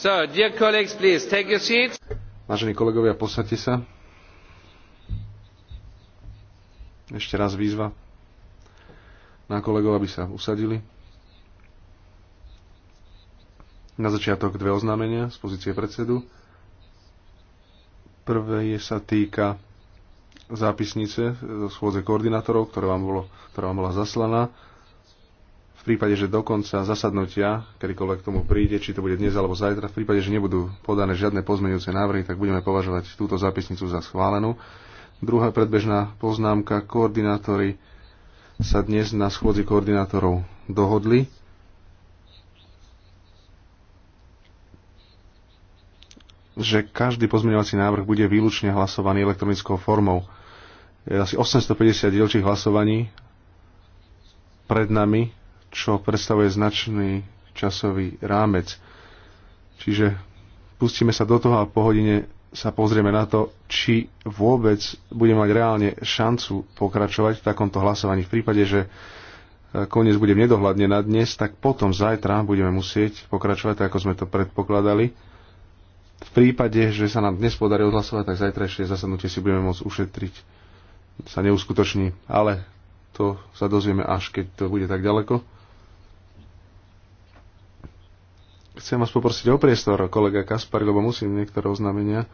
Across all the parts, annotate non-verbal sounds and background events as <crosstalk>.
So, dear colleagues, please, take your seats. Vážení kolegovia, posaďte sa. Ešte raz výzva na kolegov, aby sa usadili. Na začiatok dve oznámenia z pozície predsedu. Prvé je sa týka zápisnice zo schôdze koordinátorov, ktorá vám, bolo, ktorá vám bola zaslaná v prípade, že do konca zasadnutia, kedykoľvek k tomu príde, či to bude dnes alebo zajtra, v prípade, že nebudú podané žiadne pozmeňujúce návrhy, tak budeme považovať túto zápisnicu za schválenú. Druhá predbežná poznámka, koordinátori sa dnes na schôdzi koordinátorov dohodli, že každý pozmeňovací návrh bude výlučne hlasovaný elektronickou formou. Je asi 850 dielčích hlasovaní pred nami čo predstavuje značný časový rámec. Čiže pustíme sa do toho a po hodine sa pozrieme na to, či vôbec budeme mať reálne šancu pokračovať v takomto hlasovaní. V prípade, že e, koniec bude nedohľadne na dnes, tak potom zajtra budeme musieť pokračovať, tak ako sme to predpokladali. V prípade, že sa nám dnes podarí odhlasovať, tak zajtrajšie zasadnutie si budeme môcť ušetriť. Sa neuskutoční, ale to sa dozvieme až keď to bude tak ďaleko. Chcem vás poprosiť o priestor, kolega Kaspar, lebo musím niektoré oznámenia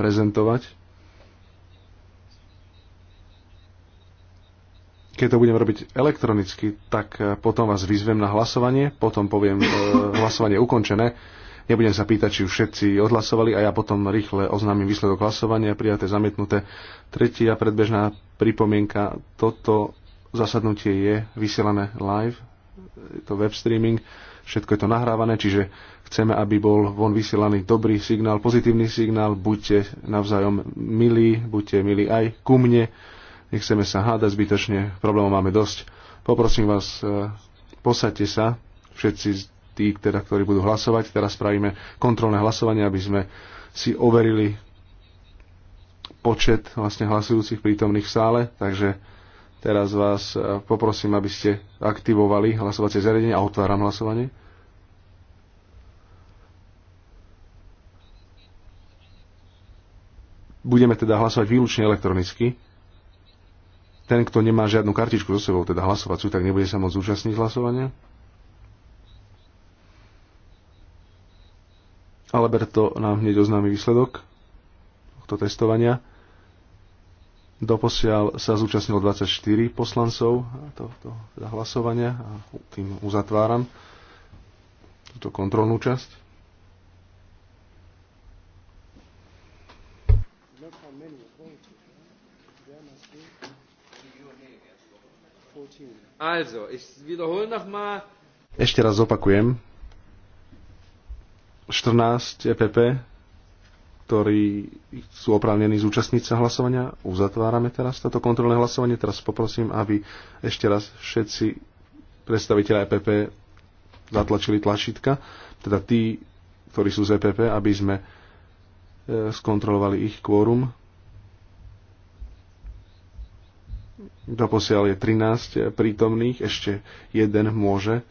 prezentovať. Keď to budem robiť elektronicky, tak eh, potom vás vyzvem na hlasovanie, potom poviem eh, hlasovanie ukončené. Nebudem sa pýtať, či už všetci odhlasovali a ja potom rýchle oznámim výsledok hlasovania, prijaté, zamietnuté. Tretia predbežná pripomienka, toto zasadnutie je vysielané live, je to web streaming všetko je to nahrávané, čiže chceme, aby bol von vysielaný dobrý signál, pozitívny signál, buďte navzájom milí, buďte milí aj ku mne, nechceme sa hádať zbytočne, problémov máme dosť. Poprosím vás, e, posaďte sa, všetci tí, teda, ktorí budú hlasovať, teraz spravíme kontrolné hlasovanie, aby sme si overili počet vlastne hlasujúcich prítomných v sále, takže Teraz vás e, poprosím, aby ste aktivovali hlasovacie zariadenie a otváram hlasovanie. Budeme teda hlasovať výlučne elektronicky. Ten, kto nemá žiadnu kartičku so sebou, teda hlasovacú, tak nebude sa môcť zúčastniť hlasovania. Alberto nám hneď oznámi výsledok tohto testovania. Doposiaľ sa zúčastnilo 24 poslancov tohto teda hlasovania a tým uzatváram túto kontrolnú časť. Ešte raz opakujem. 14 EPP, ktorí sú oprávnení zúčastniť sa hlasovania. Uzatvárame teraz toto kontrolné hlasovanie. Teraz poprosím, aby ešte raz všetci predstaviteľa EPP zatlačili tlačítka, teda tí, ktorí sú z EPP, aby sme e, skontrolovali ich kvórum. Doposiaľ je 13 prítomných, ešte jeden môže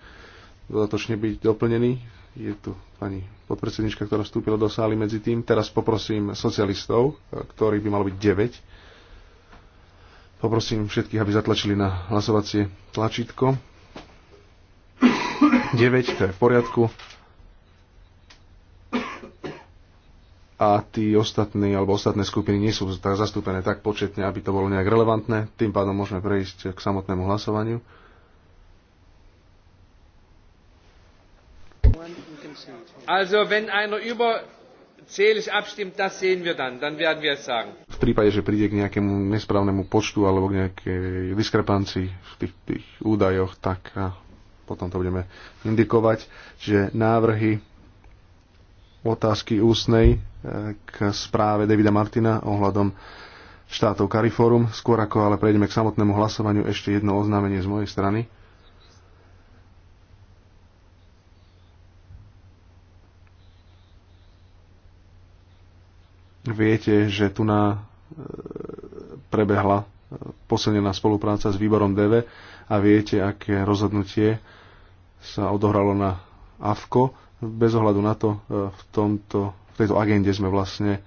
dodatočne byť doplnený je tu pani podpredsednička, ktorá vstúpila do sály medzi tým. Teraz poprosím socialistov, ktorých by malo byť 9. Poprosím všetkých, aby zatlačili na hlasovacie tlačítko. 9, to je v poriadku. a tí ostatní alebo ostatné skupiny nie sú tak zastúpené tak početne, aby to bolo nejak relevantné. Tým pádom môžeme prejsť k samotnému hlasovaniu. Also, wenn einer abstimmt, das sehen wir dann. Dann werden wir es sagen. V prípade, že príde k nejakému nesprávnemu počtu alebo k nejakej diskrepancii v tých, tých údajoch, tak a potom to budeme indikovať. že návrhy otázky ústnej e, k správe Davida Martina ohľadom štátov Cariforum. Skôr ako ale prejdeme k samotnému hlasovaniu, ešte jedno oznámenie z mojej strany. viete, že tu na e, prebehla e, posilnená spolupráca s výborom DV a viete, aké rozhodnutie sa odohralo na AFKO. Bez ohľadu na to, e, v, tomto, v tejto agende sme vlastne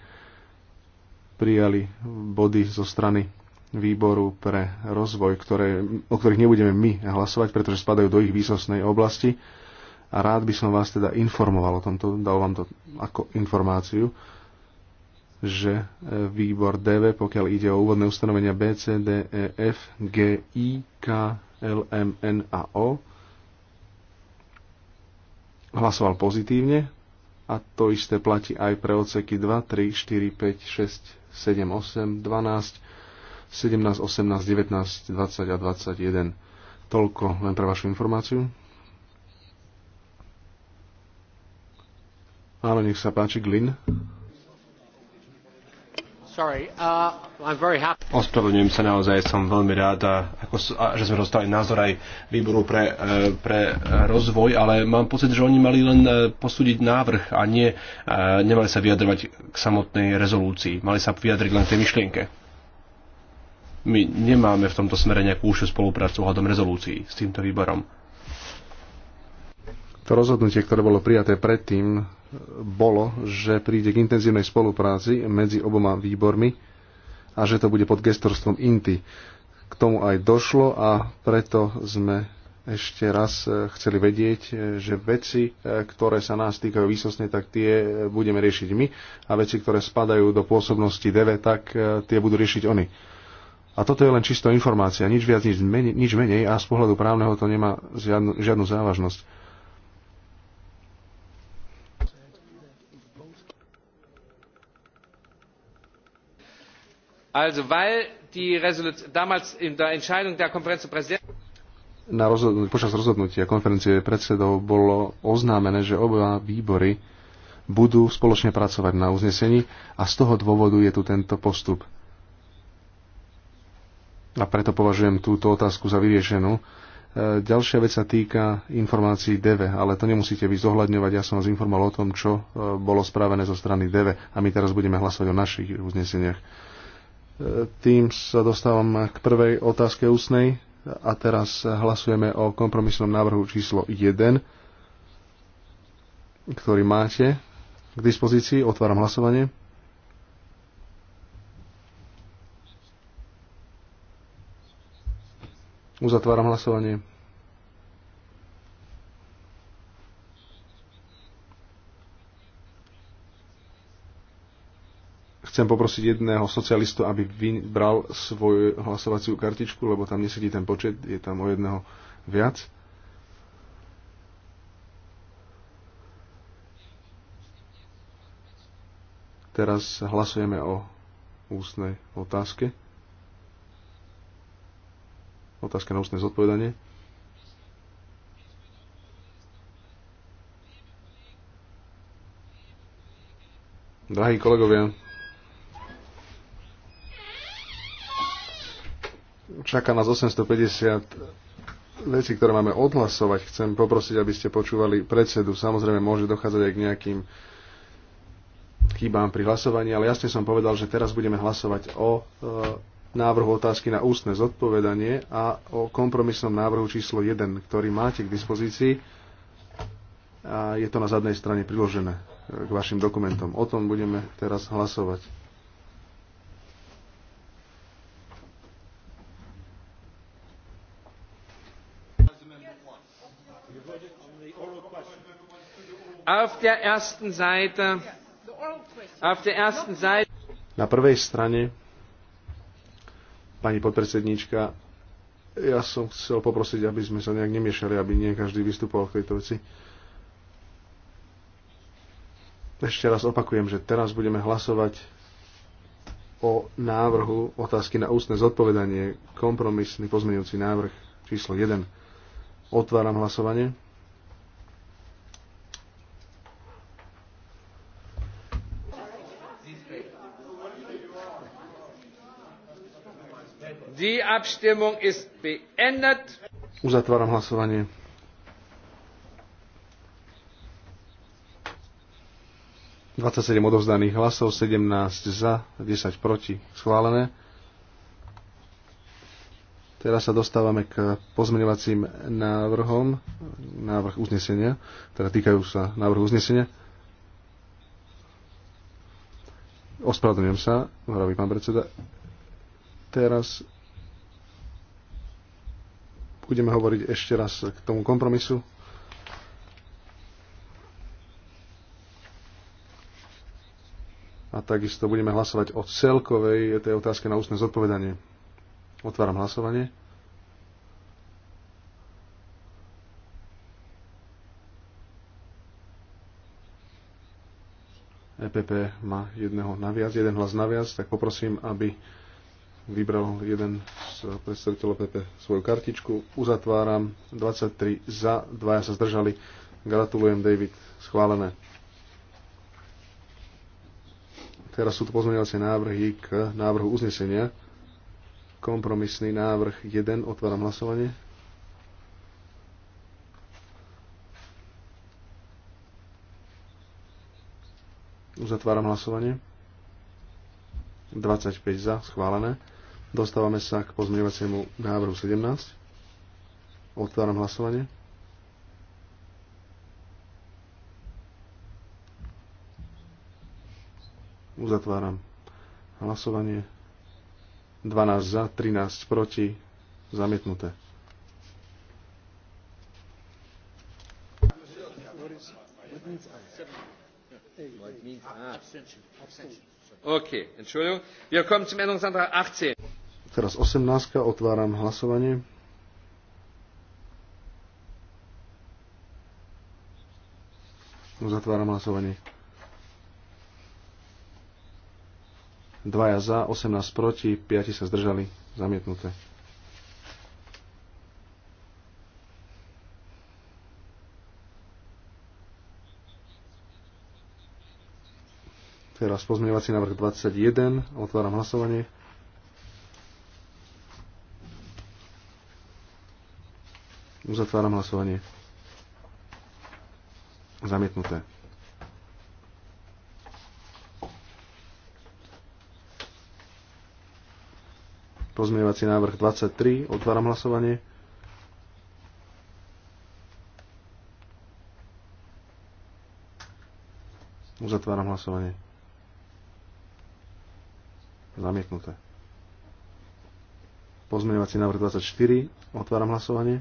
prijali body zo strany výboru pre rozvoj, ktoré, o ktorých nebudeme my hlasovať, pretože spadajú do ich výsostnej oblasti. A rád by som vás teda informoval o tomto, dal vám to ako informáciu že e, výbor DV, pokiaľ ide o úvodné ustanovenia B, C, D, E, F, G, I, K, L, M, N a O, hlasoval pozitívne a to isté platí aj pre odseky 2, 3, 4, 5, 6, 7, 8, 12, 17, 18, 19, 20 a 21. Toľko len pre vašu informáciu. Áno, nech sa páči, Glyn. Uh, Ospravedlňujem sa naozaj, som veľmi rád, ako, že sme dostali názor aj výboru pre, eh, pre eh, rozvoj, ale mám pocit, že oni mali len eh, posúdiť návrh a nie, nemali sa vyjadrovať k samotnej rezolúcii. Mali sa vyjadriť len tej myšlienke. My nemáme v tomto smere nejakú užšiu spoluprácu hľadom rezolúcií s týmto výborom to rozhodnutie, ktoré bolo prijaté predtým, bolo, že príde k intenzívnej spolupráci medzi oboma výbormi a že to bude pod gestorstvom INTI. K tomu aj došlo a preto sme ešte raz e, chceli vedieť, e, že veci, e, ktoré sa nás týkajú výsostne, tak tie budeme riešiť my a veci, ktoré spadajú do pôsobnosti DV, tak tie budú riešiť oni. A toto je len čisto informácia, nič viac, nič menej, nič menej a z pohľadu právneho to nemá žiadnu, žiadnu závažnosť na počas rozhodnutia konferencie predsedov bolo oznámené, že oba výbory budú spoločne pracovať na uznesení a z toho dôvodu je tu tento postup. A preto považujem túto otázku za vyriešenú. E, ďalšia vec sa týka informácií DEVE, ale to nemusíte vy zohľadňovať. Ja som vás informoval o tom, čo e, bolo správené zo strany DEVE a my teraz budeme hlasovať o našich uzneseniach. Tým sa dostávam k prvej otázke úsnej a teraz hlasujeme o kompromisnom návrhu číslo 1, ktorý máte k dispozícii. Otváram hlasovanie. Uzatváram hlasovanie. chcem poprosiť jedného socialistu, aby vybral svoju hlasovaciu kartičku, lebo tam nesedí ten počet, je tam o jedného viac. Teraz hlasujeme o ústnej otázke. Otázka na ústne zodpovedanie. Drahí kolegovia, čaká nás 850 veci, ktoré máme odhlasovať. Chcem poprosiť, aby ste počúvali predsedu. Samozrejme, môže dochádzať aj k nejakým chýbám pri hlasovaní, ale jasne som povedal, že teraz budeme hlasovať o e, návrhu otázky na ústne zodpovedanie a o kompromisnom návrhu číslo 1, ktorý máte k dispozícii a je to na zadnej strane priložené e, k vašim dokumentom. O tom budeme teraz hlasovať. Auf der ersten Seite, auf der ersten Seite. Na prvej strane, pani podpredsedníčka, ja som chcel poprosiť, aby sme sa nejak nemiešali, aby nie každý vystupoval v tejto veci. Ešte raz opakujem, že teraz budeme hlasovať o návrhu otázky na ústne zodpovedanie, kompromisný pozmeňujúci návrh číslo 1. Otváram hlasovanie. Die Abstimmung ist beendet. Uzatváram hlasovanie. sedem odovzdaných hlasov, 17 za, 10 proti. Schválené. Teraz sa dostávame k pozmeňovacím návrhom, návrh uznesenia, teda týkajú sa návrhu uznesenia. Ospravedlňujem sa, hovorí pán predseda. Teraz budeme hovoriť ešte raz k tomu kompromisu. A takisto budeme hlasovať o celkovej tej otázke na ústne zodpovedanie. Otváram hlasovanie. EPP má jedného naviac, jeden hlas naviac, tak poprosím, aby vybral jeden z predstaviteľov PP svoju kartičku. Uzatváram 23 za, dvaja sa zdržali. Gratulujem, David. Schválené. Teraz sú tu pozmeňovacie návrhy k návrhu uznesenia. Kompromisný návrh 1. Otváram hlasovanie. Uzatváram hlasovanie. 25 za, schválené. Dostávame sa k pozmeňovaciemu návrhu 17. Otváram hlasovanie. Uzatváram hlasovanie. 12 za, 13 proti, zamietnuté. means I? What Abstention. Abstention. Okay, Wir kommen zum 18. Teraz 18. Otváram hlasovanie. Zatváram hlasovanie. Dvaja za, 18 proti, 5 sa zdržali. Zamietnuté. Teraz pozmeňovací návrh 21. Otváram hlasovanie. Uzatváram hlasovanie. Zamietnuté. Pozmeňovací návrh 23. Otváram hlasovanie. Uzatváram hlasovanie. Zamietnuté. Pozmeňovací návrh 24. Otváram hlasovanie.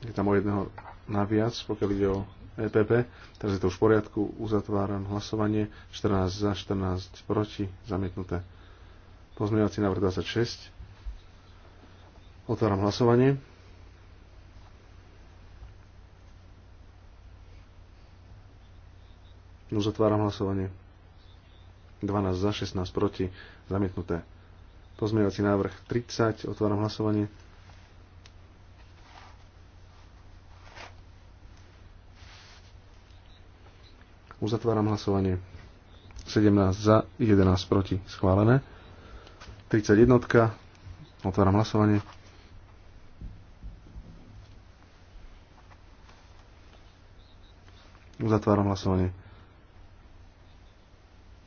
Je tam o jedného naviac, pokiaľ ide o EPP. Teraz je to už v poriadku. Uzatváram hlasovanie. 14 za, 14 proti. Zamietnuté. Pozmeňovací návrh 26. Otváram hlasovanie. No, zatváram hlasovanie. 12 za, 16 proti, zamietnuté. Pozmeňovací návrh 30, otváram hlasovanie. Uzatváram hlasovanie. 17 za, 11 proti, schválené. 31, otváram hlasovanie. Uzatváram hlasovanie.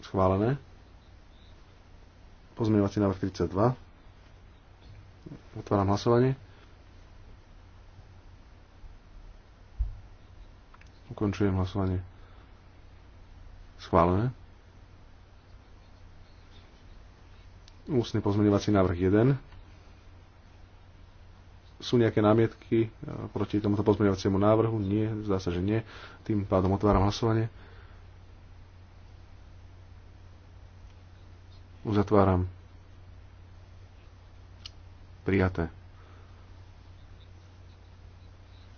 Schválené. Pozmeňovací návrh 32. Otváram hlasovanie. Ukončujem hlasovanie. Schválené. Ústny pozmeňovací návrh 1 sú nejaké námietky eh, proti tomuto pozmeňovaciemu návrhu? Nie, zdá sa, že nie. Tým pádom otváram hlasovanie. Uzatváram. Prijaté.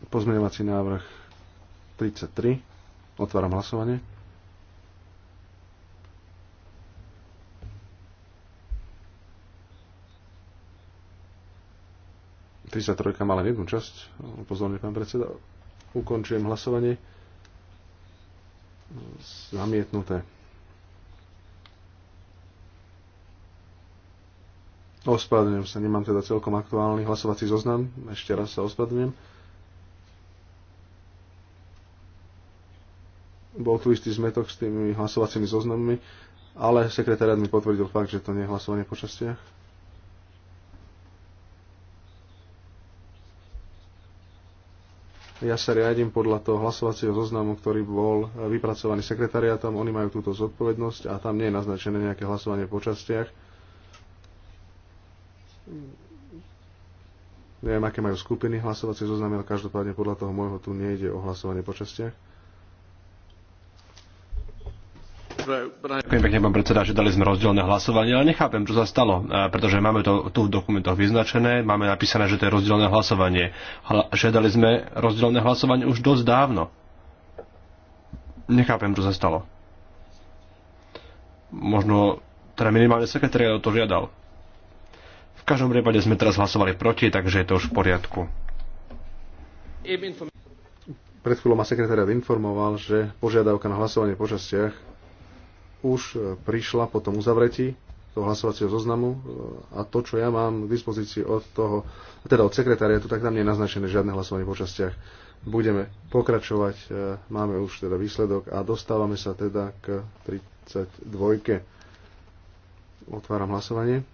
Pozmeňovací návrh 33. Otváram hlasovanie. trojka má len jednu časť. Pozorne, pán predseda. Ukončujem hlasovanie. Zamietnuté. Ospravedlňujem sa, nemám teda celkom aktuálny hlasovací zoznam. Ešte raz sa ospravedlňujem. Bol tu istý zmetok s tými hlasovacími zoznamami, ale sekretariat mi potvrdil fakt, že to nie je hlasovanie po častiach. Ja sa riadím podľa toho hlasovacieho zoznamu, ktorý bol vypracovaný sekretariátom. Oni majú túto zodpovednosť a tam nie je naznačené nejaké hlasovanie po častiach Neviem, aké majú skupiny hlasovacie zoznamy, ale každopádne podľa toho môjho tu nejde o hlasovanie po častiach. Ďakujem pekne, pán predseda, že dali sme rozdielne hlasovanie, ale nechápem, čo sa stalo, e, pretože máme to tu v dokumentoch vyznačené, máme napísané, že to je rozdielne hlasovanie. Hla, že dali sme rozdielne hlasovanie už dosť dávno. Nechápem, čo sa stalo. Možno, teda minimálne sekretariat o to žiadal. V každom prípade sme teraz hlasovali proti, takže je to už v poriadku. Pred chvíľou ma sekretária informoval, že požiadavka na hlasovanie po častiach už e, prišla po tom uzavretí toho hlasovacieho zoznamu e, a to, čo ja mám k dispozícii od toho, teda od sekretariatu, tak tam nie je naznačené žiadne hlasovanie po častiach. Budeme pokračovať, e, máme už teda výsledok a dostávame sa teda k 32. Otváram hlasovanie.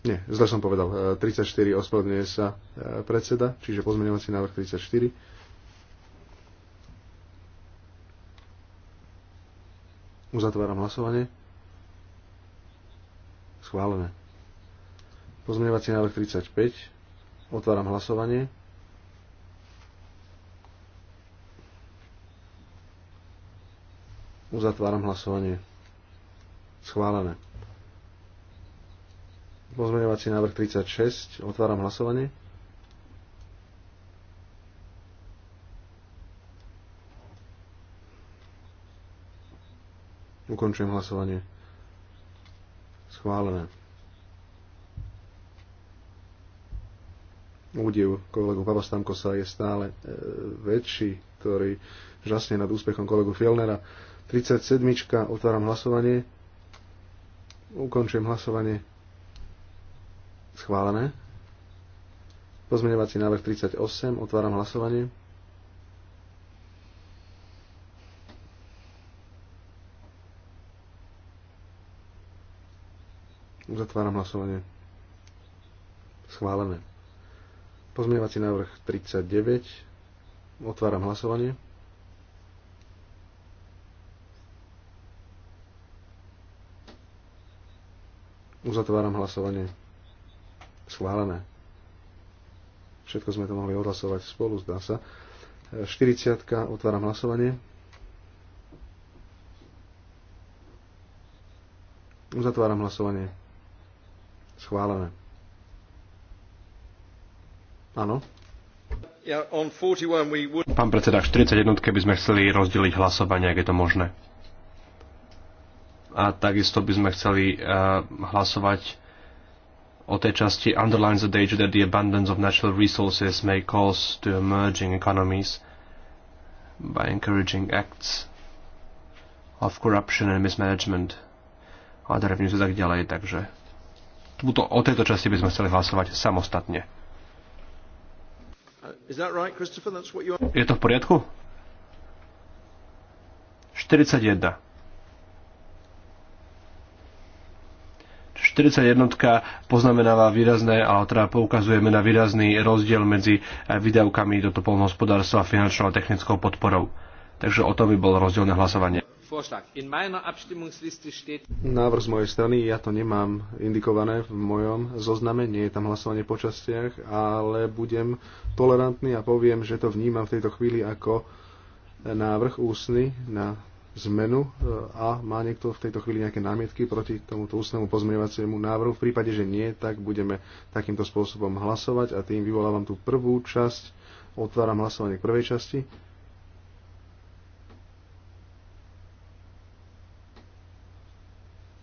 Nie, zle som povedal. 34 e, ospravedlňuje sa e, predseda, čiže pozmeňovací návrh 34. Uzatváram hlasovanie. Schválené. Pozmeňovací návrh 35. Otváram hlasovanie. Uzatváram hlasovanie. Schválené. Pozmeňovací návrh 36. Otváram hlasovanie. Ukončujem hlasovanie. Schválené. Údiv kolegu Papastamkosa je stále e, väčší, ktorý žasne nad úspechom kolegu Fielnera. 37. Otváram hlasovanie. Ukončujem hlasovanie. Schválené. Pozmeňovací návrh 38. Otváram hlasovanie. Uzatváram hlasovanie. Schválené. Pozmeňovací návrh 39. Otváram hlasovanie. Uzatváram hlasovanie schválené. Všetko sme to mohli odhlasovať spolu, zdá sa. 40. Otváram hlasovanie. Uzatváram hlasovanie. Schválené. Áno. Pán predseda, 41 by sme chceli rozdeliť hlasovanie, ak je to možné. A takisto by sme chceli uh, hlasovať o tej časti underlines the danger that the abundance of natural resources may cause to emerging economies by encouraging acts of corruption and mismanagement a derevnicu tak ďalej, takže tuto, o tejto časti by sme chceli hlasovať samostatne. Right, you... Je to v poriadku? 41. 41 poznamenáva výrazné, ale teda poukazujeme na výrazný rozdiel medzi eh, výdavkami do polnohospodárstva a finančnou a technickou podporou. Takže o to by bolo rozdielne hlasovanie. Návrh z mojej strany, ja to nemám indikované v mojom zozname, nie je tam hlasovanie po častiach, ale budem tolerantný a poviem, že to vnímam v tejto chvíli ako návrh ústny na zmenu e, a má niekto v tejto chvíli nejaké námietky proti tomuto ústnemu pozmeňovaciemu návrhu? V prípade, že nie, tak budeme takýmto spôsobom hlasovať a tým vyvolávam tú prvú časť. Otváram hlasovanie k prvej časti.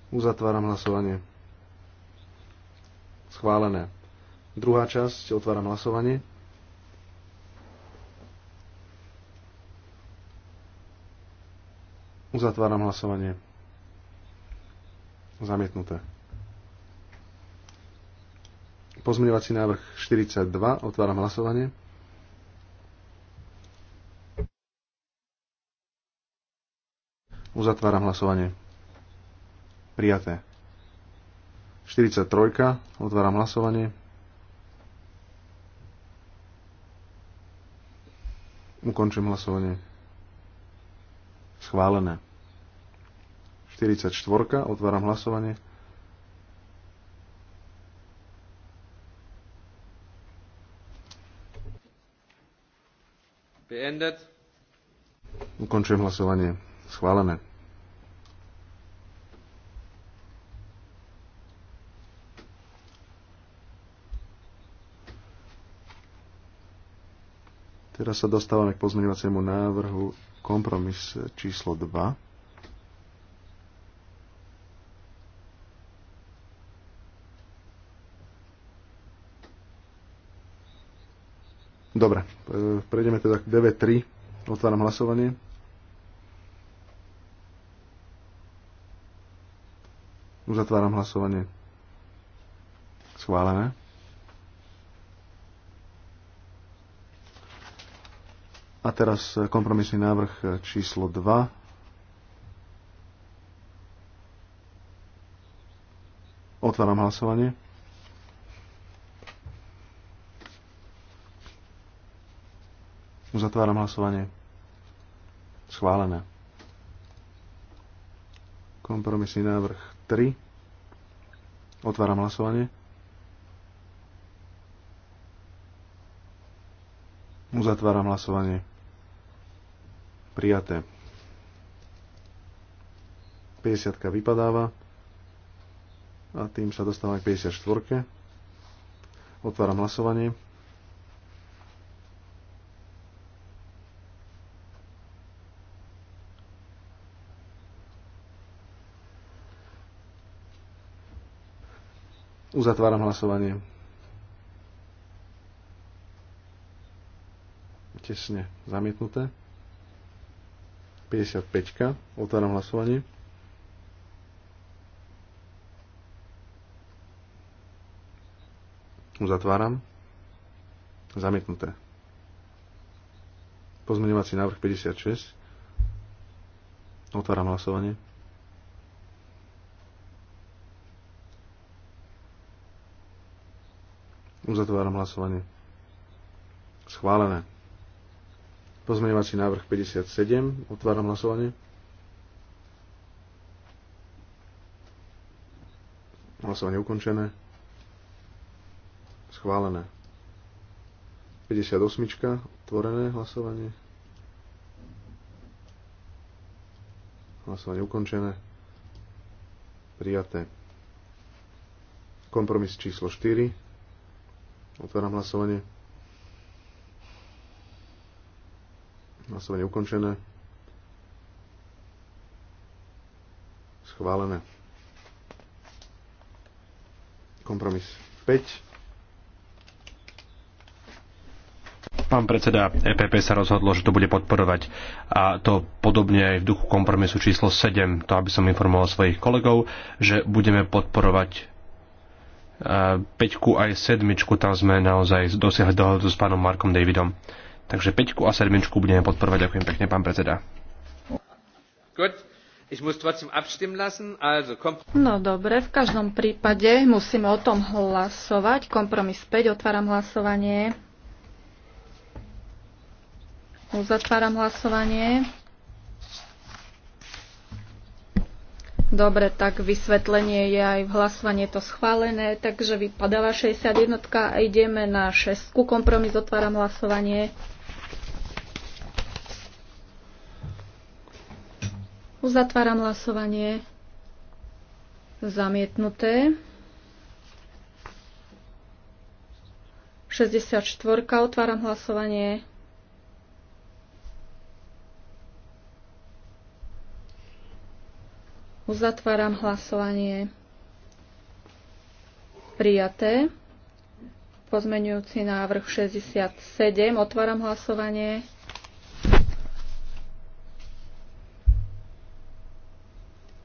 Uzatváram hlasovanie. Schválené. Druhá časť, otváram hlasovanie. Uzatváram hlasovanie. Zamietnuté. Pozmeňovací návrh 42. Otváram hlasovanie. Uzatváram hlasovanie. Prijaté. 43. Otváram hlasovanie. Ukončím hlasovanie. Schválené. 44. Otváram hlasovanie. Beendet. Ukončujem hlasovanie. Schválené. Teraz sa dostávame k pozmeňovaciemu návrhu kompromis číslo 2. Dobre, e, prejdeme teda k DV3. Otváram hlasovanie. Uzatváram hlasovanie. Schválené. A teraz e, kompromisný návrh e, číslo 2. Otváram hlasovanie. Uzatváram hlasovanie. Schválené. Kompromisný návrh 3. Otváram hlasovanie. Uzatváram hlasovanie. Prijaté. 50 vypadáva a tým sa dostávame k 54. Otváram hlasovanie. Uzatváram hlasovanie. Tesne zamietnuté. 55. -ka. Otváram hlasovanie. Uzatváram. Zamietnuté. Pozmeňovací návrh 56. Otváram hlasovanie. Uzatváram hlasovanie. Schválené. Pozmeňovací návrh 57. Otváram hlasovanie. Hlasovanie ukončené. Schválené. 58. Otvorené hlasovanie. Hlasovanie ukončené. Prijaté. Kompromis číslo 4. Otváram hlasovanie. Hlasovanie ukončené. Schválené. Kompromis 5. pán predseda EPP sa rozhodlo, že to bude podporovať a to podobne aj v duchu kompromisu číslo 7, to aby som informoval svojich kolegov, že budeme podporovať 5 aj 7 tam sme naozaj dosiahli dohodu s pánom Markom Davidom. Takže 5 a sedmičku budeme podporovať. Ďakujem pekne, pán predseda. Good. Ich muss trotzdem abstimmen lassen. Also, no dobre, v každom prípade musíme o tom hlasovať. Kompromis 5, otváram hlasovanie. Uzatváram hlasovanie. Dobre, tak vysvetlenie je aj v hlasovanie to schválené, takže vypadáva 61 a ideme na 6. Kompromis otváram hlasovanie. Uzatváram hlasovanie. Zamietnuté. 64. Otváram hlasovanie. Uzatváram hlasovanie. Prijaté. Pozmenujúci návrh 67. Otváram hlasovanie.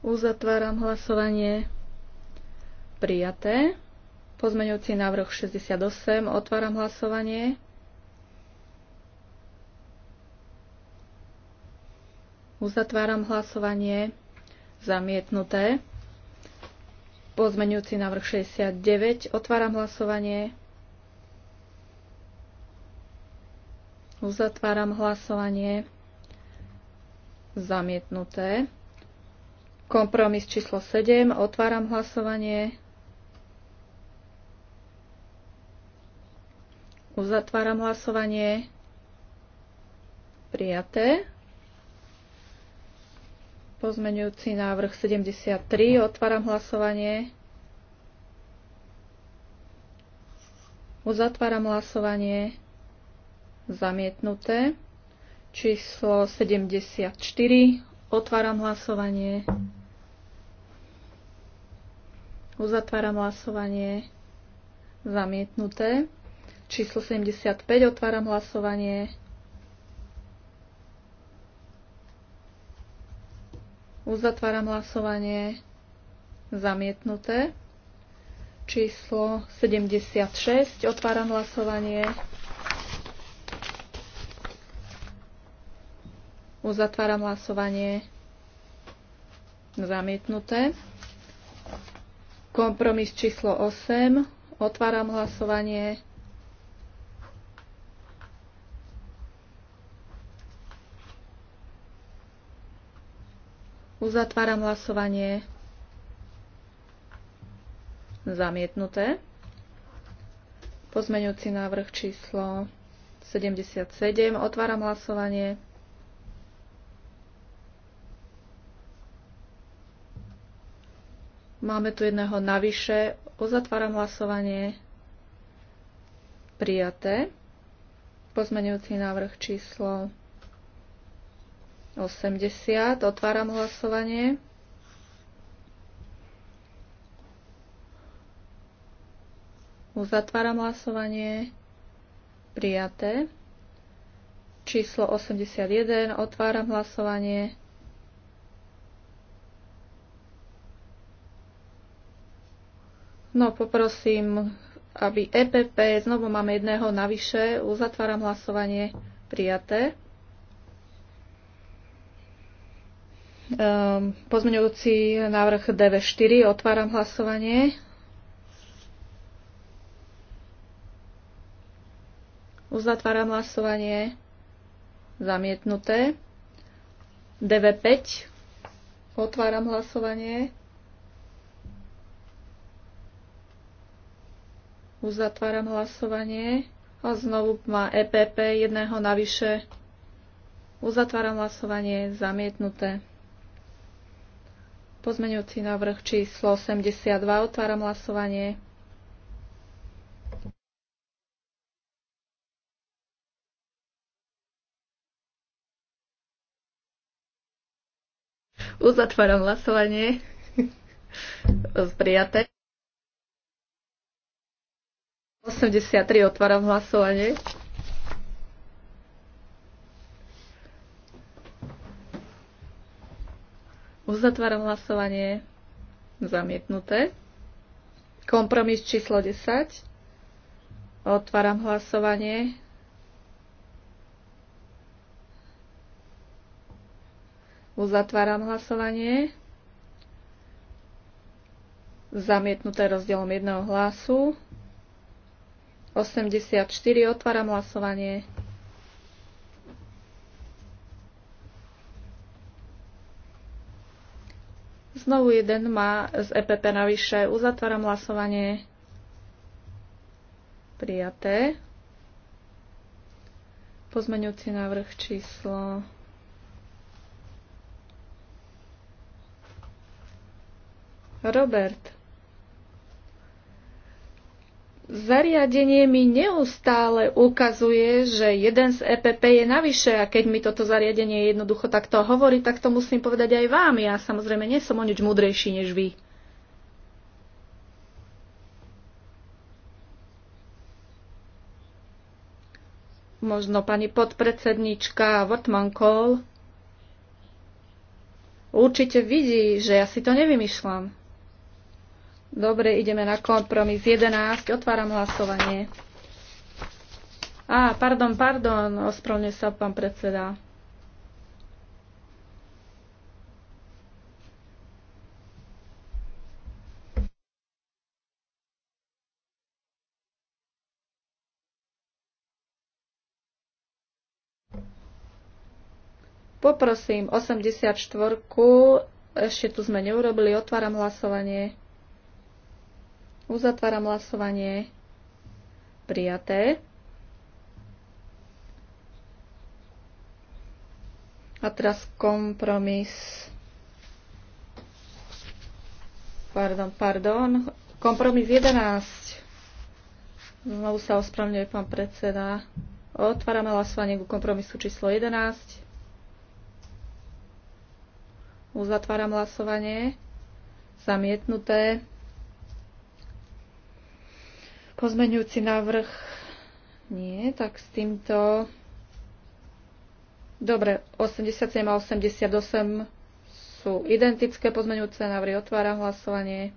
Uzatváram hlasovanie. Prijaté. Pozmenujúci návrh 68. Otváram hlasovanie. Uzatváram hlasovanie. Zamietnuté. Pozmeňujúci návrh 69. Otváram hlasovanie. Uzatváram hlasovanie. Zamietnuté. Kompromis číslo 7. Otváram hlasovanie. Uzatváram hlasovanie. Prijaté. Pozmeňujúci návrh 73. Otváram hlasovanie. Uzatváram hlasovanie. Zamietnuté. Číslo 74. Otváram hlasovanie. Uzatváram hlasovanie. Zamietnuté. Číslo 75. Otváram hlasovanie. Uzatváram hlasovanie. Zamietnuté. Číslo 76. Otváram hlasovanie. Uzatváram hlasovanie. Zamietnuté. Kompromis číslo 8. Otváram hlasovanie. Uzatváram hlasovanie. Zamietnuté. Pozmeňujúci návrh číslo 77. Otváram hlasovanie. Máme tu jedného navyše. Uzatváram hlasovanie. Prijaté. Pozmeňujúci návrh číslo 80. Otváram hlasovanie. Uzatváram hlasovanie. Prijaté. Číslo 81. Otváram hlasovanie. No, poprosím, aby EPP, znovu máme jedného navyše, uzatváram hlasovanie, prijaté. Ehm, pozmeňujúci návrh DV4. Otváram hlasovanie. Uzatváram hlasovanie. Zamietnuté. DV5. Otváram hlasovanie. Uzatváram hlasovanie. A znovu má EPP jedného navyše. Uzatváram hlasovanie. Zamietnuté. Pozmeňujúci návrh číslo 82. Otváram hlasovanie. Uzatváram hlasovanie. Zprijaté. <laughs> 83. Otváram hlasovanie. Uzatváram hlasovanie. Zamietnuté. Kompromis číslo 10. Otváram hlasovanie. Uzatváram hlasovanie. Zamietnuté rozdielom jedného hlasu. 84. Otváram hlasovanie. Znovu jeden má z EPP navyše. Uzatváram hlasovanie. Prijaté. Pozmeňujúci návrh číslo Robert zariadenie mi neustále ukazuje, že jeden z EPP je navyše a keď mi toto zariadenie jednoducho takto hovorí, tak to musím povedať aj vám. Ja samozrejme nie som o nič múdrejší než vy. možno pani podpredsednička Wortmann-Kohl určite vidí, že ja si to nevymýšľam. Dobre, ideme na kompromis 11. Otváram hlasovanie. Á, pardon, pardon, ospravne sa pán predseda. Poprosím 84. Ešte tu sme neurobili. Otváram hlasovanie. Uzatváram hlasovanie. Prijaté. A teraz kompromis. Pardon, pardon. Kompromis 11. Znovu sa ospravňuje pán predseda. Otvárame hlasovanie ku kompromisu číslo 11. Uzatváram hlasovanie. Zamietnuté. Pozmeňujúci návrh nie, tak s týmto... Dobre, 87 a 88 sú identické pozmeňujúce návrhy. Otváram hlasovanie.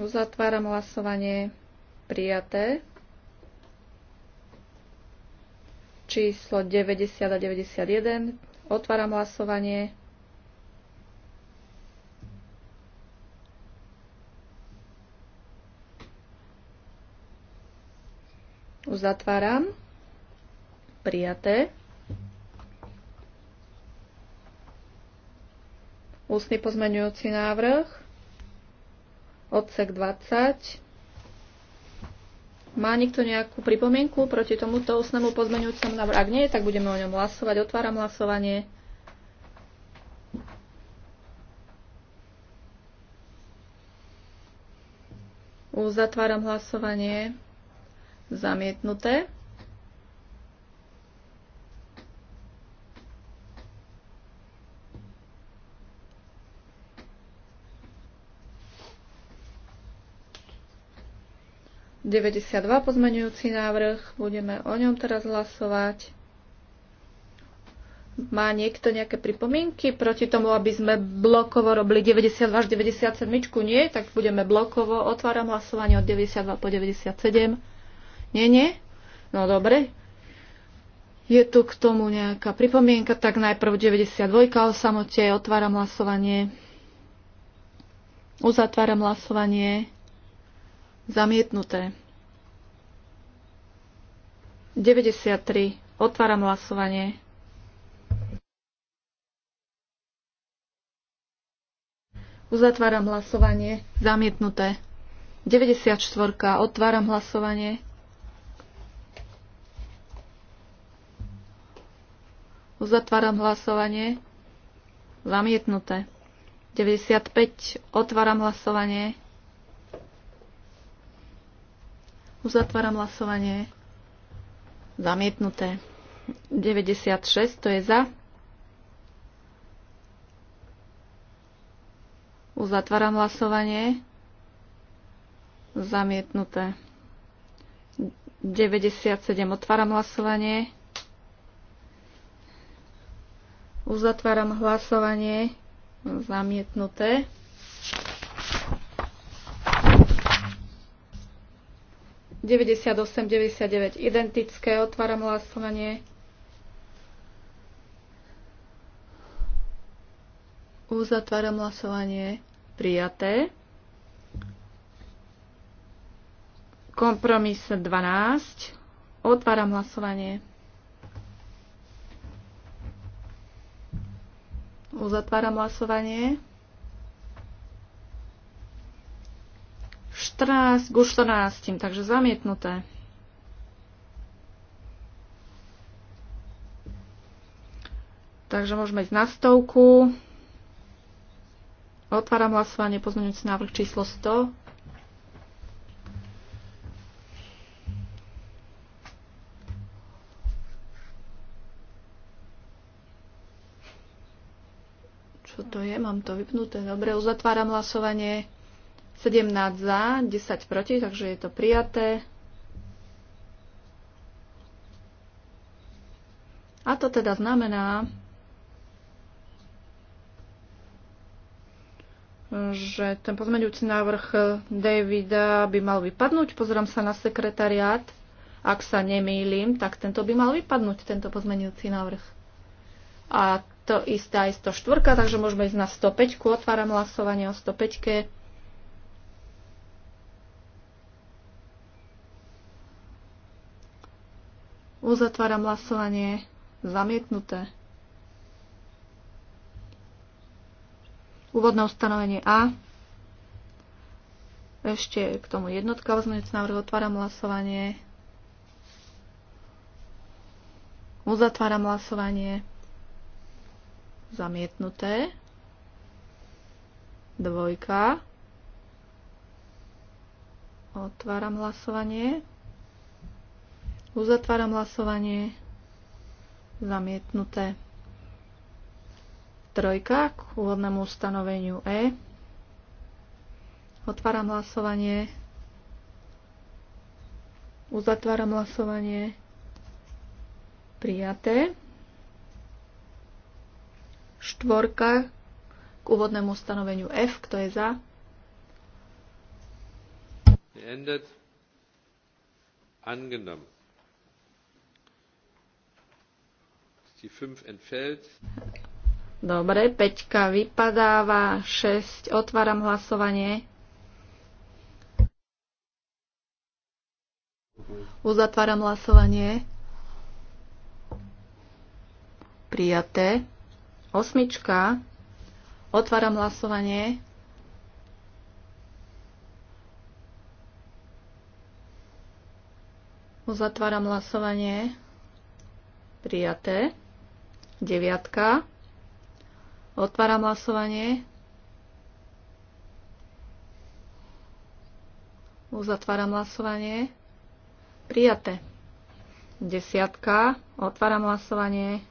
Uzatváram hlasovanie. Prijaté. Číslo 90 a 91. Otváram hlasovanie. Uzatváram. Prijaté. Ústny pozmeňujúci návrh. Odsek 20. Má niekto nejakú pripomienku proti tomuto ústnemu pozmeňujúcemu návrhu? Ak nie, tak budeme o ňom hlasovať. Otváram hlasovanie. Uzatváram hlasovanie. Zamietnuté. Deväťdesiat dva pozmenujúci návrh. Budeme o ňom teraz hlasovať. Má niekto nejaké pripomienky proti tomu, aby sme blokovo robili 92 až 97? Nie, tak budeme blokovo. Otváram hlasovanie od 92 po 97. Nie, nie? No dobre. Je tu k tomu nejaká pripomienka, tak najprv 92 o samote, otváram hlasovanie, uzatváram hlasovanie, zamietnuté. 93, otváram hlasovanie. Uzatváram hlasovanie. Zamietnuté. 94. Otváram hlasovanie. Uzatváram hlasovanie. Zamietnuté. 95. Otváram hlasovanie. Uzatváram hlasovanie. Zamietnuté. 96. To je za. Uzatváram hlasovanie. Zamietnuté. 97. Otváram hlasovanie. Uzatváram hlasovanie. Zamietnuté. Deväťdesiat osem, deväťdesiat deväť identické. Otváram hlasovanie. Uzatváram hlasovanie. Prijaté. Kompromis 12. Otváram hlasovanie. Uzatváram hlasovanie. 14 ku 14, takže zamietnuté. Takže môžeme ísť na stovku. Otváram hlasovanie pozmeňujúci návrh číslo 100. to je, mám to vypnuté. Dobre, uzatváram hlasovanie. 17 za, 10 proti, takže je to prijaté. A to teda znamená, že ten pozmeňujúci návrh Davida by mal vypadnúť. Pozerám sa na sekretariát. Ak sa nemýlim, tak tento by mal vypadnúť, tento pozmeňujúci návrh. A to isté aj 104, takže môžeme ísť na 105. Otváram hlasovanie o 105. Uzatváram hlasovanie. Zamietnuté. Úvodné ustanovenie A. Ešte k tomu jednotka pozmeňujúci návrh. Otváram hlasovanie. Uzatváram hlasovanie zamietnuté. Dvojka. Otváram hlasovanie. Uzatváram hlasovanie. Zamietnuté. Trojka k úvodnému ustanoveniu E. Otváram hlasovanie. Uzatváram hlasovanie. Prijaté štvorka k úvodnému stanoveniu F, kto je za. Beendet. Angenommen. Die 5 entfällt. Dobre, 5 vypadáva, 6, otváram hlasovanie. Uzatváram hlasovanie. Prijaté. Osmička. Otváram hlasovanie. Uzatváram hlasovanie. Prijaté. Deviatka. Otváram hlasovanie. Uzatváram hlasovanie. Prijaté. Desiatka. Otváram hlasovanie.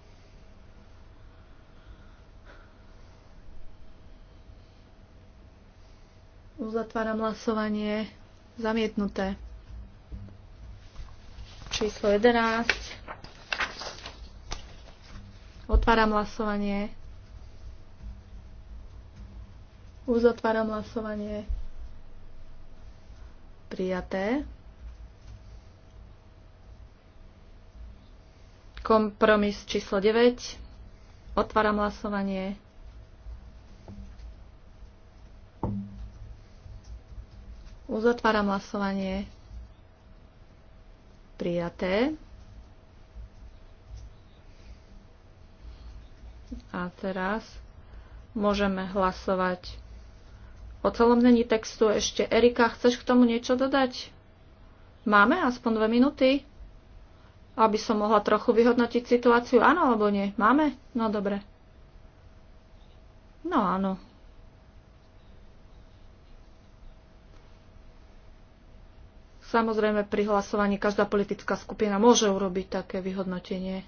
Uzatváram hlasovanie. Zamietnuté. Číslo 11. Otváram hlasovanie. Uzatváram hlasovanie. Prijaté. Kompromis číslo 9. Otváram hlasovanie. Uzatváram hlasovanie. Prijaté. A teraz môžeme hlasovať o celom dení textu. Ešte Erika, chceš k tomu niečo dodať? Máme aspoň dve minúty, aby som mohla trochu vyhodnotiť situáciu. Áno alebo nie? Máme? No dobre. No áno. Samozrejme, pri hlasovaní každá politická skupina môže urobiť také vyhodnotenie.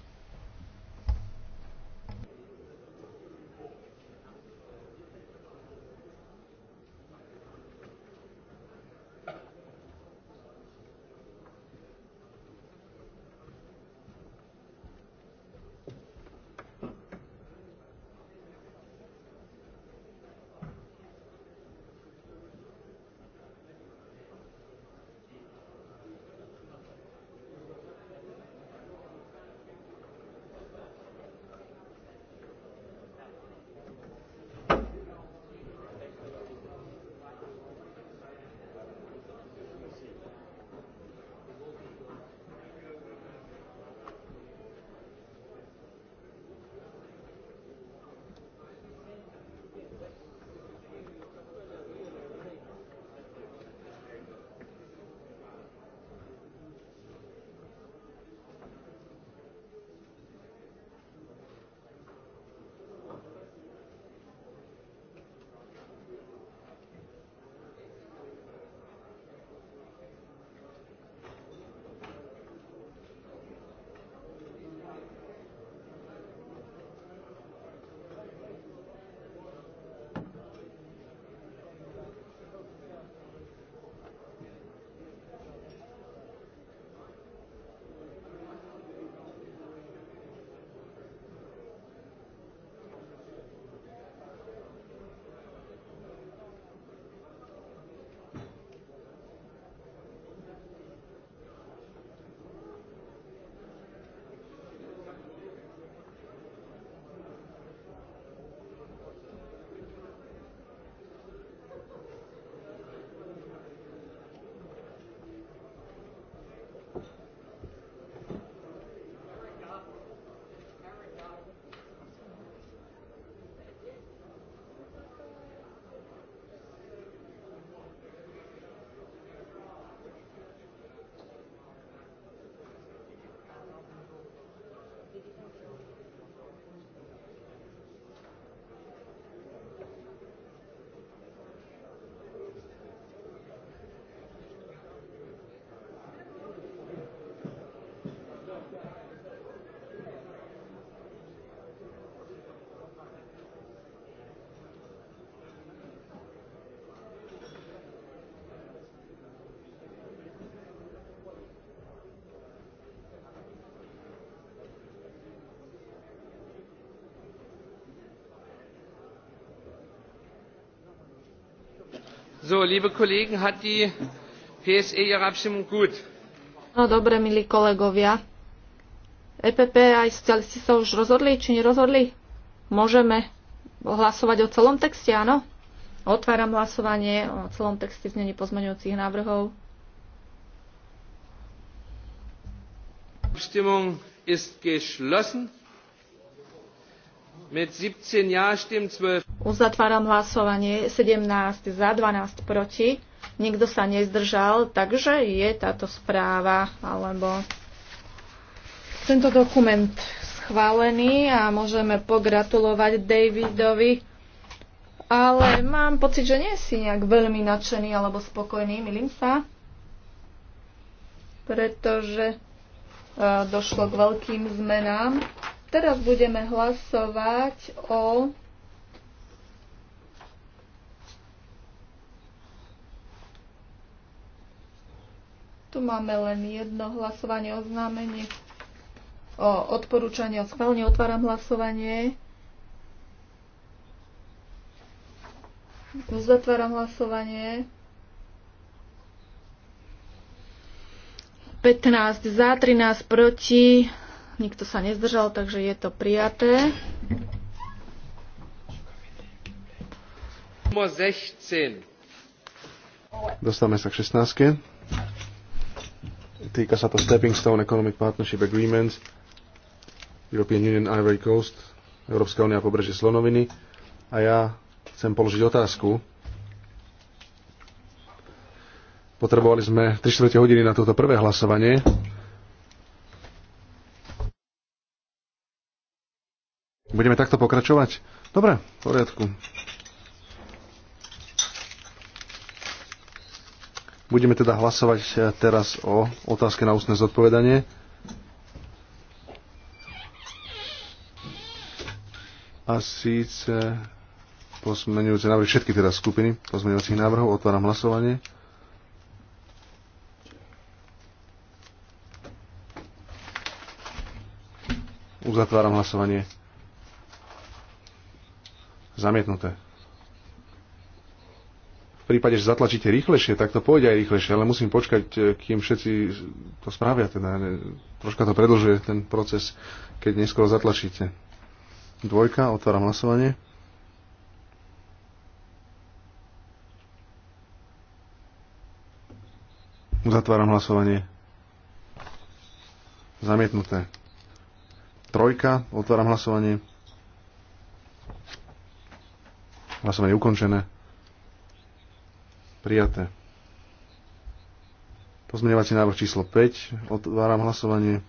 So, liebe Kollegen, hat die PSE ihre Abstimmung gut? No dobre, milí kolegovia. EPP aj socialisti sa už rozhodli, či nerozhodli? Môžeme hlasovať o celom texte, áno? Otváram hlasovanie o celom texte znení pozmeňujúcich návrhov. Abstimmung ist geschlossen. Mit 17 Ja stimmen 12 Uzatváram hlasovanie 17 za, 12 proti. Nikto sa nezdržal, takže je táto správa alebo tento dokument schválený a môžeme pogratulovať Davidovi. Ale mám pocit, že nie si nejak veľmi nadšený alebo spokojný, milím sa. Pretože e, došlo k veľkým zmenám. Teraz budeme hlasovať o Tu máme len jedno hlasovanie oznámenie o odporúčania. Schválne otváram hlasovanie. Uzatváram hlasovanie. 15 za, 13 proti. Nikto sa nezdržal, takže je to prijaté. 16. Dostávame sa k 16. Týka sa to Stepping Stone Economic Partnership Agreement, European Union Ivory Coast, Európska únia pobrežie Slonoviny. A ja chcem položiť otázku. Potrebovali sme 3 čtvrte hodiny na toto prvé hlasovanie. Budeme takto pokračovať? Dobre, v poriadku. Budeme teda hlasovať eh, teraz o otázke na ústne zodpovedanie. A síce pozmenujúce návrhy, všetky teda skupiny pozmenujúcich návrhov, otváram hlasovanie. Uzatváram hlasovanie. Zamietnuté prípade, že zatlačíte rýchlejšie, tak to pôjde aj rýchlejšie, ale musím počkať, e, kým všetci to spravia. Teda ne, troška to predlžuje ten proces, keď neskoro zatlačíte. Dvojka, otváram hlasovanie. Zatváram hlasovanie. Zamietnuté. Trojka, otváram hlasovanie. Hlasovanie ukončené. Prijaté. Pozmeňovací návrh číslo 5. Otváram hlasovanie.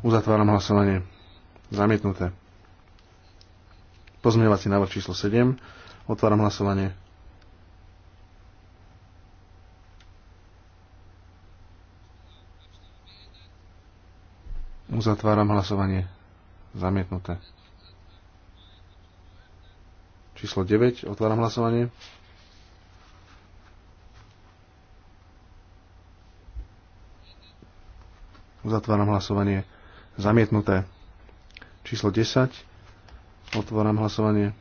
Uzatváram hlasovanie. Zamietnuté. Pozmeňovací návrh číslo 7. Otváram hlasovanie. Uzatváram hlasovanie. Zamietnuté. Číslo 9. Otváram hlasovanie. Uzatváram hlasovanie. Zamietnuté. Číslo 10. Otváram hlasovanie.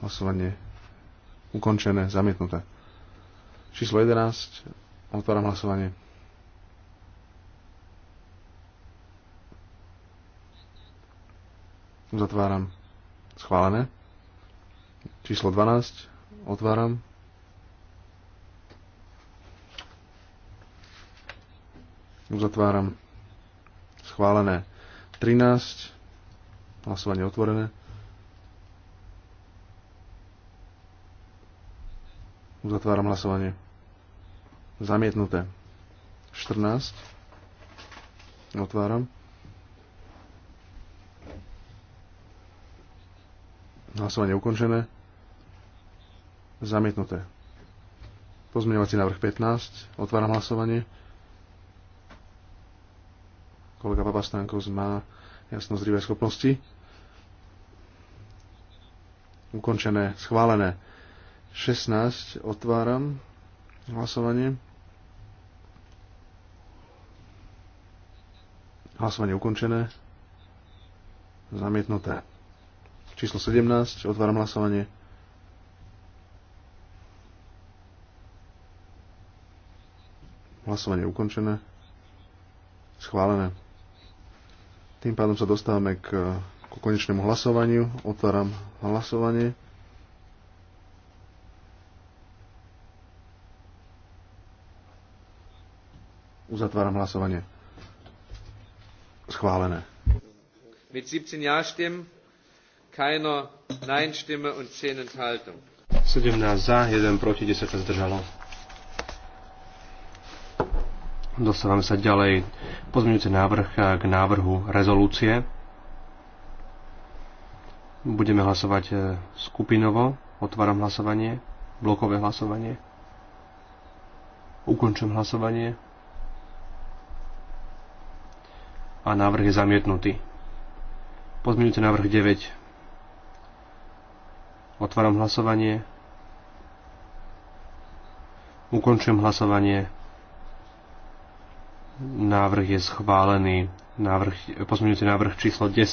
Hlasovanie ukončené, zamietnuté. Číslo 11. Otváram hlasovanie. Zatváram. Schválené. Číslo 12. Otváram. Uzatváram. Schválené. 13. Hlasovanie otvorené. Uzatváram hlasovanie. Zamietnuté. 14. Otváram. Hlasovanie ukončené. Zamietnuté. Pozmeňovací návrh 15. Otváram hlasovanie. Kolega Papastánkov má jasno zrivé schopnosti. Ukončené, schválené. 16. Otváram hlasovanie. Hlasovanie ukončené. Zamietnuté. Číslo 17. Otváram hlasovanie. Hlasovanie ukončené. Schválené. Tým pádom sa dostávame k, k konečnému hlasovaniu. Otváram hlasovanie. Uzatváram hlasovanie. Schválené. Mit 17 Ja-Stimmen keiner Nein-Stimme und zehn Enthaltungen. 17 za, 1 proti, 10 Dostávame sa ďalej pozmeňujúci návrh k návrhu rezolúcie. Budeme hlasovať e, skupinovo. Otváram hlasovanie. Blokové hlasovanie. Ukončujem hlasovanie. A návrh je zamietnutý. Pozmeňujúci návrh 9. Otváram hlasovanie. Ukončujem hlasovanie. Návrh je schválený. Návrh, pozmeňujúci návrh číslo 10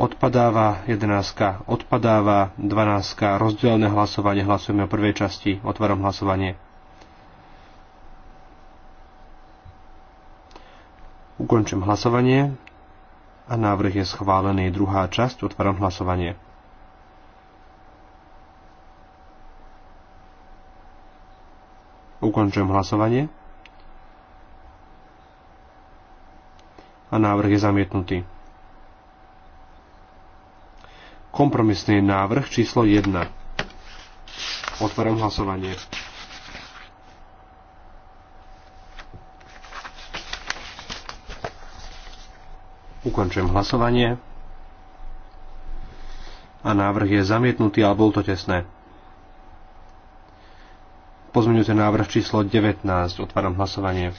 odpadáva, 11 odpadáva, 12 rozdelené hlasovanie, hlasujeme o prvej časti, otváram hlasovanie. Ukončím hlasovanie a návrh je schválený. Druhá časť, otváram hlasovanie. Ukončujem hlasovanie. A návrh je zamietnutý. Kompromisný návrh číslo 1. Otváram hlasovanie. Ukončujem hlasovanie. A návrh je zamietnutý, ale bol to tesné. Pozmeňujúce návrh číslo 19. Otváram hlasovanie.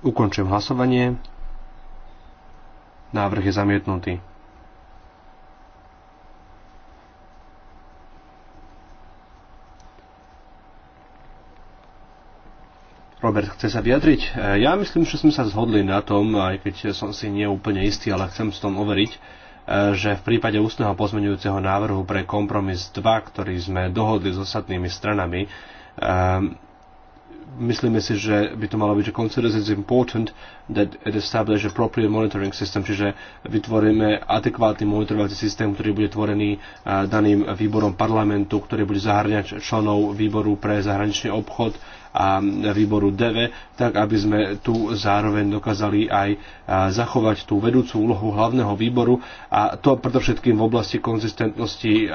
Ukončím hlasovanie. Návrh je zamietnutý. Robert, chce sa vyjadriť? E, ja myslím, že sme sa zhodli na tom, aj keď som si neúplne istý, ale chcem s tom overiť, e, že v prípade ústneho pozmeňujúceho návrhu pre kompromis 2, ktorý sme dohodli s ostatnými stranami, e, myslíme si, že by to malo byť, že considers it's important that it establish appropriate monitoring system, čiže vytvoríme adekvátny monitorovací systém, ktorý bude tvorený daným výborom parlamentu, ktorý bude zahrňať členov výboru pre zahraničný obchod, a výboru DEVE, tak aby sme tu zároveň dokázali aj zachovať tú vedúcu úlohu hlavného výboru a to predovšetkým v oblasti konzistentnosti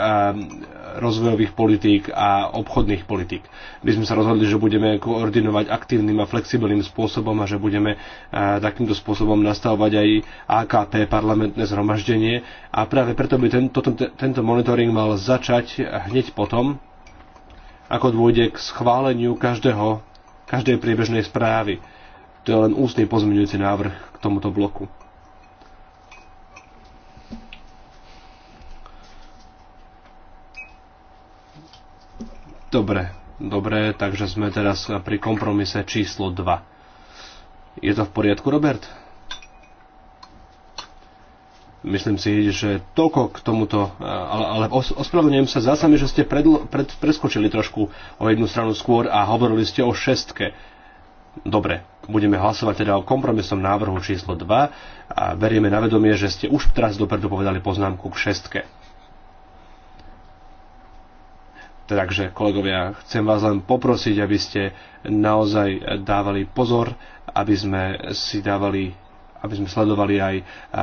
rozvojových politík a obchodných politík. My sme sa rozhodli, že budeme koordinovať aktívnym a flexibilným spôsobom a že budeme takýmto spôsobom nastavovať aj AKP parlamentné zhromaždenie a práve preto by tento, tento monitoring mal začať hneď potom, ako dôjde k schváleniu každého, každej priebežnej správy. To je len ústny pozmeňujúci návrh k tomuto bloku. Dobre, dobre, takže sme teraz pri kompromise číslo 2. Je to v poriadku, Robert? Myslím si, že toľko k tomuto, e, ale, ale ospravedlňujem sa, zdá sa mi, že ste predl, pred, preskočili trošku o jednu stranu skôr a hovorili ste o šestke. Dobre, budeme hlasovať teda o kompromisnom návrhu číslo 2 a berieme na vedomie, že ste už teraz dopredu povedali poznámku k šestke. Takže, kolegovia, chcem vás len poprosiť, aby ste naozaj dávali pozor, aby sme si dávali aby sme sledovali aj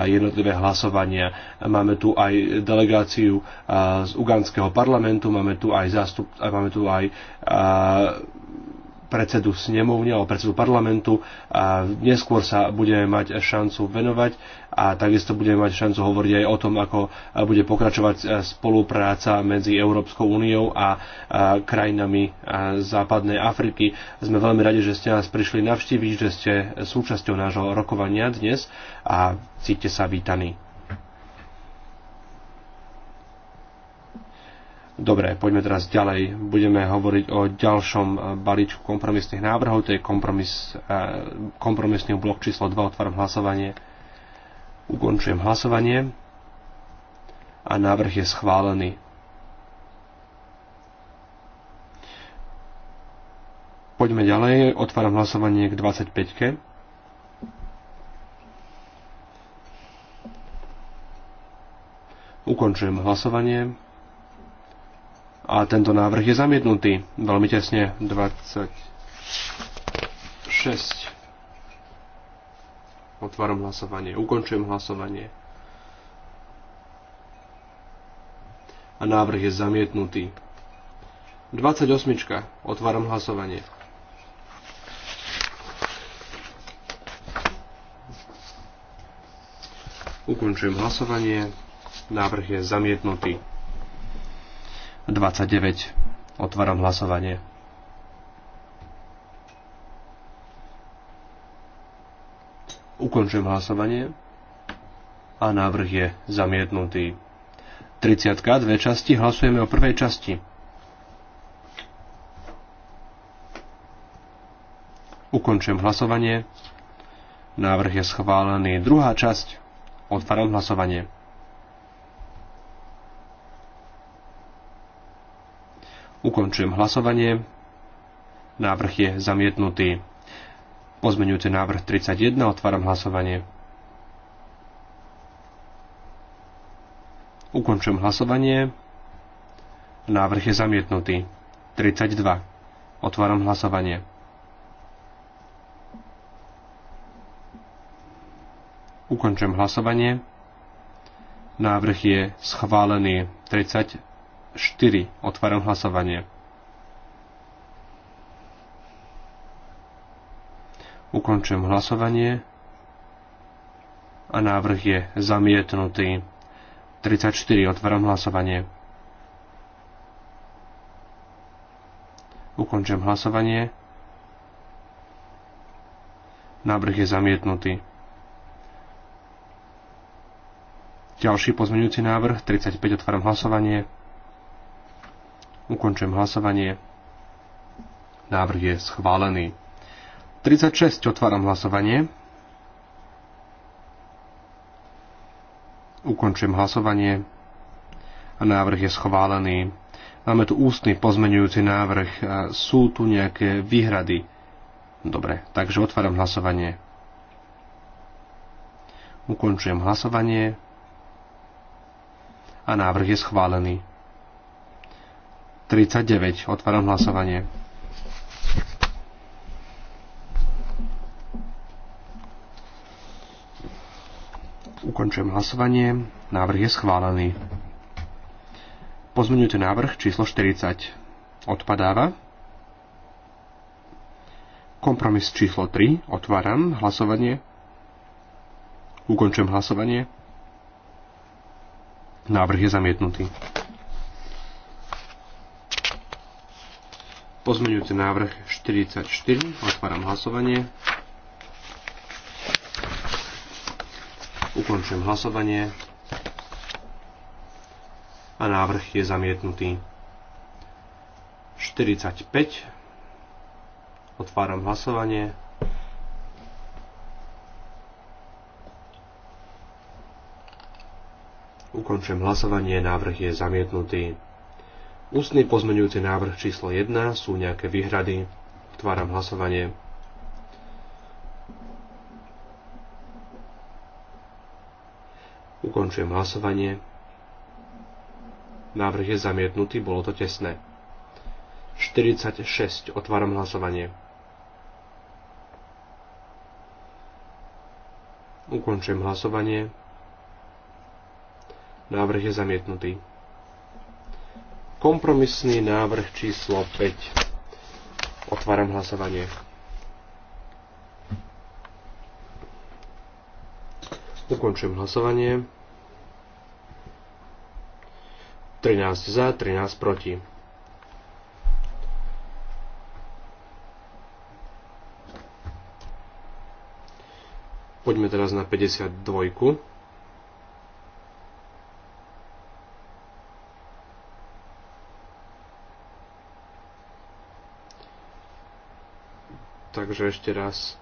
jednotlivé hlasovania. Máme tu aj delegáciu z uganského parlamentu, máme tu aj, zástup, máme tu aj predsedu snemovne alebo predsedu parlamentu a neskôr sa budeme mať šancu venovať a takisto budeme mať šancu hovoriť aj o tom, ako bude pokračovať spolupráca medzi Európskou úniou a krajinami západnej Afriky. Sme veľmi radi, že ste nás prišli navštíviť, že ste súčasťou nášho rokovania dnes a cíte sa vítaní. Dobre, poďme teraz ďalej. Budeme hovoriť o ďalšom eh, balíčku kompromisných návrhov, to je kompromis, eh, kompromisný blok číslo 2, otváram hlasovanie, ukončujem hlasovanie a návrh je schválený. Poďme ďalej, otváram hlasovanie k 25-ke. Ukončujem hlasovanie a tento návrh je zamietnutý. Veľmi tesne 26. Otváram hlasovanie, ukončujem hlasovanie. A návrh je zamietnutý. 28. Otváram hlasovanie. Ukončujem hlasovanie. Návrh je zamietnutý. 29. Otváram hlasovanie. Ukončujem hlasovanie a návrh je zamietnutý. 30. dve časti, hlasujeme o prvej časti. Ukončujem hlasovanie. Návrh je schválený. Druhá časť. Otváram hlasovanie. Ukončujem hlasovanie. Návrh je zamietnutý. Pozmeňujúci návrh 31. Otváram hlasovanie. Ukončujem hlasovanie. Návrh je zamietnutý. 32. Otváram hlasovanie. Ukončujem hlasovanie. Návrh je schválený. 30. 4. Otváram hlasovanie. Ukončujem hlasovanie a návrh je zamietnutý. 34. Otváram hlasovanie. Ukončujem hlasovanie. Návrh je zamietnutý. Ďalší pozmeňujúci návrh 35. Otváram hlasovanie. Ukončujem hlasovanie. Návrh je schválený. 36. Otváram hlasovanie. Ukončujem hlasovanie. A návrh je schválený. Máme tu ústny pozmenujúci návrh. A sú tu nejaké výhrady? Dobre, takže otváram hlasovanie. Ukončujem hlasovanie. A návrh je schválený. 39. Otváram hlasovanie. Ukončujem hlasovanie. Návrh je schválený. Pozmeňujte návrh číslo 40. Odpadáva. Kompromis číslo 3. Otváram hlasovanie. Ukončujem hlasovanie. Návrh je zamietnutý. Pozmeňujúci návrh 44. Otváram hlasovanie. Ukončujem hlasovanie. A návrh je zamietnutý. 45. Otváram hlasovanie. Ukončujem hlasovanie, návrh je zamietnutý. Ústny pozmeňujúci návrh číslo 1 sú nejaké výhrady. Otváram hlasovanie. Ukončujem hlasovanie. Návrh je zamietnutý, bolo to tesné. 46. Otváram hlasovanie. Ukončujem hlasovanie. Návrh je zamietnutý. Kompromisný návrh číslo 5. Otváram hlasovanie. Ukončujem hlasovanie. 13 za, 13 proti. Poďme teraz na 52. Takže ešte raz.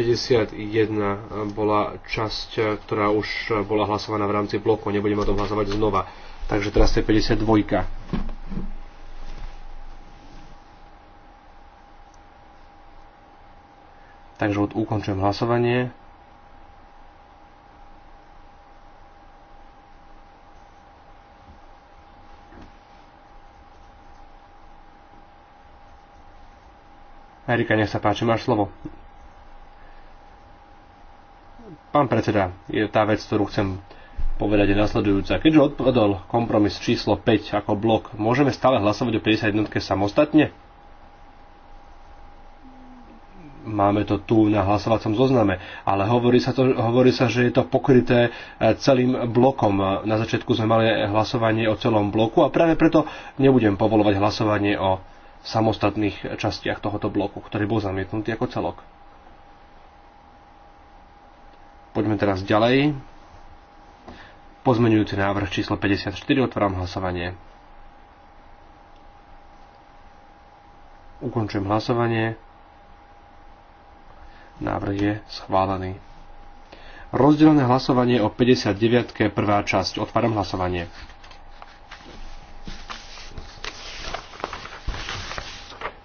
51 bola časť, ktorá už bola hlasovaná v rámci bloku, nebudeme o tom hlasovať znova. Takže teraz je 52. Takže ukončujem hlasovanie. Erika, nech sa páči, máš slovo. Pán predseda, je tá vec, ktorú chcem povedať je nasledujúca. Keďže odpovedol kompromis číslo 5 ako blok, môžeme stále hlasovať o 51 samostatne? Máme to tu na hlasovacom zozname, ale hovorí sa, to, hovorí sa, že je to pokryté e, celým blokom. Na začiatku sme mali hlasovanie o celom bloku a práve preto nebudem povolovať hlasovanie o samostatných častiach tohoto bloku, ktorý bol zamietnutý ako celok. Poďme teraz ďalej. Pozmenujúci návrh číslo 54, otváram hlasovanie. Ukončujem hlasovanie. Návrh je schválený. Rozdelené hlasovanie o 59. prvá časť. Otváram hlasovanie.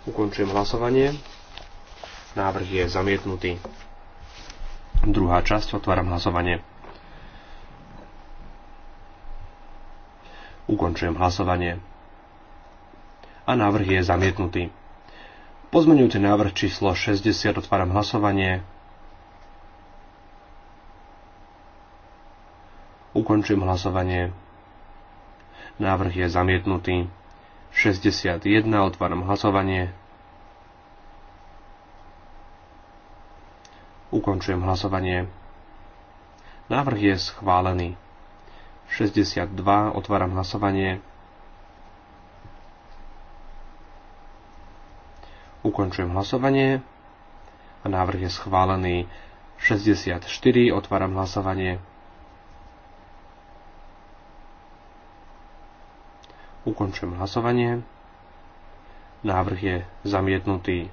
Ukončujem hlasovanie. Návrh je zamietnutý. Druhá časť. Otváram hlasovanie. Ukončujem hlasovanie. A návrh je zamietnutý. Pozmenujúci návrh číslo 60. Otváram hlasovanie. Ukončujem hlasovanie. Návrh je zamietnutý. 61. Otváram hlasovanie. Ukončujem hlasovanie. Návrh je schválený. 62. Otváram hlasovanie. Ukončujem hlasovanie. A návrh je schválený. 64. Otváram hlasovanie. Ukončujem hlasovanie. Návrh je zamietnutý.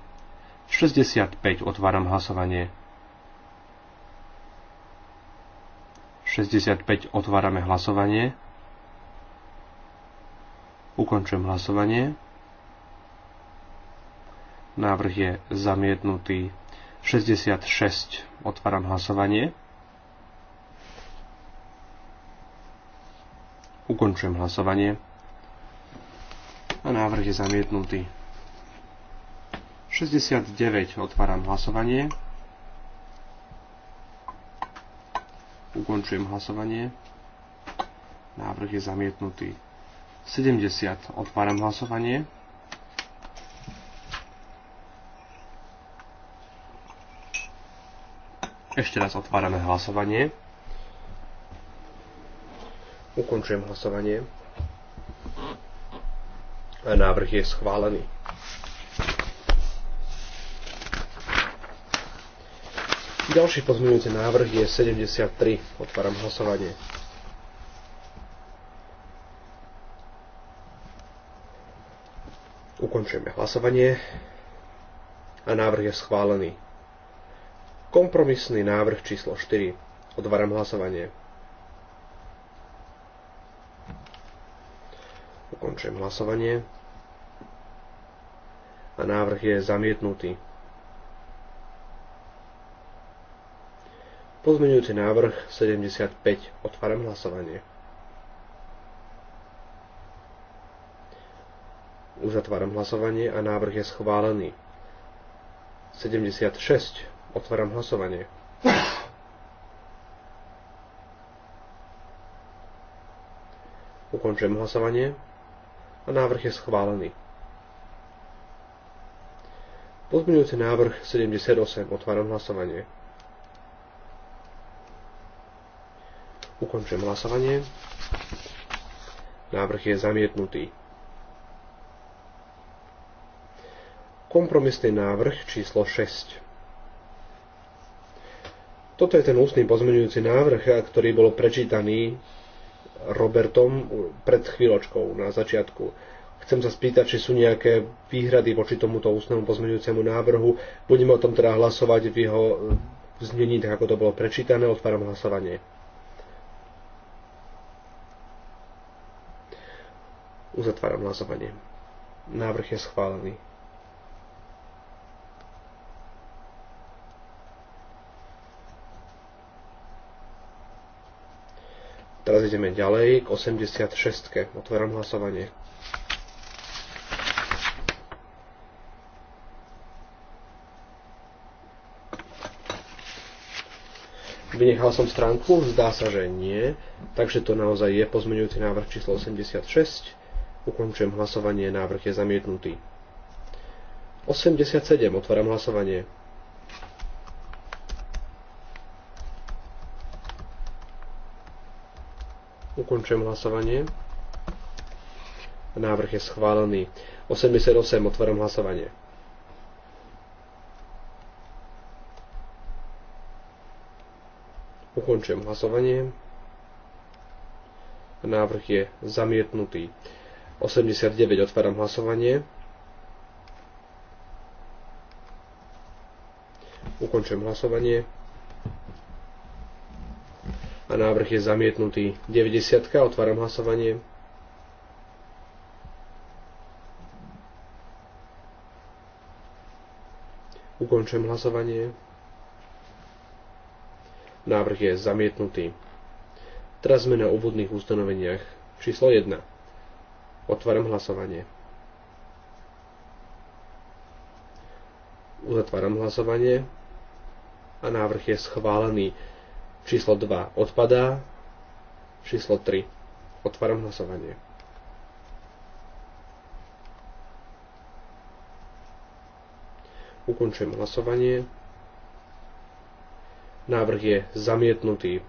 65. Otváram hlasovanie. 65. Otvárame hlasovanie. Ukončujem hlasovanie. Návrh je zamietnutý. 66. Otváram hlasovanie. Ukončujem hlasovanie a návrh je zamietnutý. 69. Otváram hlasovanie. Ukončujem hlasovanie. Návrh je zamietnutý. 70. Otváram hlasovanie. Ešte raz otvárame hlasovanie. Ukončujem hlasovanie. Návrh je schválený. Ďalší pozmeňujúci návrh je 73. Otváram hlasovanie. Ukončujeme hlasovanie a návrh je schválený. Kompromisný návrh číslo 4. Otváram hlasovanie. Ukončujem hlasovanie. A návrh je zamietnutý. Pozmeňujúci návrh 75. Otváram hlasovanie. Uzatváram hlasovanie a návrh je schválený. 76. Otváram hlasovanie. Ukončujem hlasovanie a návrh je schválený. Pozmeňujúci návrh 78. Otváram hlasovanie. Ukončujem hlasovanie. Návrh je zamietnutý. Kompromisný návrh číslo 6. Toto je ten ústny pozmeňujúci návrh, ktorý bol prečítaný Robertom pred chvíľočkou na začiatku. Chcem sa spýtať, či sú nejaké výhrady voči tomuto ústnemu pozmeňujúcemu návrhu. Budeme o tom teda hlasovať v jeho eh, znení, tak ako to bolo prečítané. Otváram hlasovanie. Uzatváram hlasovanie. Návrh je schválený. Teraz ideme ďalej k 86. Otváram hlasovanie. Vynechal som stránku, zdá sa, že nie, takže to naozaj je pozmeňujúci návrh číslo 86. Ukončujem hlasovanie, návrh je zamietnutý. 87. Otváram hlasovanie. Ukončujem hlasovanie. Návrh je schválený. 88. Otvorím hlasovanie. Ukončujem hlasovanie. Návrh je zamietnutý. 89. Otváram hlasovanie. Ukončujem hlasovanie a návrh je zamietnutý. 90. Otváram hlasovanie. Ukončujem hlasovanie. Návrh je zamietnutý. Teraz sme na úvodných ustanoveniach. Číslo 1. Otváram hlasovanie. Uzatváram hlasovanie a návrh je schválený. Číslo 2 odpadá. Číslo 3. Otváram hlasovanie. Ukončujem hlasovanie. Návrh je zamietnutý.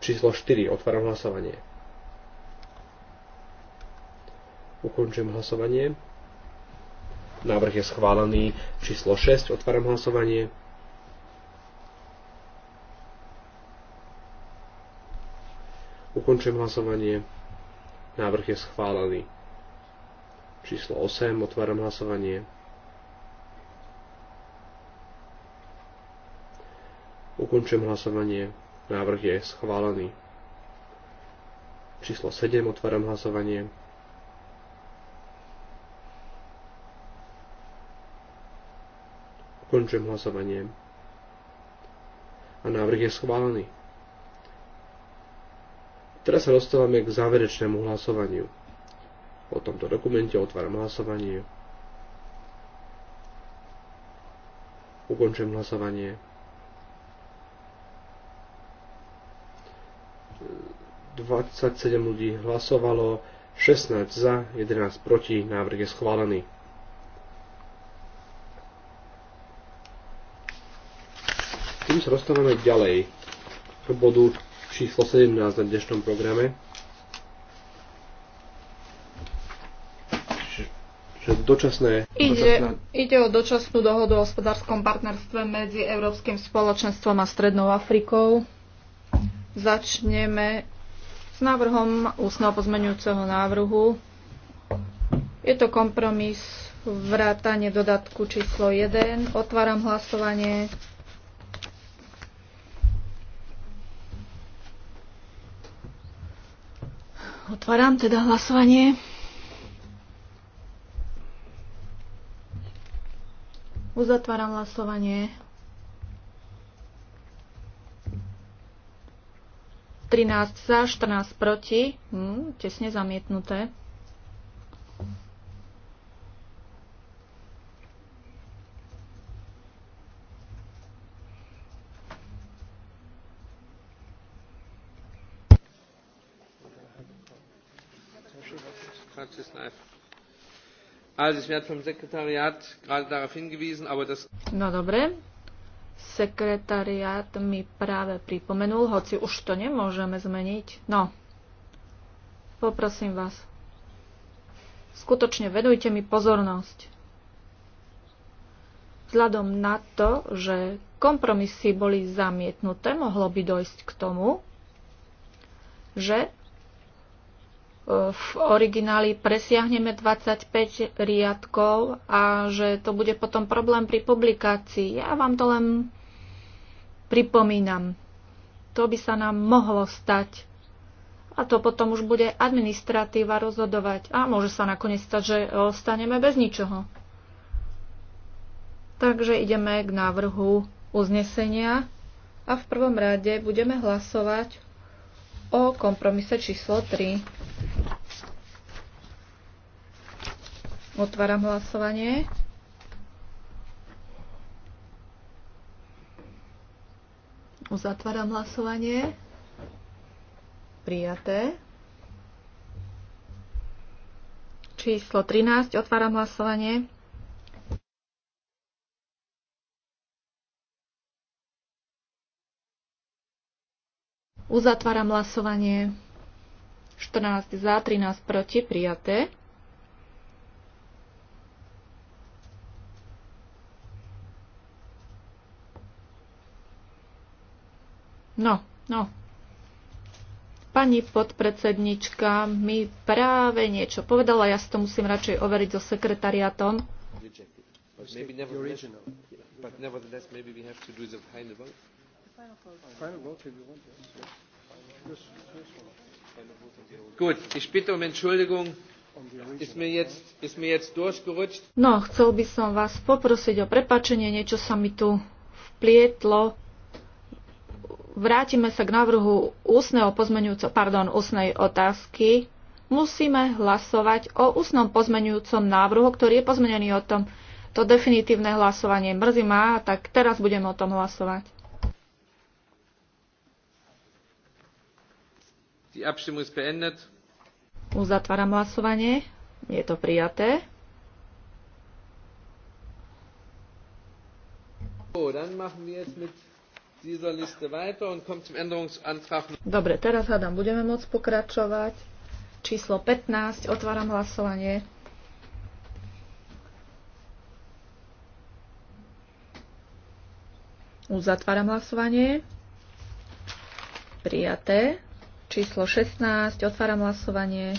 Číslo 4. Otváram hlasovanie. Ukončujem hlasovanie. Návrh je schválený. Číslo 6. Otváram hlasovanie. Ukončujem hlasovanie. Návrh je schválený. Číslo 8. Otváram hlasovanie. Ukončujem hlasovanie. Návrh je schválený. Číslo 7. Otváram hlasovanie. Ukončujem hlasovanie. A návrh je schválený. Teraz sa dostávame k záverečnému hlasovaniu. O tomto dokumente otváram hlasovanie. Ukončujem hlasovanie. 27 ľudí hlasovalo, 16 za, 11 proti, návrh je schválený. Tým sa dostávame ďalej k bodu číslo 17 na dnešnom programe. Čiže dočasné, ide, ide o dočasnú dohodu o hospodárskom partnerstve medzi Európskym spoločenstvom a Strednou Afrikou. Začneme s návrhom ústneho pozmenujúceho návrhu. Je to kompromis vrátanie dodatku číslo 1. Otváram hlasovanie. Otváram teda hlasovanie. Uzatváram hlasovanie. 13 za, 14 proti. Hm, tesne zamietnuté. No dobre, Sekretariat mi práve pripomenul, hoci už to nemôžeme zmeniť. No, poprosím vás, skutočne vedujte mi pozornosť. Vzhľadom na to, že kompromisy boli zamietnuté, mohlo by dojsť k tomu, že v origináli presiahneme 25 riadkov a že to bude potom problém pri publikácii. Ja vám to len pripomínam. To by sa nám mohlo stať. A to potom už bude administratíva rozhodovať. A môže sa nakoniec stať, že ostaneme bez ničoho. Takže ideme k návrhu uznesenia a v prvom rade budeme hlasovať o kompromise číslo 3. Otváram hlasovanie. Uzatváram hlasovanie. Prijaté. Číslo 13. Otváram hlasovanie. Uzatváram hlasovanie. 14 za, 13 proti, prijaté. No, no. Pani podpredsednička mi práve niečo povedala, ja si to musím radšej overiť so sekretariatom. Um no, chcel by som vás poprosiť o prepačenie, niečo sa mi tu vplietlo vrátime sa k návrhu ústneho pozmenujúco, pardon, ústnej otázky, musíme hlasovať o ústnom pozmenujúcom návrhu, ktorý je pozmenený o tom, to definitívne hlasovanie. Mrzí má, tak teraz budeme o tom hlasovať. Uzatváram hlasovanie. Je to prijaté. Oh, dann machen wir jetzt mit Dobre, teraz hádam, budeme môcť pokračovať. Číslo 15, otváram hlasovanie. Uzatváram hlasovanie. Prijaté. Číslo 16, otváram hlasovanie.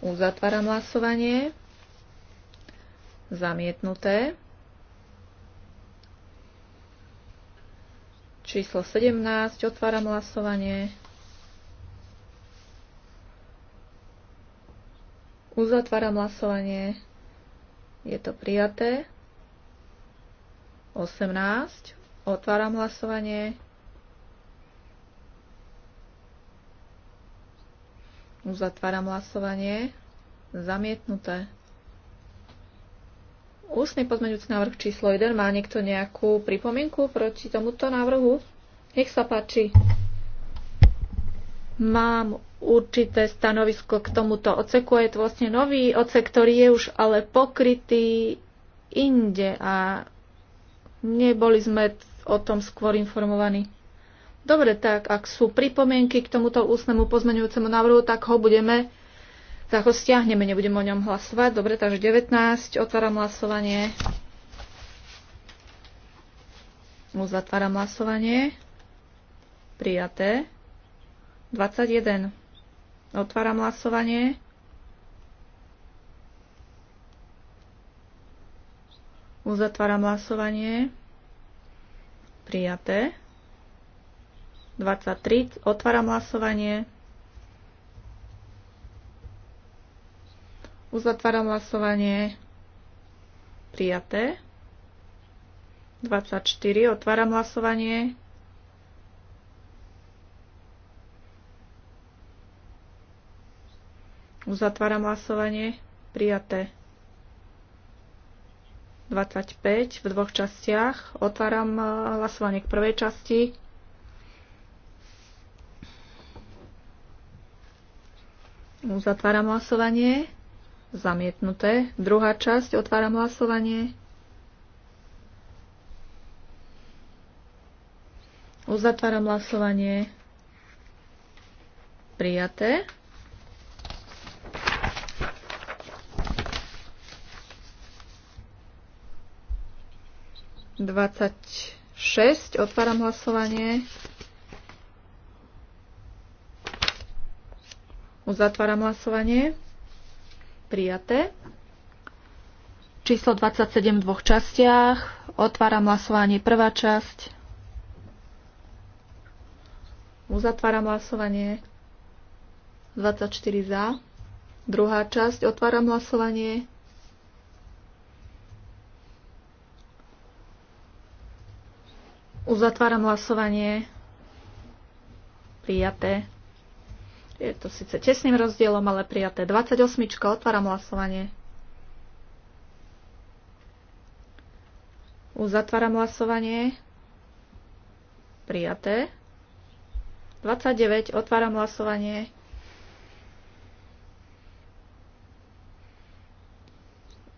Uzatváram hlasovanie. Zamietnuté. Číslo 17. Otváram hlasovanie. Uzatváram hlasovanie. Je to prijaté. 18. Otváram hlasovanie. Uzatváram hlasovanie. Zamietnuté. Ústny pozmeňujúci návrh číslo 1. Má niekto nejakú pripomienku proti tomuto návrhu? Nech sa páči. Mám určité stanovisko k tomuto oceku. Je to vlastne nový ocek, ktorý je už ale pokrytý inde a neboli sme o tom skôr informovaní. Dobre, tak ak sú pripomienky k tomuto ústnemu pozmeňujúcemu návrhu, tak ho budeme tak ho stiahneme, nebudem o ňom hlasovať. Dobre, takže 19, otváram hlasovanie. Uzatváram hlasovanie. Prijaté. 21. Otváram hlasovanie. Uzatváram hlasovanie. Prijaté. 23. Otváram hlasovanie. Uzatváram hlasovanie. Prijaté. 24. Otváram hlasovanie. Uzatváram hlasovanie. Prijaté. 25 v dvoch častiach. Otváram eh, hlasovanie k prvej časti. Uzatváram hlasovanie. Zamietnuté. Druhá časť. Otváram hlasovanie. Uzatváram hlasovanie. Prijaté. Dvadsať šesť. Otváram hlasovanie. Uzatváram hlasovanie. Prijaté. Číslo 27 v dvoch častiach. Otváram hlasovanie. Prvá časť. Uzatváram hlasovanie. 24 za. Druhá časť. Otváram hlasovanie. Uzatváram hlasovanie. Prijaté. Je to síce tesným rozdielom, ale prijaté. 28. Otváram hlasovanie. Uzatváram hlasovanie. Prijaté. 29. Otváram hlasovanie.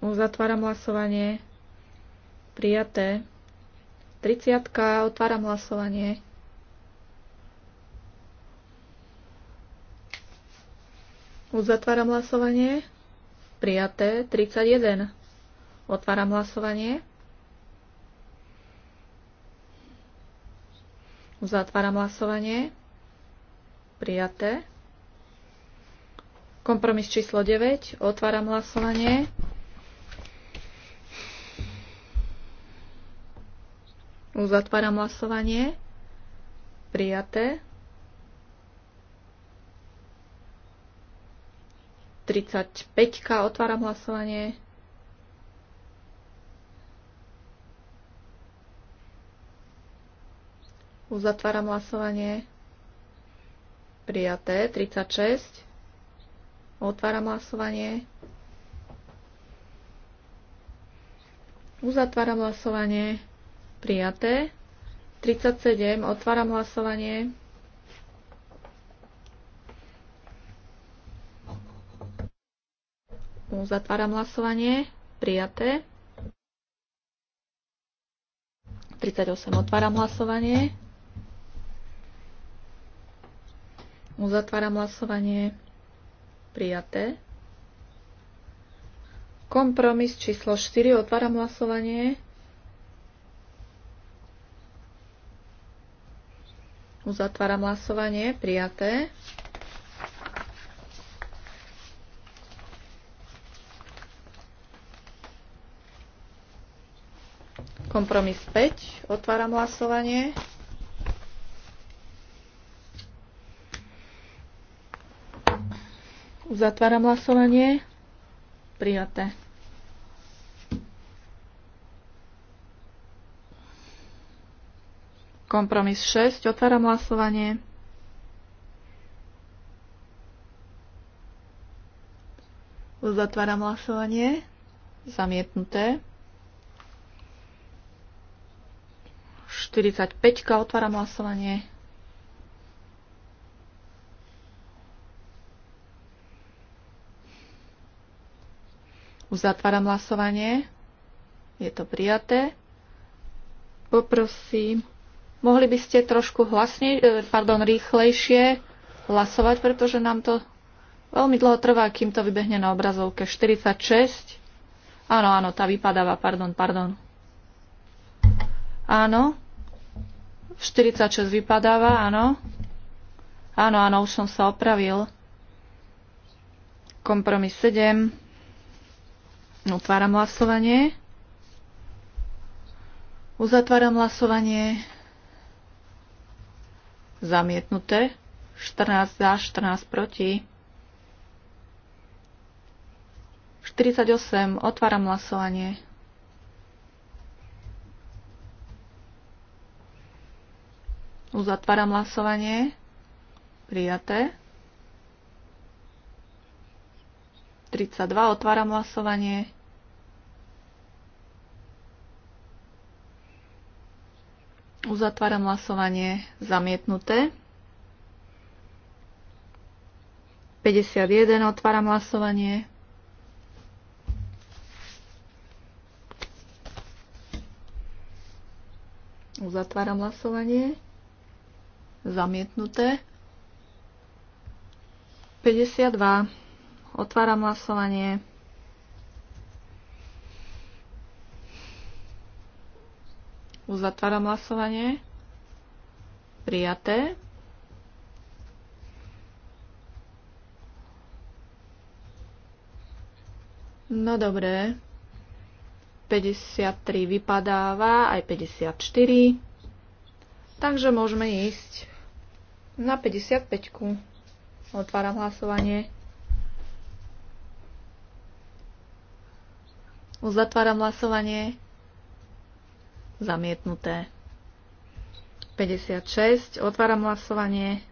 Uzatváram hlasovanie. Prijaté. 30. Otváram hlasovanie. Uzatváram hlasovanie. Prijaté 31. Otváram hlasovanie. Uzatváram hlasovanie. Prijaté. Kompromis číslo 9. Otváram hlasovanie. Uzatváram hlasovanie. Prijaté. 35. Otváram hlasovanie. Uzatváram hlasovanie. Prijaté. 36. Otváram hlasovanie. Uzatváram hlasovanie. Prijaté. 37. Otváram hlasovanie. Uzatváram hlasovanie. Prijaté. 38. Otváram hlasovanie. Uzatváram hlasovanie. Prijaté. Kompromis číslo 4. Otváram hlasovanie. Uzatváram hlasovanie. Prijaté. Kompromis 5. Otváram hlasovanie. Uzatváram hlasovanie. Prijaté. Kompromis 6. Otváram hlasovanie. Uzatváram hlasovanie. Zamietnuté. 45. Otváram hlasovanie. Uzatváram hlasovanie. Je to prijaté. Poprosím, mohli by ste trošku hlasne, e, pardon, rýchlejšie hlasovať, pretože nám to veľmi dlho trvá, kým to vybehne na obrazovke. 46. Áno, áno, tá vypadáva, pardon, pardon. Áno, 46 vypadáva, áno. Áno, áno, už som sa opravil. Kompromis 7. Otváram hlasovanie. Uzatváram hlasovanie. Zamietnuté. 14 za, 14 proti. 48. Otváram hlasovanie. Uzatváram hlasovanie. Prijaté. 32. Otváram hlasovanie. Uzatváram hlasovanie. Zamietnuté. 51. Otváram hlasovanie. Uzatváram hlasovanie. Zamietnuté. 52. Otváram hlasovanie. Uzatváram hlasovanie. Prijaté. No dobré. 53 vypadáva, aj 54. Takže môžeme ísť na 55. Otváram hlasovanie. Uzatváram hlasovanie. Zamietnuté. 56. Otváram hlasovanie.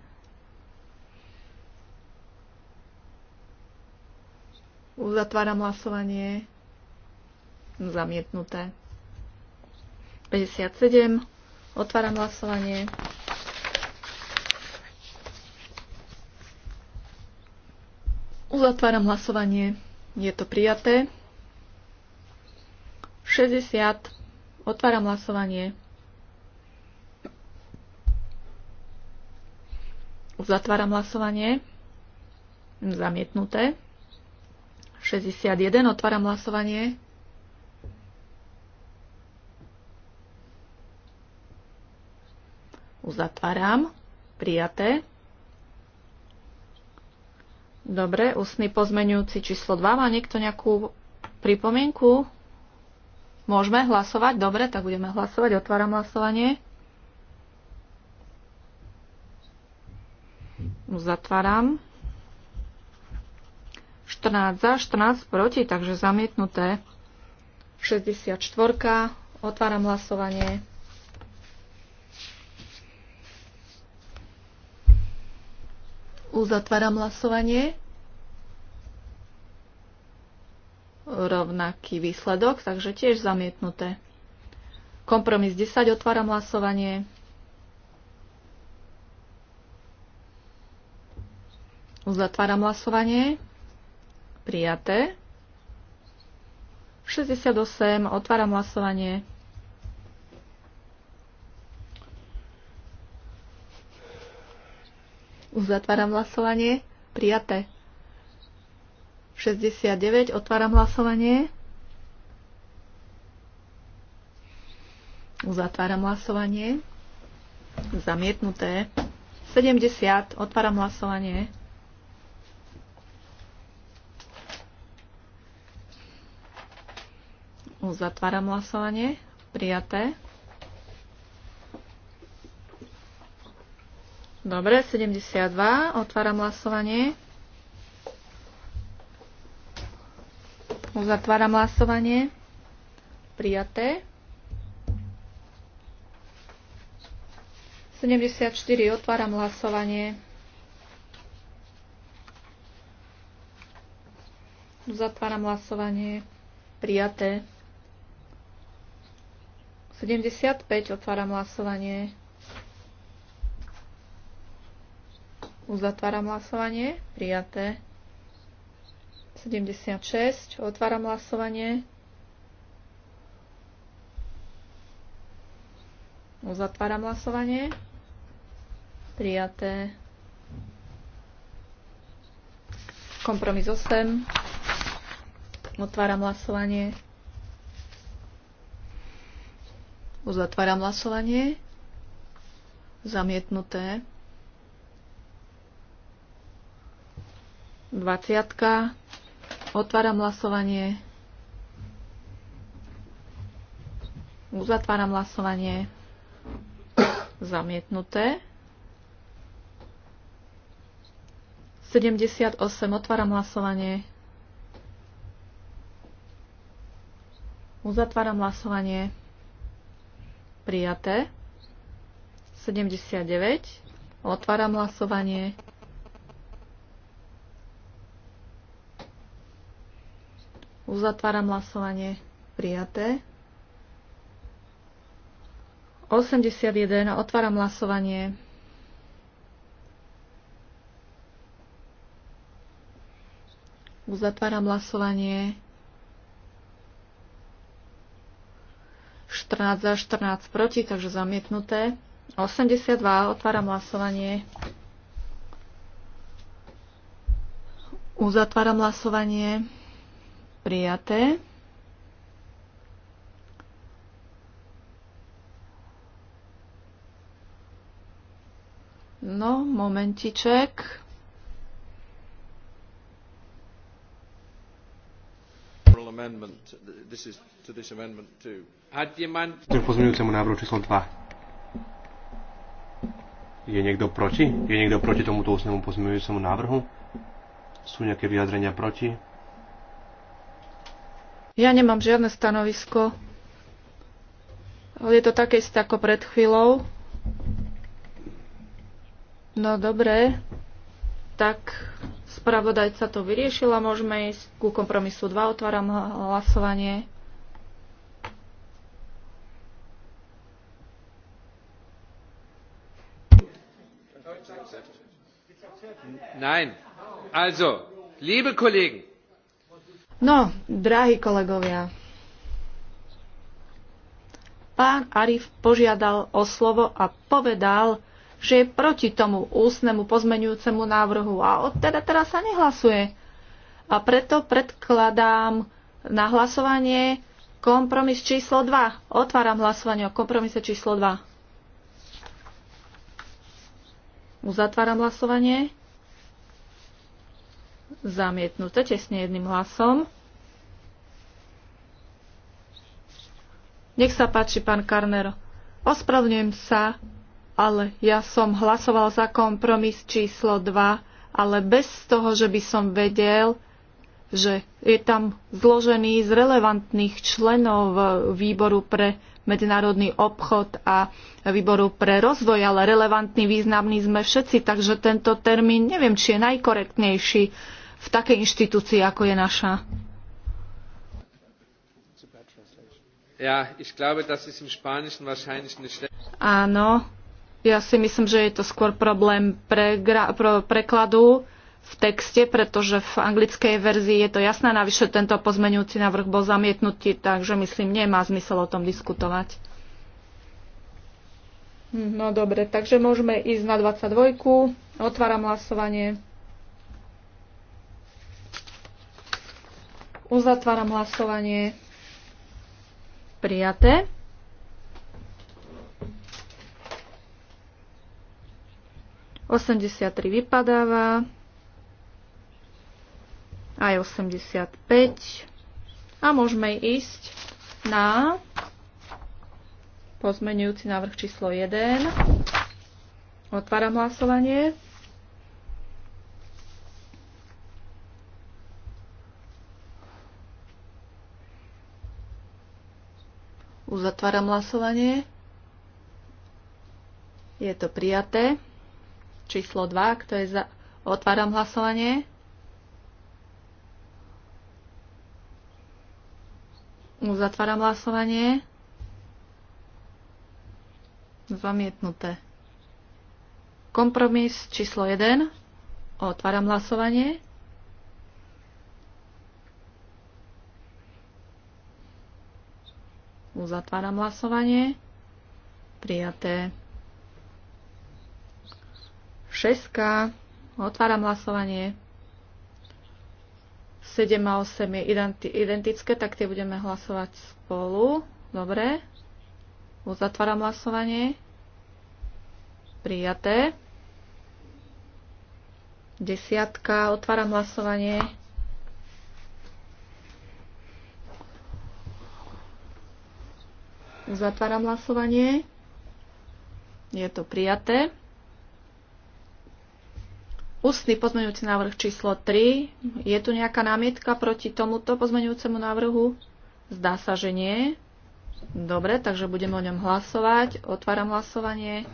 Uzatváram hlasovanie. Zamietnuté. 57. Otváram hlasovanie. Uzatváram hlasovanie. Je to prijaté. 60. Otváram hlasovanie. Uzatváram hlasovanie. Zamietnuté. 61. Otváram hlasovanie. Uzatváram. Prijaté. Dobre, ústny pozmenujúci číslo 2. Má niekto nejakú pripomienku? Môžeme hlasovať? Dobre, tak budeme hlasovať. Otváram hlasovanie. Zatváram. 14 za, 14 proti, takže zamietnuté. 64. Otváram hlasovanie. Uzatváram hlasovanie. Rovnaký výsledok, takže tiež zamietnuté. Kompromis 10, otváram hlasovanie. Uzatváram hlasovanie. Prijaté. 68, otváram hlasovanie. Uzatváram hlasovanie. Prijaté. 69. Otváram hlasovanie. Uzatváram hlasovanie. Zamietnuté. 70. Otváram hlasovanie. Uzatváram hlasovanie. Prijaté. Dobre, 72. Otváram hlasovanie. Uzatváram hlasovanie. Prijaté. 74. Otváram hlasovanie. Uzatváram hlasovanie. Prijaté. 75. Otváram hlasovanie. Uzatváram hlasovanie. Prijaté. 76. Otváram hlasovanie. Uzatváram hlasovanie. Prijaté. Kompromis 8. Otváram hlasovanie. Uzatváram hlasovanie. Zamietnuté. 20. Otváram hlasovanie. Uzatváram hlasovanie. Zamietnuté. 78. Otváram hlasovanie. Uzatváram hlasovanie. Prijaté. 79. Otváram hlasovanie. Uzatváram hlasovanie. Prijaté. 81. Otváram hlasovanie. Uzatváram hlasovanie. 14 za 14 proti, takže zamietnuté. 82. Otváram hlasovanie. Uzatváram hlasovanie prijaté. No, momentiček. Ten pozmeňujúcemu návrhu číslo 2. Je niekto proti? Je niekto proti tomuto ústnemu pozmeňujúcemu návrhu? Sú nejaké vyjadrenia proti? Ja nemám žiadne stanovisko. Je to také isté ako pred chvíľou. No dobre, tak spravodajca to vyriešila. Môžeme ísť ku kompromisu 2. Otváram hlasovanie. Nein. Also, liebe Kollegen, No, drahí kolegovia, pán Arif požiadal o slovo a povedal, že je proti tomu ústnemu pozmenujúcemu návrhu a odteda teraz sa nehlasuje. A preto predkladám na hlasovanie kompromis číslo 2. Otváram hlasovanie o kompromise číslo 2. Uzatváram hlasovanie. Zamietnuté tesne jedným hlasom. Nech sa páči, pán Karner. Ospravňujem sa, ale ja som hlasoval za kompromis číslo 2, ale bez toho, že by som vedel, že je tam zložený z relevantných členov výboru pre medzinárodný obchod a výboru pre rozvoj, ale relevantný, významný sme všetci, takže tento termín neviem, či je najkorektnejší v takej inštitúcii, ako je naša. Áno, ja si myslím, že je to skôr problém pre, pre, prekladu v texte, pretože v anglickej verzii je to jasné, navyše tento pozmenujúci návrh bol zamietnutý, takže myslím, nemá zmysel o tom diskutovať. No dobre, takže môžeme ísť na 22. Otváram hlasovanie. Uzatváram hlasovanie. Prijaté. Osemdesiat tri vypadáva. Aj 85. A môžeme ísť na pozmenujúci návrh číslo 1. Otváram hlasovanie. Uzatváram hlasovanie. Je to prijaté. Číslo 2, kto je za... Otváram hlasovanie. Uzatváram hlasovanie. Zamietnuté. Kompromis číslo 1. Otváram hlasovanie. Uzatváram hlasovanie. Prijaté. Šeska. Otváram hlasovanie. 7 a 8 je identické, tak tie budeme hlasovať spolu. Dobre. Uzatváram hlasovanie. Prijaté. Desiatka. Otváram hlasovanie. Zatváram hlasovanie. Je to prijaté. Ústny pozmeňujúci návrh číslo 3. Je tu nejaká námietka proti tomuto pozmeňujúcemu návrhu? Zdá sa, že nie. Dobre, takže budeme o ňom hlasovať. Otváram hlasovanie.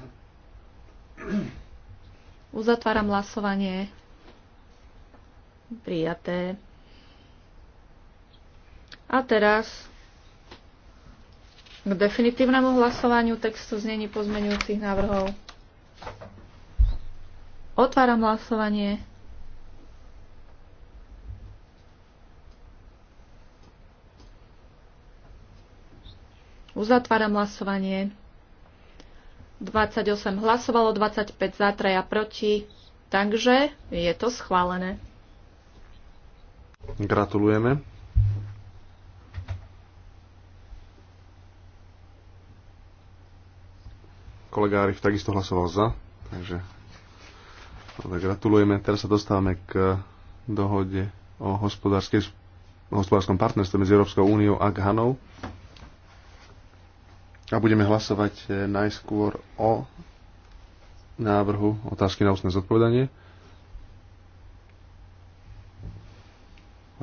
Uzatváram hlasovanie. Prijaté. A teraz k definitívnemu hlasovaniu textu znení pozmenujúcich návrhov. Otváram hlasovanie. Uzatváram hlasovanie. 28 hlasovalo, 25 za, 3 a proti. Takže je to schválené. Gratulujeme. Kolega Arif takisto hlasoval za, takže Dobre, gratulujeme. Teraz sa dostávame k dohode o hospodárskom partnerstve medzi Európskou úniou a Ghanou. A budeme hlasovať eh, najskôr o návrhu otázky na ústne zodpovedanie.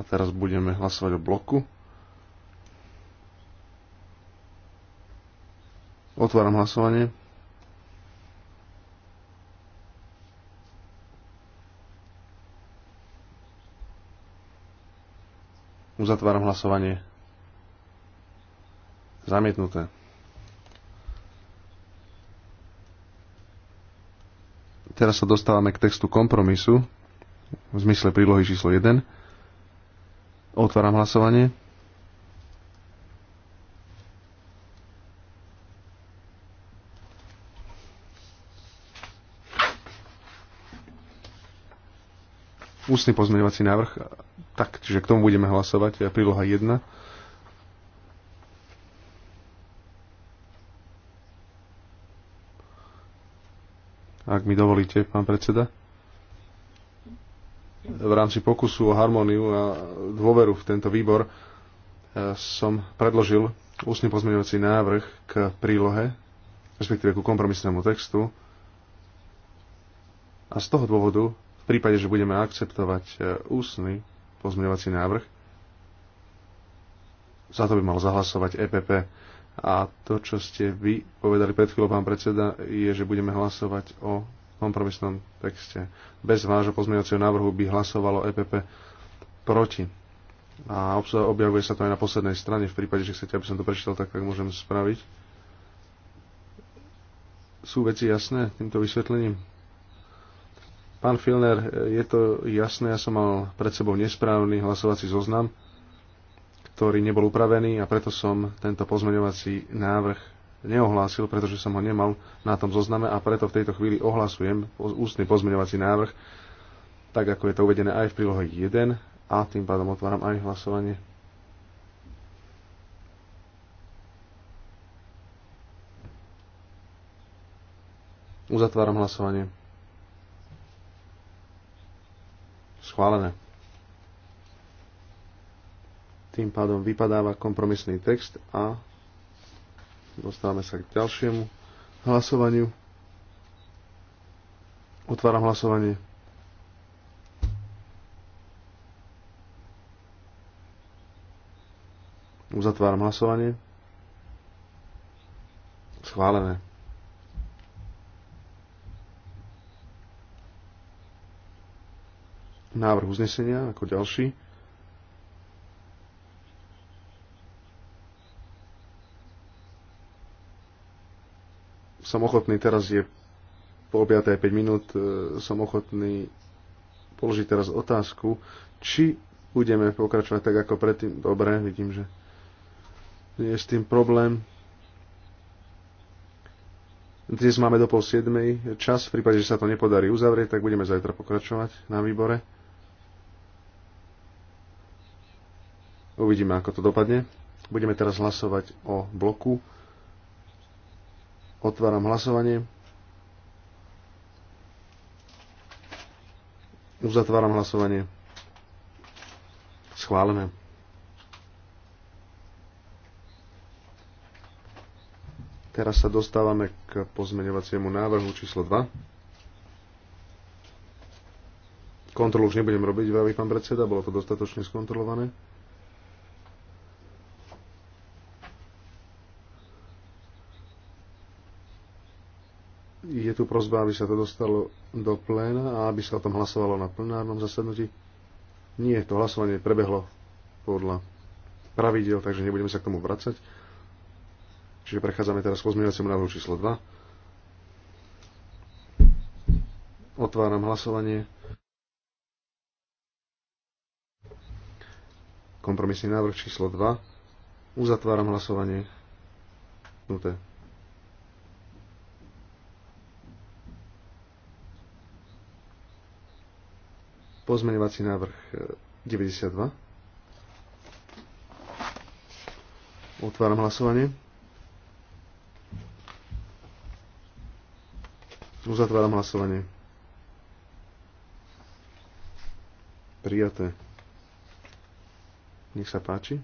A teraz budeme hlasovať o bloku. Otváram hlasovanie. Uzatváram hlasovanie. Zamietnuté. Teraz sa dostávame k textu kompromisu v zmysle prílohy číslo 1. Otváram hlasovanie. Ústny pozmeňovací návrh tak, čiže k tomu budeme hlasovať, príloha 1. Ak mi dovolíte, pán predseda. V rámci pokusu o harmóniu a dôveru v tento výbor e, som predložil ústny pozmeňovací návrh k prílohe, respektíve ku kompromisnému textu. A z toho dôvodu, v prípade, že budeme akceptovať e, ústny pozmeňovací návrh. Za to by mal zahlasovať EPP. A to, čo ste vy povedali pred chvíľou, pán predseda, je, že budeme hlasovať o kompromisnom texte. Bez vášho pozmeňovacieho návrhu by hlasovalo EPP proti. A objavuje sa to aj na poslednej strane. V prípade, že chcete, aby som to prečítal, tak tak môžem spraviť. Sú veci jasné týmto vysvetlením? Pán Filner, je to jasné, ja som mal pred sebou nesprávny hlasovací zoznam, ktorý nebol upravený a preto som tento pozmeňovací návrh neohlásil, pretože som ho nemal na tom zozname a preto v tejto chvíli ohlasujem ústny pozmeňovací návrh, tak ako je to uvedené aj v prílohe 1 a tým pádom otváram aj hlasovanie. Uzatváram hlasovanie. Schválené. Tým pádom vypadáva kompromisný text a dostávame sa k ďalšiemu hlasovaniu. Otváram hlasovanie. Uzatváram hlasovanie. Schválené. návrh uznesenia ako ďalší. Som ochotný, teraz je po objaté 5 minút, e, som ochotný položiť teraz otázku, či budeme pokračovať tak ako predtým. Dobre, vidím, že je s tým problém. Dnes máme do pol siedmej čas, v prípade, že sa to nepodarí uzavrieť, tak budeme zajtra pokračovať na výbore. Uvidíme, ako to dopadne. Budeme teraz hlasovať o bloku. Otváram hlasovanie. Uzatváram hlasovanie. Schválené. Teraz sa dostávame k pozmeňovaciemu návrhu číslo 2. Kontrolu už nebudem robiť, vraví pán predseda, bolo to dostatočne skontrolované. Je tu prozba, aby sa to dostalo do pléna a aby sa o tom hlasovalo na plenárnom zasadnutí. Nie, to hlasovanie prebehlo podľa pravidel, takže nebudeme sa k tomu vracať. Čiže prechádzame teraz k pozmeňovaciemu návrhu číslo 2. Otváram hlasovanie. Kompromisný návrh číslo 2. Uzatváram hlasovanie. Nuté. Pozmeňovací návrh 92. E, Otváram hlasovanie. Uzatváram hlasovanie. Prijaté. Nech sa páči.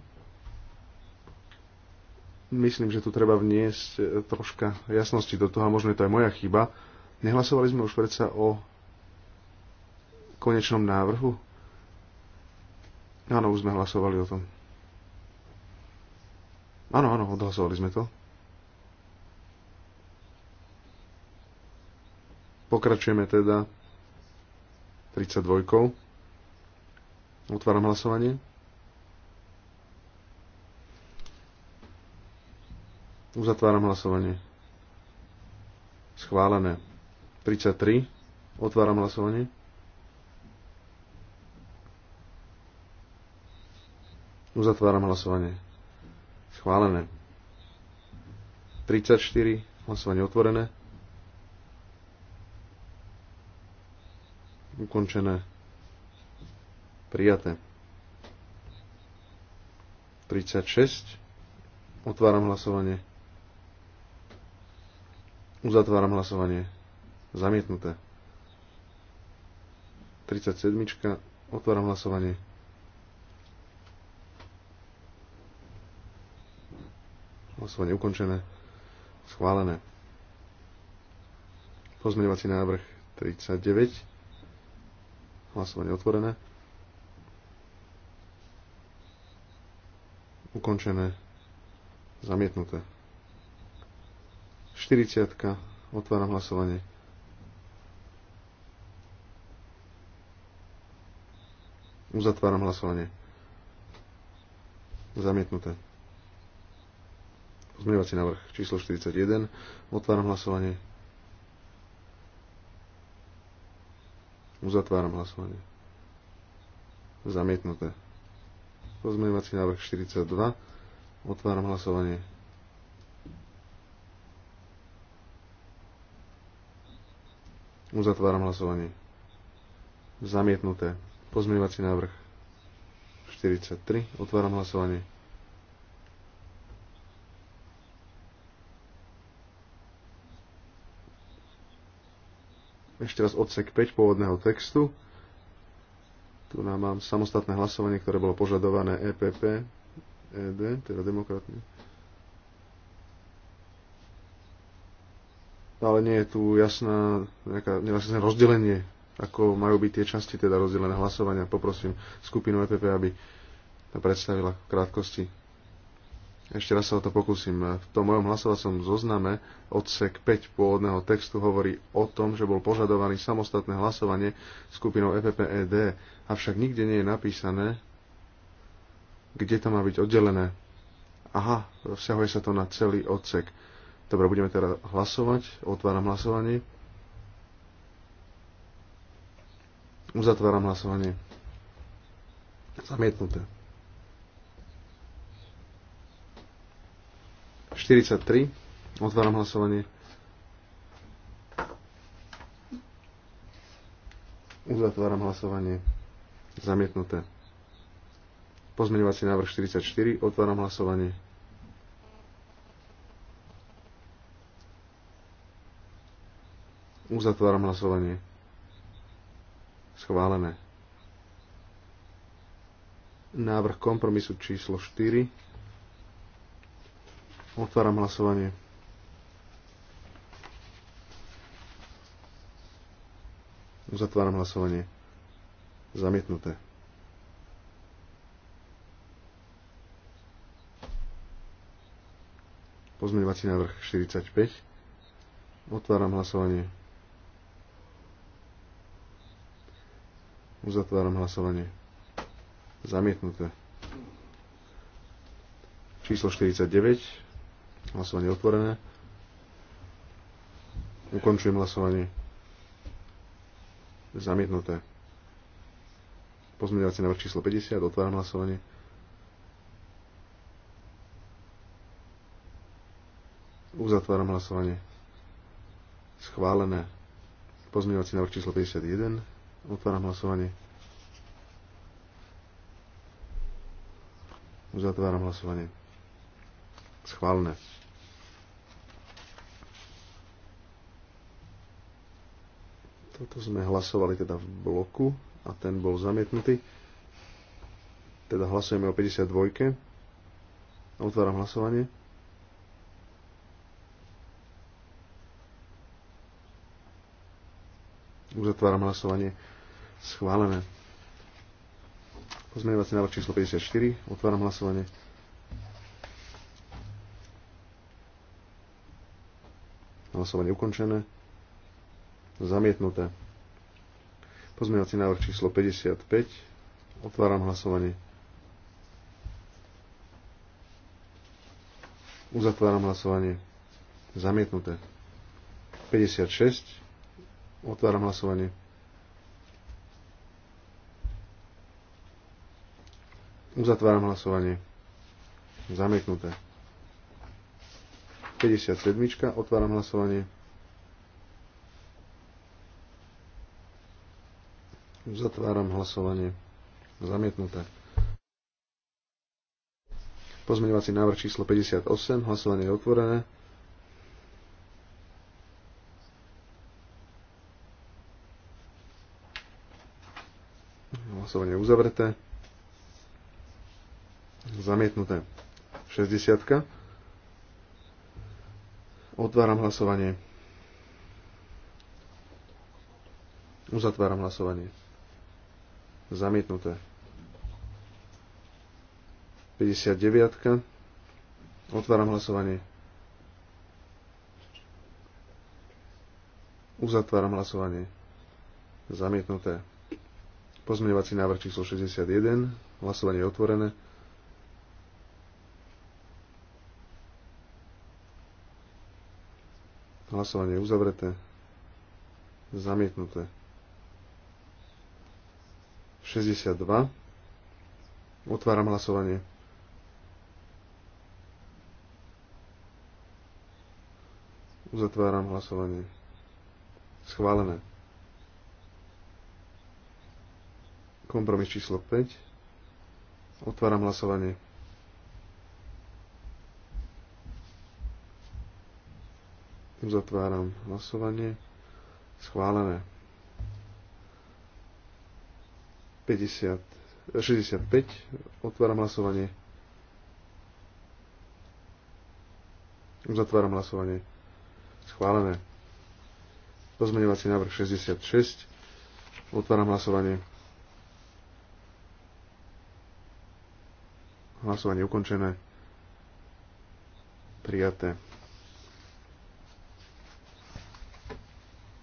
Myslím, že tu treba vniesť e, troška jasnosti do toho a možno je to aj moja chyba. Nehlasovali sme už predsa o konečnom návrhu? Áno, už sme hlasovali o tom. Áno, áno, odhlasovali sme to. Pokračujeme teda 32. Otváram hlasovanie. Uzatváram hlasovanie. Schválené. 33. Otváram hlasovanie. Uzatváram hlasovanie. Schválené. 34. Hlasovanie otvorené. Ukončené. Prijaté. 36. Otváram hlasovanie. Uzatváram hlasovanie. Zamietnuté. 37. Otváram hlasovanie. Hlasovanie ukončené. Schválené. Pozmeňovací návrh 39. Hlasovanie otvorené. Ukončené. Zamietnuté. 40. Otváram hlasovanie. Uzatváram hlasovanie. Zamietnuté. Pozmeňovací návrh číslo 41. Otváram hlasovanie. Uzatváram hlasovanie. Zamietnuté. Pozmeňovací návrh 42. Otváram hlasovanie. Uzatváram hlasovanie. Zamietnuté. Pozmeňovací návrh 43. Otváram hlasovanie. Ešte raz odsek 5 pôvodného textu. Tu nám mám samostatné hlasovanie, ktoré bolo požadované EPP, ED, teda demokratne. Ale nie je tu jasná, nejaká, jasné rozdelenie, ako majú byť tie časti, teda rozdelené hlasovania. Poprosím skupinu EPP, aby predstavila v krátkosti ešte raz sa o to pokúsim. V tom mojom hlasovacom zozname odsek 5 pôvodného textu hovorí o tom, že bol požadovaný samostatné hlasovanie skupinou EPPED, avšak nikde nie je napísané, kde to má byť oddelené. Aha, vzťahuje sa to na celý odsek. Dobre, budeme teraz hlasovať. Otváram hlasovanie. Uzatváram hlasovanie. Zamietnuté. 43. Otváram hlasovanie. Uzatváram hlasovanie. Zamietnuté. Pozmeňovací návrh 44. Otváram hlasovanie. Uzatváram hlasovanie. Schválené. Návrh kompromisu číslo 4. Otváram hlasovanie. Uzatváram hlasovanie. Zamietnuté. Pozmeňovací návrh 45. Otváram hlasovanie. Uzatváram hlasovanie. Zamietnuté. Číslo 49. Hlasovanie otvorené. Ukončujem hlasovanie. Zamietnuté. Pozmeňovací návrh číslo 50. Otváram hlasovanie. Uzatváram hlasovanie. Schválené. Pozmeňovací návrh číslo 51. Otváram hlasovanie. Uzatváram hlasovanie. Schválené. Toto sme hlasovali teda v bloku a ten bol zamietnutý. Teda hlasujeme o 52. Otváram hlasovanie. Uzatváram hlasovanie. Schválené. Pozmeňovací návrh číslo 54. Otváram hlasovanie. Hlasovanie ukončené. Zamietnuté. Pozmeňovací návrh číslo 55. Otváram hlasovanie. Uzatváram hlasovanie. Zamietnuté. 56. Otváram hlasovanie. Uzatváram hlasovanie. Zamietnuté. 57. Otváram hlasovanie. Zatváram hlasovanie. Zamietnuté. Pozmeňovací návrh číslo 58. Hlasovanie je otvorené. Hlasovanie je uzavreté. Zamietnuté. 60. Otváram hlasovanie. Uzatváram hlasovanie. Zamietnuté. 59. Otváram hlasovanie. Uzatváram hlasovanie. Zamietnuté. Pozmeňovací návrh číslo 61. Hlasovanie je otvorené. Hlasovanie je uzavreté. Zamietnuté. 62. Otváram hlasovanie. Uzatváram hlasovanie. Schválené. Kompromis číslo 5. Otváram hlasovanie. Uzatváram hlasovanie. Schválené. 50, 65. Otváram hlasovanie. Zatváram hlasovanie. Schválené. Pozmeňovací návrh 66. Otváram hlasovanie. Hlasovanie ukončené. Prijaté.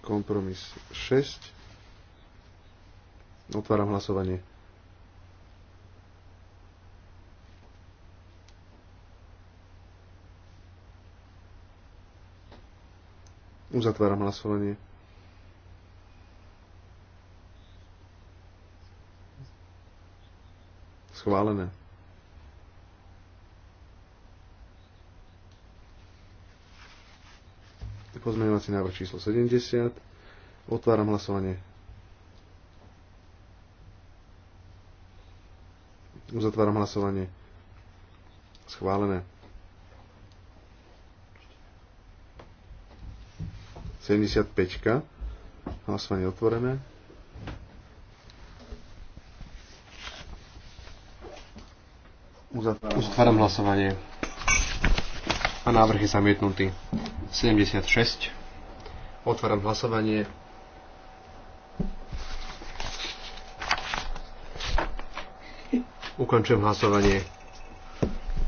Kompromis 6. Otváram hlasovanie. Uzatváram hlasovanie. Schválené. Pozmeňovací návrh číslo 70. Otváram hlasovanie. Uzatváram hlasovanie. Schválené. 75. Hlasovanie otvorené. Uzatváram, Uzatváram hlasovanie. A návrh je zamietnutý. 76. Otváram hlasovanie. Ukončujem hlasovanie.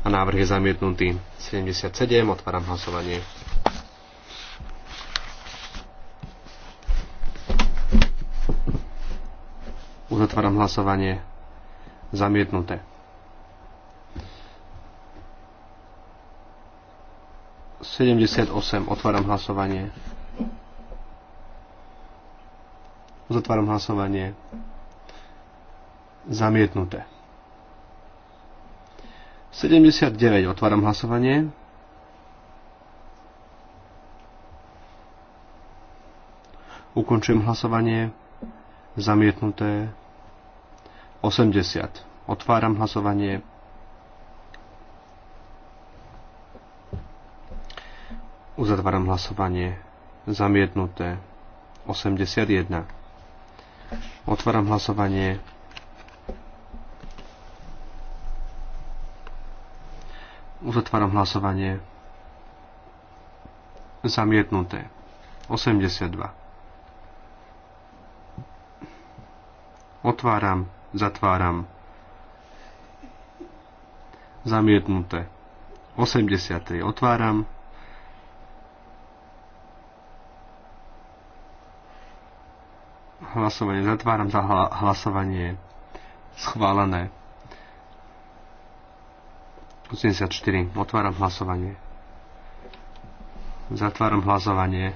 A návrh je zamietnutý. 77. Otváram hlasovanie. Uzatváram hlasovanie. Zamietnuté. Sedemdesiat osem. Otváram hlasovanie. Uzatváram hlasovanie. Zamietnuté. 79. Otváram hlasovanie. Ukončujem hlasovanie. Zamietnuté. 80. Otváram hlasovanie. Uzatváram hlasovanie. Zamietnuté. 81. Otváram hlasovanie. Uzatváram hlasovanie. Zamietnuté. 82. Otváram, zatváram. Zamietnuté. 83. Otváram. Hlasovanie zatváram za hla, hlasovanie schválené. 84. Otváram hlasovanie. Zatváram hlasovanie.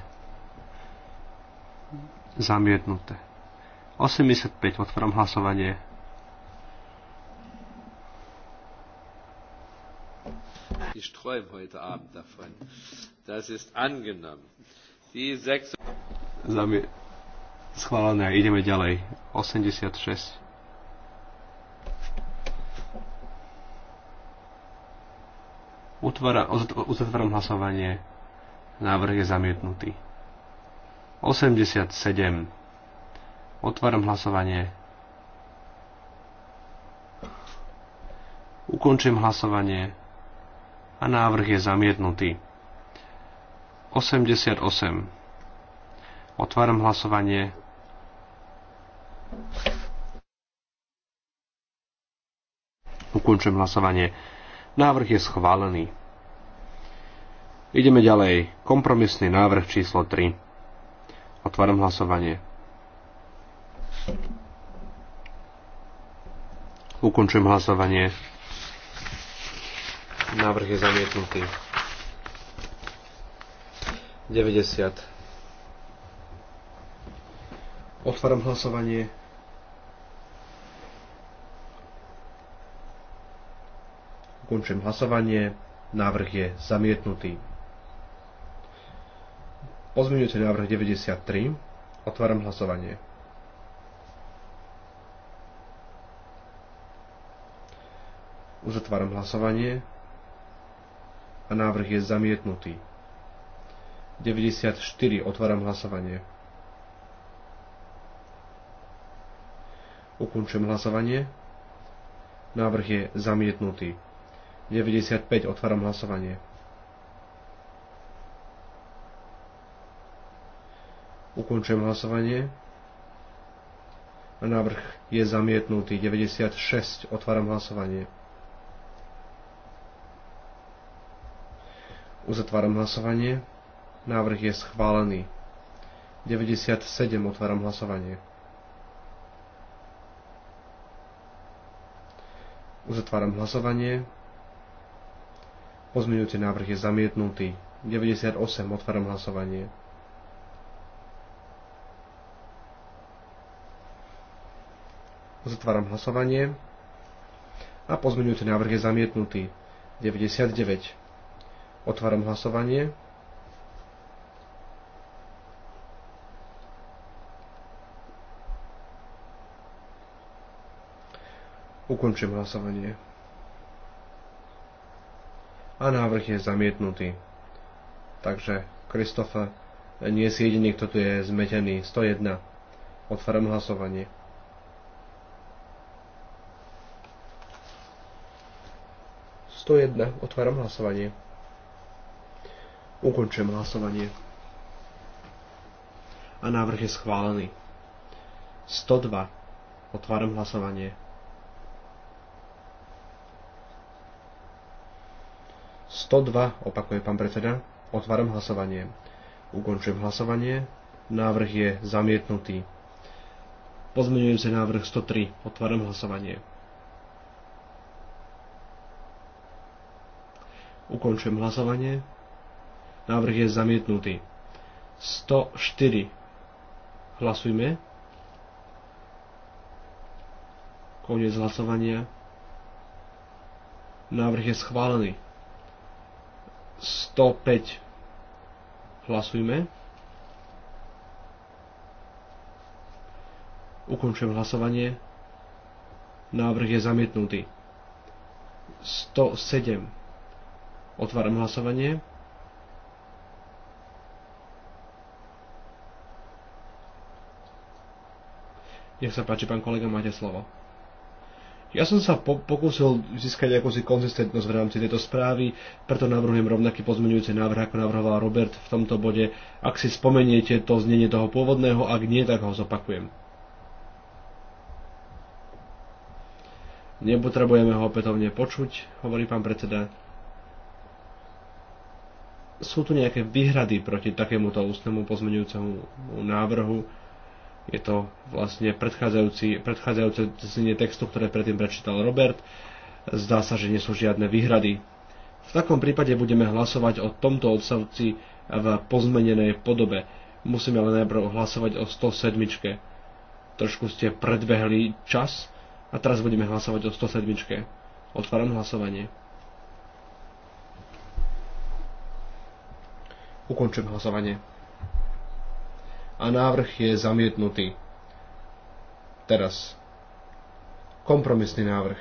Zamietnuté. 85. Otváram hlasovanie. Ich träume heute Abend davon. Das ist angenommen. Die 6... Zami... Schválené. Ideme ďalej. 86. Utvára, uzatváram hlasovanie. Návrh je zamietnutý. 87. Otváram hlasovanie. Ukončím hlasovanie. A návrh je zamietnutý. 88. Otváram hlasovanie. Ukončím hlasovanie Návrh je schválený. Ideme ďalej. Kompromisný návrh číslo 3. Otváram hlasovanie. Ukončujem hlasovanie. Návrh je zamietnutý. 90. Otváram hlasovanie. Končím hlasovanie. Návrh je zamietnutý. Pozmeňujúci návrh 93. Otváram hlasovanie. Uzatváram hlasovanie a návrh je zamietnutý. 94. Otváram hlasovanie. Ukončujem hlasovanie. Návrh je zamietnutý. 95. Otváram hlasovanie. Ukončujem hlasovanie. Návrh je zamietnutý. 96. Otváram hlasovanie. Uzatváram hlasovanie. Návrh je schválený. 97. Otváram hlasovanie. Uzatváram hlasovanie. Pozmeňujúci návrh je zamietnutý. 98. Otváram hlasovanie. Zatváram hlasovanie. A pozmeňujúci návrh je zamietnutý. 99. Otváram hlasovanie. Ukončím hlasovanie a návrh je zamietnutý. Takže, Kristofa, nie si jediný, kto tu je zmetený. 101. Otváram hlasovanie. Sto jedna. Otváram hlasovanie. Ukončujem hlasovanie. A návrh je schválený. 102. Otváram hlasovanie. 102, opakuje pán predseda. Otváram hlasovanie. Ukončujem hlasovanie. Návrh je zamietnutý. Pozmeňujem sa návrh 103. Otváram hlasovanie. Ukončujem hlasovanie. Návrh je zamietnutý. 104. Hlasujme. Koniec hlasovania. Návrh je schválený. 105. Hlasujme. Ukončujem hlasovanie. Návrh je zamietnutý. 107. Otváram hlasovanie. Nech sa páči, pán kolega, máte slovo. Ja som sa po- pokúsil získať akúsi konzistentnosť v rámci tejto správy, preto navrhujem rovnaký pozmeňujúci návrh, ako navrhoval Robert v tomto bode. Ak si spomeniete to znenie toho pôvodného, ak nie, tak ho zopakujem. Nepotrebujeme ho opätovne počuť, hovorí pán predseda. Sú tu nejaké výhrady proti takémuto ústnemu pozmeňujúcemu návrhu? Je to vlastne predchádzajúce znenie textu, ktoré predtým prečítal Robert. Zdá sa, že nie sú žiadne výhrady. V takom prípade budeme hlasovať o tomto odstavci v pozmenenej podobe. Musíme ale najprv hlasovať o 107. Trošku ste predbehli čas a teraz budeme hlasovať o 107. Otváram hlasovanie. Ukončujem hlasovanie a návrh je zamietnutý. Teraz kompromisný návrh.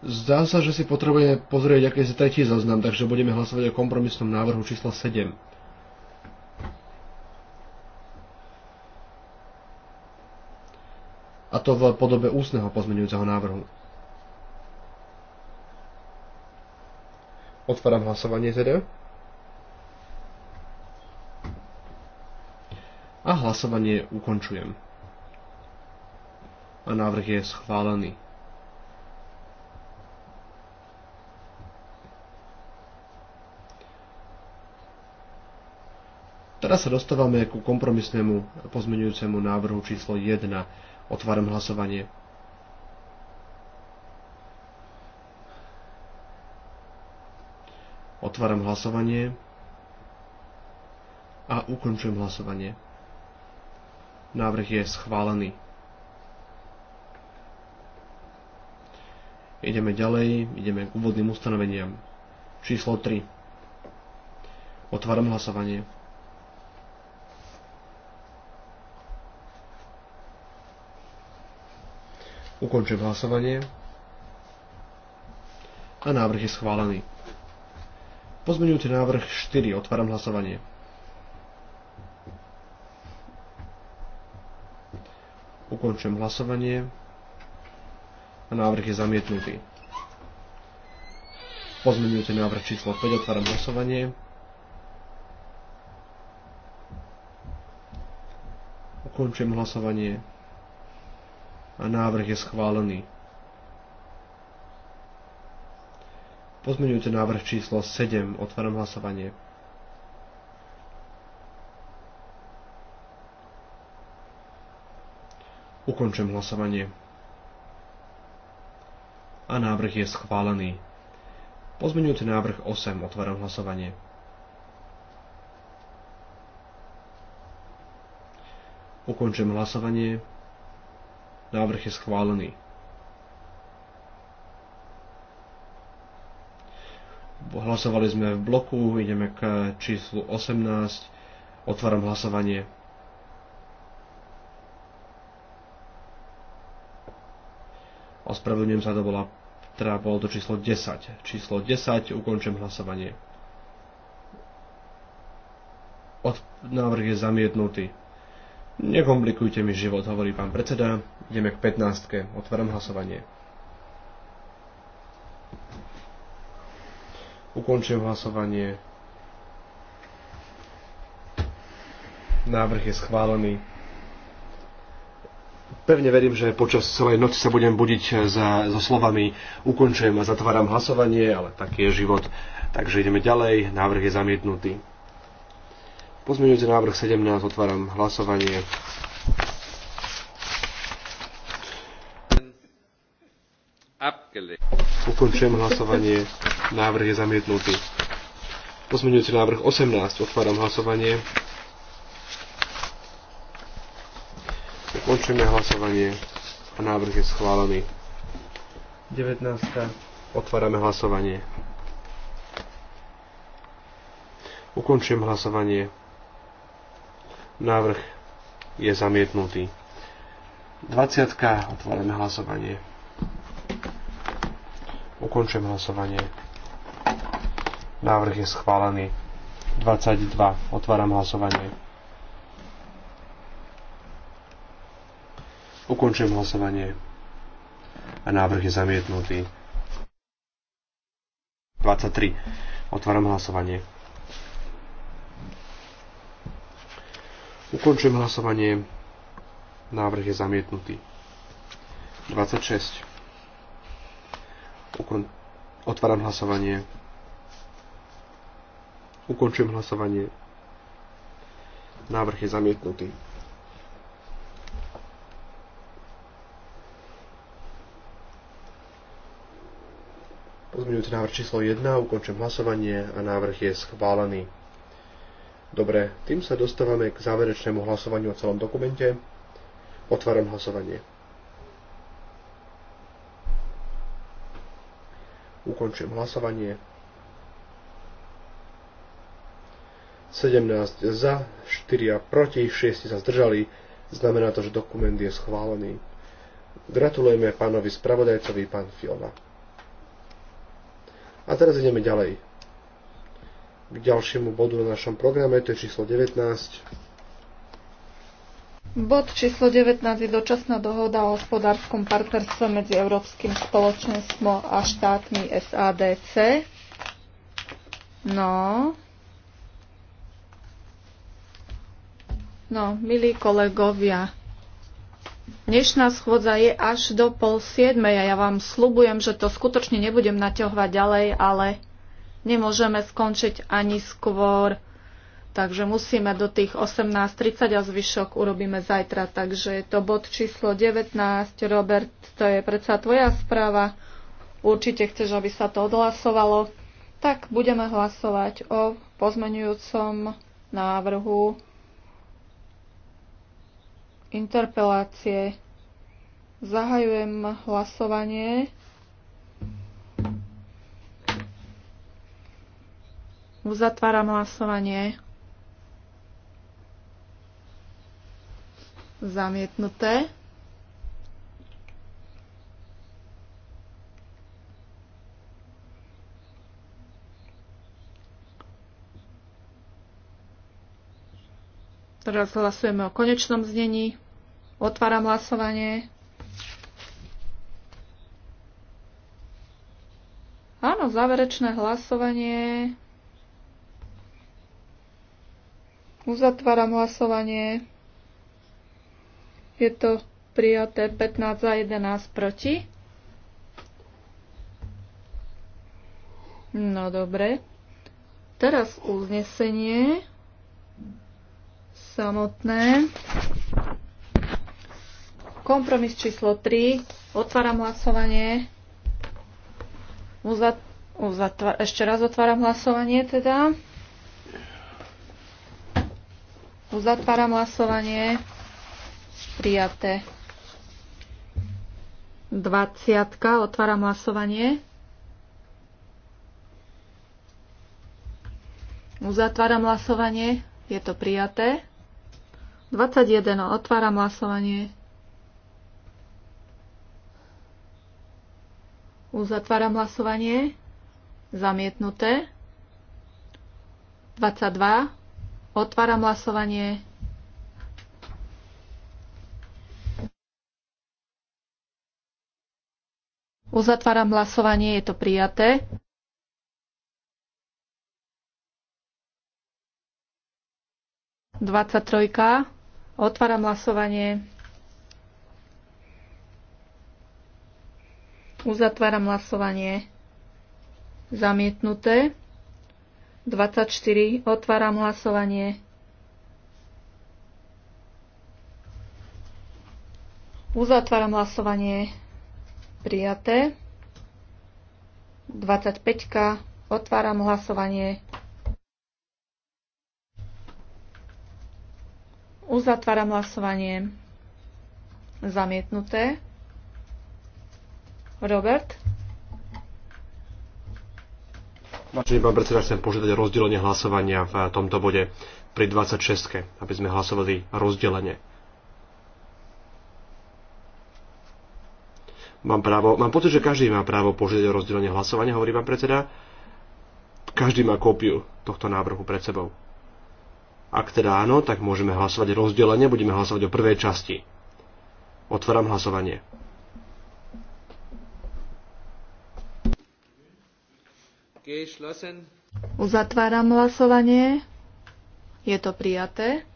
Zdá sa, že si potrebujeme pozrieť je tretí zoznam, takže budeme hlasovať o kompromisnom návrhu číslo 7. to v podobe ústneho pozmenujúceho návrhu. Otváram hlasovanie teda. A hlasovanie ukončujem. A návrh je schválený. Teraz sa dostávame ku kompromisnému pozmeňujúcemu návrhu číslo 1. Otváram hlasovanie. Otváram hlasovanie a ukončujem hlasovanie. Návrh je schválený. Ideme ďalej, ideme k úvodným ustanoveniam. Číslo 3. Otváram hlasovanie. Ukončujem hlasovanie. A návrh je schválený. Pozmeňujte návrh 4. Otváram hlasovanie. Ukončujem hlasovanie. A návrh je zamietnutý. Pozmeňujte návrh číslo 5. Otváram hlasovanie. Ukončujem hlasovanie. Návrh je schválený. Pozmeňujte návrh číslo 7. Otváram hlasovanie. Ukončujem hlasovanie. A návrh je schválený. Pozmeňujúci návrh 8. Otváram hlasovanie. Ukončujem hlasovanie. Návrh je schválený. Hlasovali sme v bloku, ideme k číslu 18. Otváram hlasovanie. Ospravedlňujem sa, to bola, teda bolo to číslo 10. Číslo 10, ukončím hlasovanie. Od, návrh je zamietnutý. Nekomplikujte mi život, hovorí pán predseda. Ideme k 15. Otváram hlasovanie. Ukončujem hlasovanie. Návrh je schválený. Pevne verím, že počas celej noci sa budem budiť eh, za, so slovami ukončujem a zatváram hlasovanie, ale taký je život. Takže ideme ďalej. Návrh je zamietnutý. Pozmeňujúci návrh 17, otváram hlasovanie. Ukončujem hlasovanie. Návrh je zamietnutý. Pozmeňujúci návrh 18. Otváram hlasovanie. Ukončujeme hlasovanie a návrh je schválený. 19. Otvárame hlasovanie. Ukončujem hlasovanie. Návrh je zamietnutý. 20. otvorím hlasovanie. Ukončujem hlasovanie. Návrh je schválený. 22. Otváram hlasovanie. Ukončujem hlasovanie. A návrh je zamietnutý. 23. Otváram hlasovanie. Ukončujem hlasovanie. Návrh je zamietnutý. 26. Ukon... Otváram hlasovanie. Ukončujem hlasovanie. Návrh je zamietnutý. číslo 1, ukončujem hlasovanie a návrh je schválený. Dobre, tým sa dostávame k záverečnému hlasovaniu o celom dokumente. Otváram hlasovanie. Ukončujem hlasovanie. 17 za, 4 proti, 6 sa zdržali. Znamená to, že dokument je schválený. Gratulujeme pánovi spravodajcovi, pán Fiona. A teraz ideme ďalej k ďalšiemu bodu na našom programe, to je číslo 19. Bod číslo 19 je dočasná dohoda o hospodárskom partnerstve medzi Európskym spoločenstvom a štátmi SADC. No. No, milí kolegovia, dnešná schôdza je až do pol siedmej a ja vám slubujem, že to skutočne nebudem naťahovať ďalej, ale nemôžeme skončiť ani skôr. Takže musíme do tých 18.30 a zvyšok urobíme zajtra. Takže je to bod číslo 19. Robert, to je predsa tvoja správa. Určite chceš, aby sa to odhlasovalo. Tak budeme hlasovať o pozmenujúcom návrhu interpelácie. Zahajujem hlasovanie. Uzatváram hlasovanie. Zamietnuté. Teraz hlasujeme o konečnom znení. Otváram hlasovanie. Áno, záverečné hlasovanie. Uzatváram hlasovanie. Je to prijaté 15 za 11 proti. No dobre. Teraz uznesenie samotné. Kompromis číslo 3. Otváram hlasovanie. Uzat, uzatva, ešte raz otváram hlasovanie teda. Uzatváram hlasovanie. Prijaté. 20. Otváram hlasovanie. Uzatváram hlasovanie. Je to prijaté. 21. Otváram hlasovanie. Uzatváram hlasovanie. Zamietnuté. 22. Otváram hlasovanie. Uzatváram hlasovanie, je to prijaté. Dvadsať trojka. Otváram hlasovanie. Uzatváram hlasovanie. Zamietnuté. 24. Otváram hlasovanie. Uzatváram hlasovanie. Prijaté. 25. Otváram hlasovanie. Uzatváram hlasovanie. Zamietnuté. Robert? Vážený pán predseda, chcem požiadať rozdelenie hlasovania v tomto bode pri 26, aby sme hlasovali rozdelenie. Mám, právo, mám pocit, že každý má právo požiadať o rozdelenie hlasovania, hovorí pán predseda. Každý má kópiu tohto návrhu pred sebou. Ak teda áno, tak môžeme hlasovať rozdelenie, budeme hlasovať o prvej časti. Otváram hlasovanie. Uzatváram hlasovanie. Je to prijaté.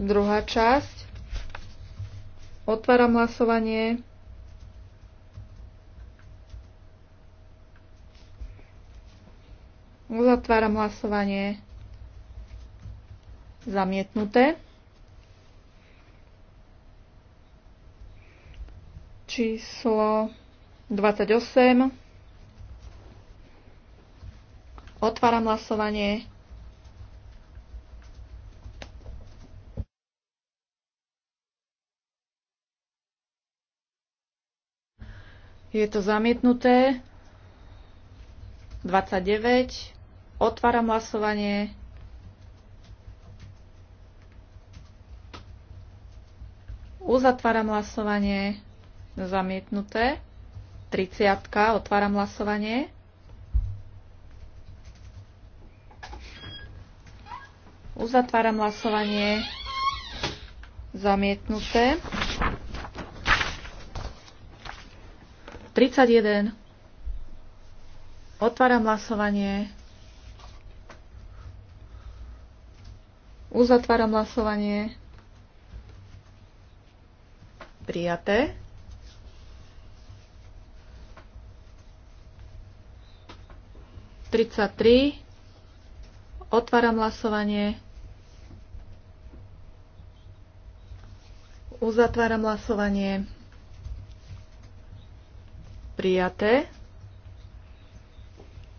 Druhá časť. Otváram hlasovanie. Uzatváram hlasovanie. Zamietnuté. Číslo 28. Otváram hlasovanie. Je to zamietnuté. 29. Otváram hlasovanie. Uzatváram hlasovanie. Zamietnuté. 30. Otváram hlasovanie. Uzatváram hlasovanie. Zamietnuté. 31. Otváram hlasovanie. Uzatváram hlasovanie. Prijaté. Tridsaťtri. Otváram hlasovanie. Uzatváram hlasovanie. Prijaté.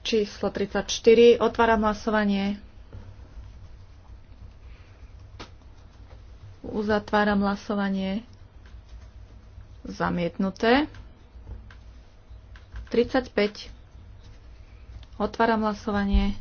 Číslo 34. Otváram hlasovanie. Uzatváram hlasovanie. Zamietnuté. 35. Otváram hlasovanie.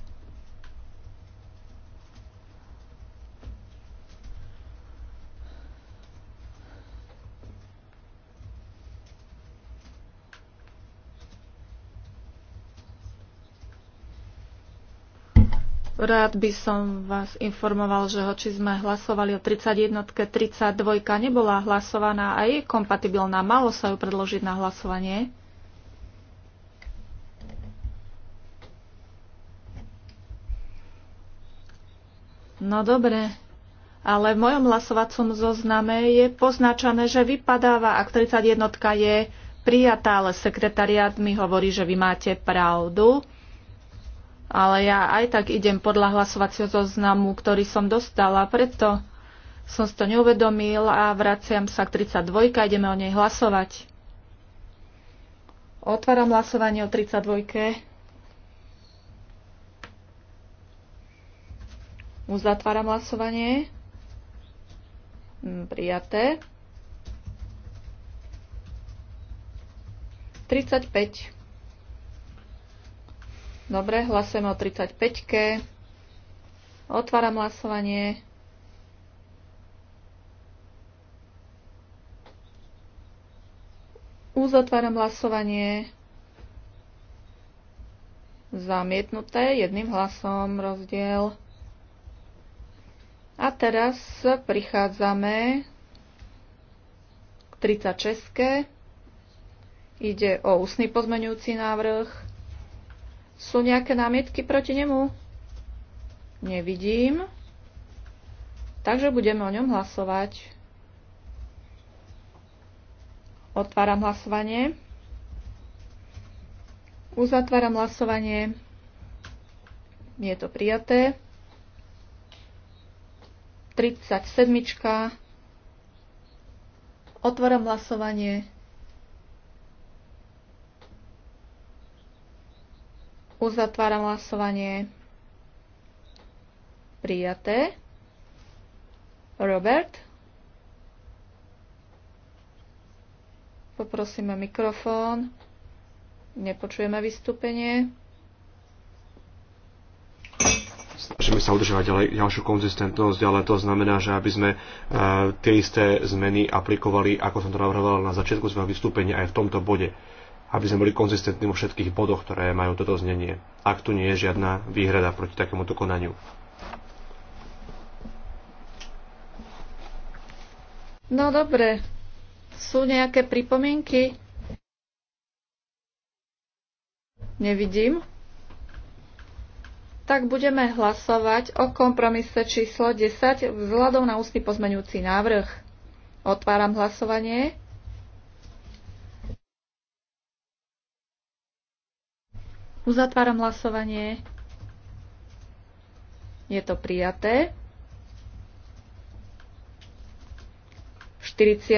Rád by som vás informoval, že hoči sme hlasovali o 31, 32 nebola hlasovaná a je kompatibilná. Malo sa ju predložiť na hlasovanie. No dobre, ale v mojom hlasovacom zozname je poznačené, že vypadáva, ak 31 je prijatá, ale sekretariát mi hovorí, že vy máte pravdu ale ja aj tak idem podľa hlasovacieho zoznamu, ktorý som dostala, preto som si to neuvedomil a vraciam sa k 32, ideme o nej hlasovať. Otváram hlasovanie o 32. Uzatváram hlasovanie. Hm, prijaté. 35. Dobre, hlasujem o 35 Otváram hlasovanie. Uzatváram hlasovanie. Zamietnuté jedným hlasom rozdiel. A teraz prichádzame k 36. Ide o ústny pozmeňujúci návrh. Sú nejaké námietky proti nemu? Nevidím. Takže budeme o ňom hlasovať. Otváram hlasovanie. Uzatváram hlasovanie. Je to prijaté. 37. Otváram hlasovanie. Uzatváram hlasovanie. Prijaté. Robert. Poprosíme mikrofón. Nepočujeme vystúpenie. Snažíme sa udržovať ďalej, ďalšiu konzistentnosť, ale to znamená, že aby sme e, tie isté zmeny aplikovali, ako som to navrhoval na začiatku svojho vystúpenia, aj v tomto bode aby sme boli konzistentní vo všetkých bodoch, ktoré majú toto znenie, ak tu nie je žiadna výhrada proti takémuto konaniu. No dobre, sú nejaké pripomienky? Nevidím. Tak budeme hlasovať o kompromise číslo 10 vzhľadom na ústny pozmeňujúci návrh. Otváram hlasovanie. Uzatváram hlasovanie. Je to prijaté. 40.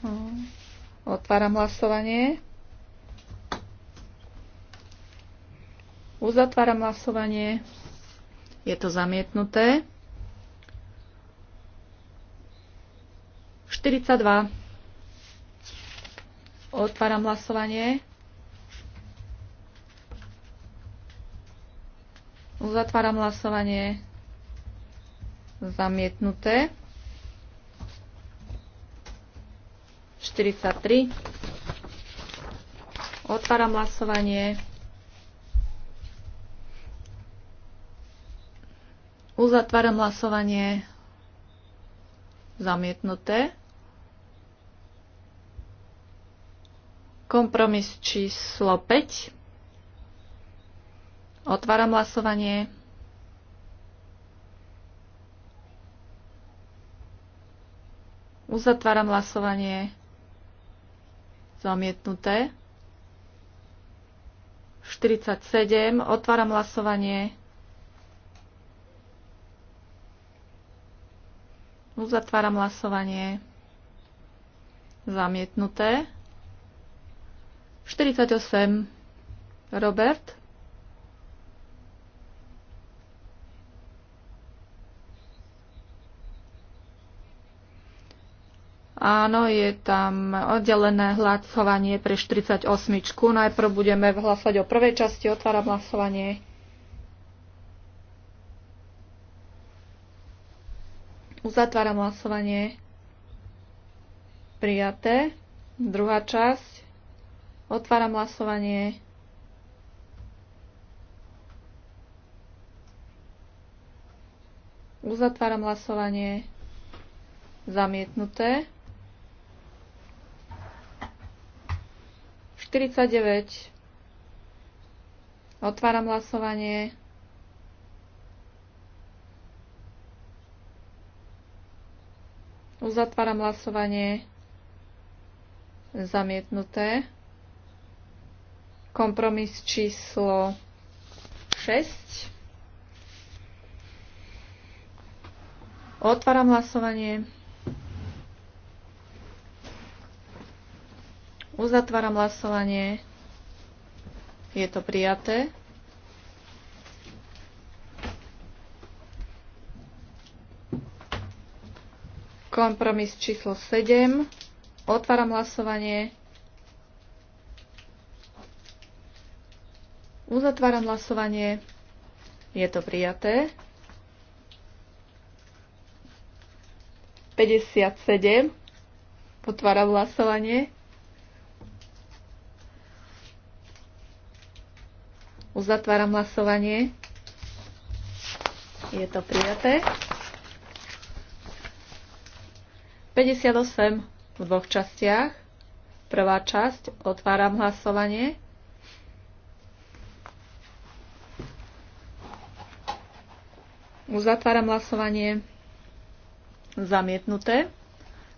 No, otváram hlasovanie. Uzatváram hlasovanie. Je to zamietnuté. 42. Otváram hlasovanie. Uzatváram hlasovanie. Zamietnuté. 43. Otváram hlasovanie. Uzatváram hlasovanie. Zamietnuté. Kompromis číslo 5. Otváram hlasovanie. Uzatváram hlasovanie. Zamietnuté. 47. Otváram hlasovanie. Uzatváram hlasovanie. Zamietnuté. 48. Robert. Áno, je tam oddelené hlasovanie pre 48. Najprv budeme hlasovať o prvej časti, otváram hlasovanie. Uzatváram hlasovanie. Prijaté. Druhá časť. Otváram hlasovanie. Uzatváram hlasovanie. Zamietnuté. 49. Otváram hlasovanie. Uzatváram hlasovanie. Zamietnuté. Kompromis číslo 6. Otváram hlasovanie. Uzatváram hlasovanie. Je to prijaté. Kompromis číslo 7. Otváram hlasovanie. Uzatváram hlasovanie. Je to prijaté. 57. Otváram hlasovanie. Uzatváram hlasovanie. Je to prijaté. 58 v dvoch častiach. Prvá časť. Otváram hlasovanie. Uzatváram hlasovanie. Zamietnuté.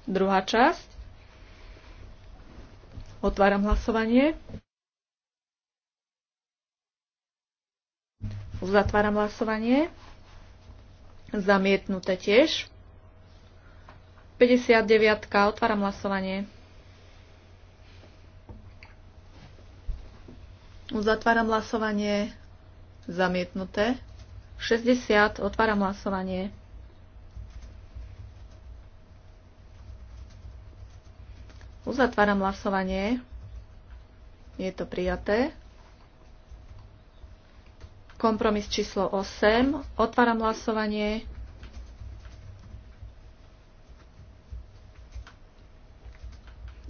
Druhá časť. Otváram hlasovanie. Uzatváram hlasovanie. Zamietnuté tiež. 59. Otváram hlasovanie. Uzatváram hlasovanie. Zamietnuté. 60. Otváram hlasovanie. Uzatváram hlasovanie. Je to prijaté. Kompromis číslo 8. Otváram hlasovanie.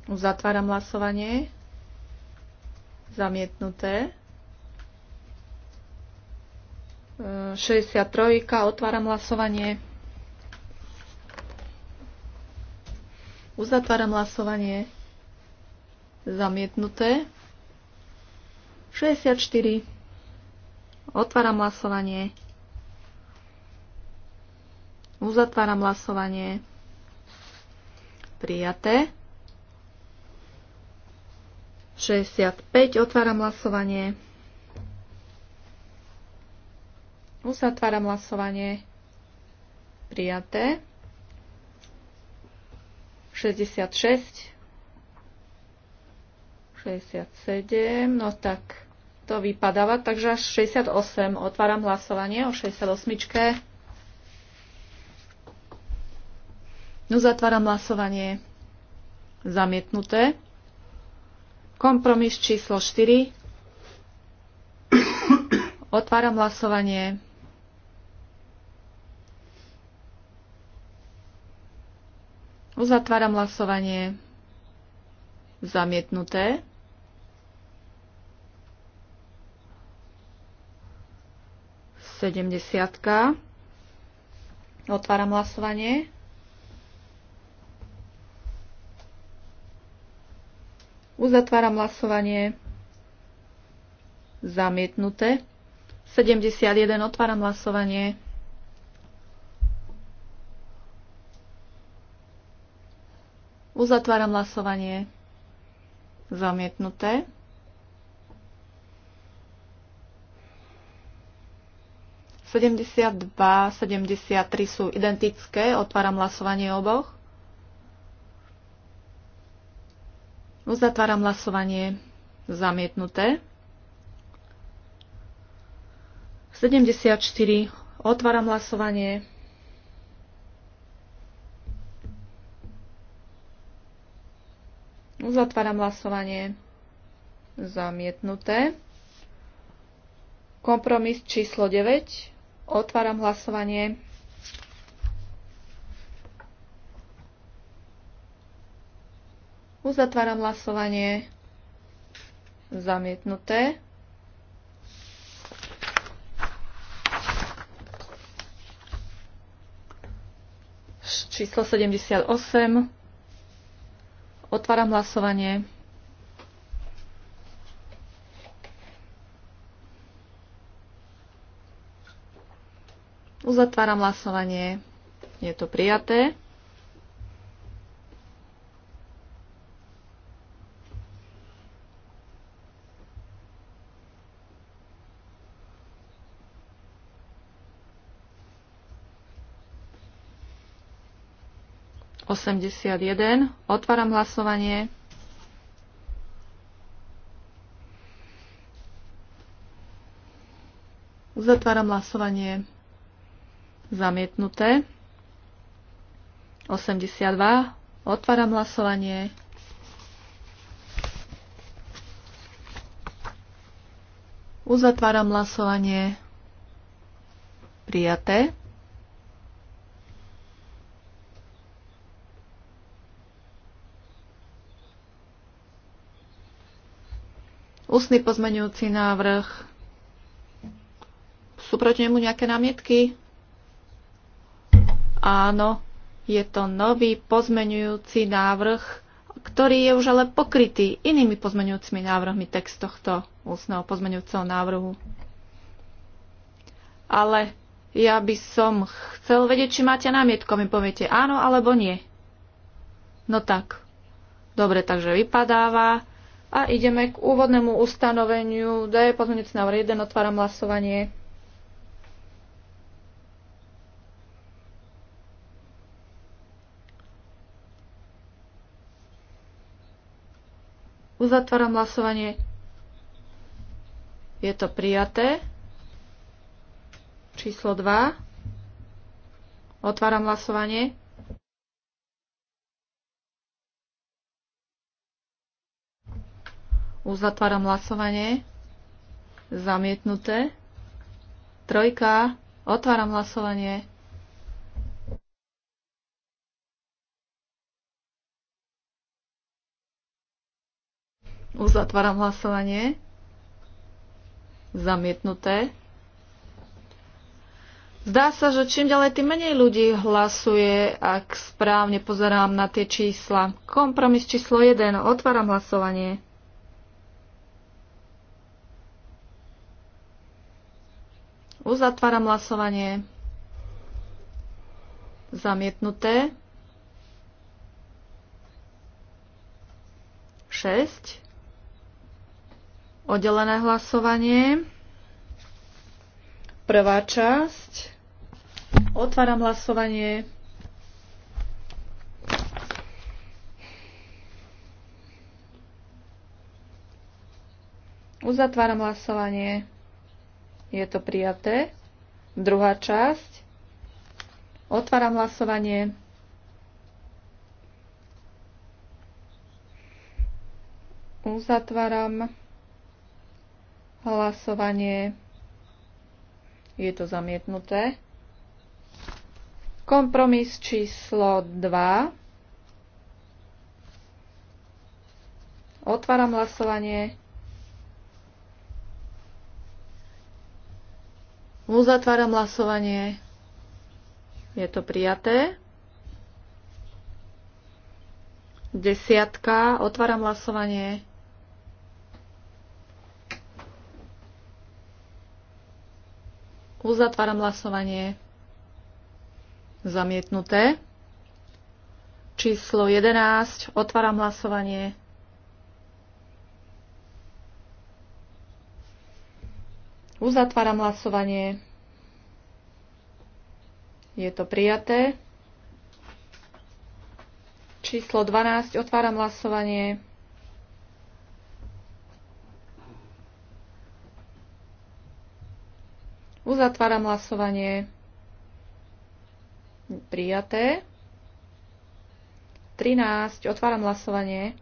Uzatváram hlasovanie. Zamietnuté. 63. Otváram hlasovanie. Uzatváram hlasovanie. Zamietnuté. 64. Otváram hlasovanie. Uzatváram hlasovanie. Prijaté. 65. Otváram hlasovanie. Uzatváram hlasovanie. Prijaté. 66. 67. No tak to vypadáva. Takže až 68. Otváram hlasovanie o 68. No zatváram hlasovanie. Zamietnuté. Kompromis číslo 4. Otváram hlasovanie. Uzatváram hlasovanie. Zamietnuté. Sedemdesiatka. Otváram hlasovanie. Uzatváram hlasovanie. Zamietnuté. 71. Otváram hlasovanie. Uzatváram hlasovanie. Zamietnuté. Sedemdesiatdva, dva, sú identické. Otváram hlasovanie oboch. Uzatváram hlasovanie. Zamietnuté. 74. Otváram hlasovanie. Uzatváram hlasovanie. Zamietnuté. Kompromis číslo 9. Otváram hlasovanie. Uzatváram hlasovanie. Zamietnuté. Číslo 78. Otváram hlasovanie. Uzatváram hlasovanie. Je to prijaté. 81. Otváram hlasovanie. Uzatváram hlasovanie. Zamietnuté. 82. Otváram hlasovanie. Uzatváram hlasovanie. Prijaté. ústny pozmenujúci návrh. Sú proti nemu nejaké námietky? Áno, je to nový pozmenujúci návrh, ktorý je už ale pokrytý inými pozmeňujúcimi návrhmi text tohto ústneho pozmenujúceho návrhu. Ale ja by som chcel vedieť, či máte námietko, mi poviete áno alebo nie. No tak. Dobre, takže vypadáva. A ideme k úvodnému ustanoveniu D, pozmeňujúci návrh 1, otváram hlasovanie. Uzatváram hlasovanie. Je to prijaté. Číslo 2. Otváram hlasovanie. Uzatváram hlasovanie. Zamietnuté. Trojka. Otváram hlasovanie. Uzatváram hlasovanie. Zamietnuté. Zdá sa, že čím ďalej, tým menej ľudí hlasuje, ak správne pozerám na tie čísla. Kompromis číslo 1. Otváram hlasovanie. Uzatváram hlasovanie. Zamietnuté. 6. Oddelené hlasovanie. Prvá časť. Otváram hlasovanie. Uzatváram hlasovanie. Je to prijaté. Druhá časť. Otváram hlasovanie. Uzatváram hlasovanie. Je to zamietnuté. Kompromis číslo 2. Otváram hlasovanie. Uzatváram hlasovanie. Je to prijaté. Desiatka. Otváram hlasovanie. Uzatváram hlasovanie. Zamietnuté. Číslo 11. Otváram hlasovanie. Uzatváram hlasovanie. Je to prijaté. Číslo 12. Otváram hlasovanie. Uzatváram hlasovanie. Prijaté. 13. Otváram hlasovanie.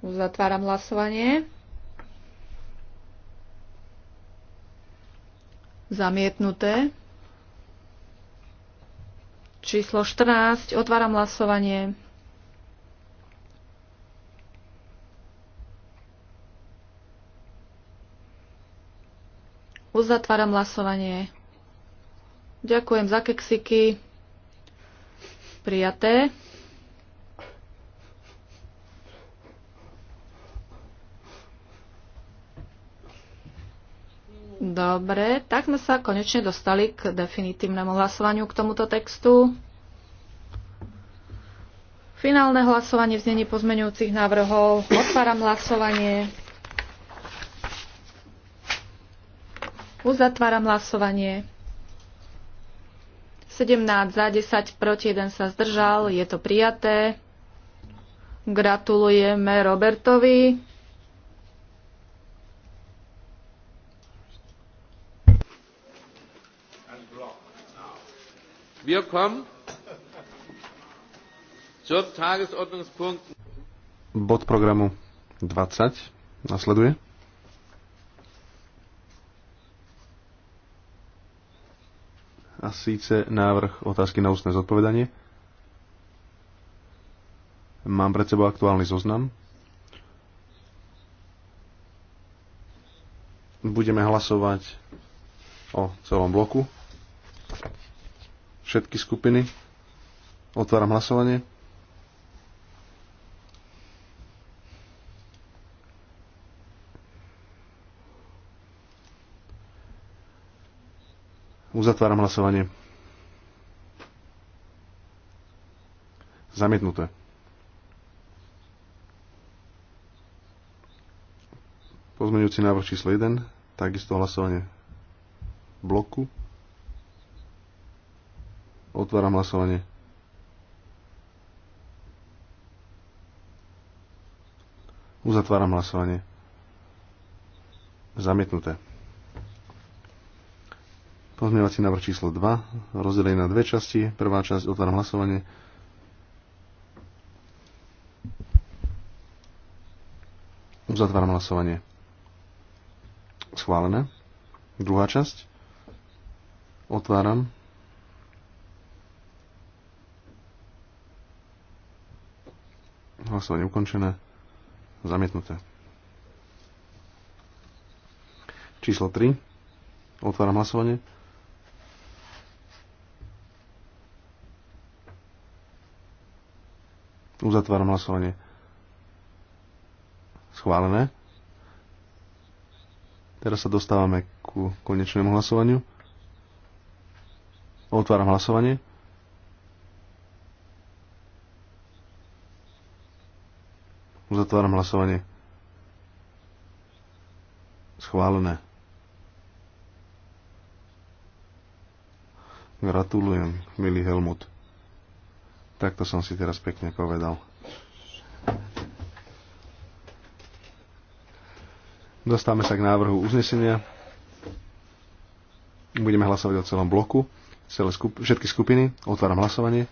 Uzatváram hlasovanie. Zamietnuté. Číslo 14. Otváram hlasovanie. Uzatváram hlasovanie. Ďakujem za keksiky. Prijaté. Dobre, tak sme sa konečne dostali k definitívnemu hlasovaniu k tomuto textu. Finálne hlasovanie v znení pozmeňujúcich návrhov. Otváram hlasovanie. Uzatváram hlasovanie. 17 za 10 proti 1 sa zdržal. Je to prijaté. Gratulujeme Robertovi. Wir kommen zum Tagesordnungspunkt. Bod programu 20 nasleduje. A síce návrh otázky na ústne zodpovedanie. Mám pred sebou aktuálny zoznam. Budeme hlasovať o celom bloku Všetky skupiny. Otváram hlasovanie. Uzatváram hlasovanie. Zamietnuté. Pozmeňujúci návrh číslo 1, takisto hlasovanie bloku. Otváram hlasovanie. Uzatváram hlasovanie. Zamietnuté. Pozmievací návrh číslo 2, rozdelený na dve časti. Prvá časť, otváram hlasovanie. Uzatváram hlasovanie. Schválené. Druhá časť. Otváram Hlasovanie ukončené. Zamietnuté. Číslo 3. Otváram hlasovanie. Uzatváram hlasovanie. Schválené. Teraz sa dostávame ku konečnému hlasovaniu. Otváram hlasovanie. Uzatváram hlasovanie. Schválené. Gratulujem, milý Helmut. Takto som si teraz pekne povedal. Dostáme sa k návrhu uznesenia. Budeme hlasovať o celom bloku, celé skup- všetky skupiny. Otváram hlasovanie.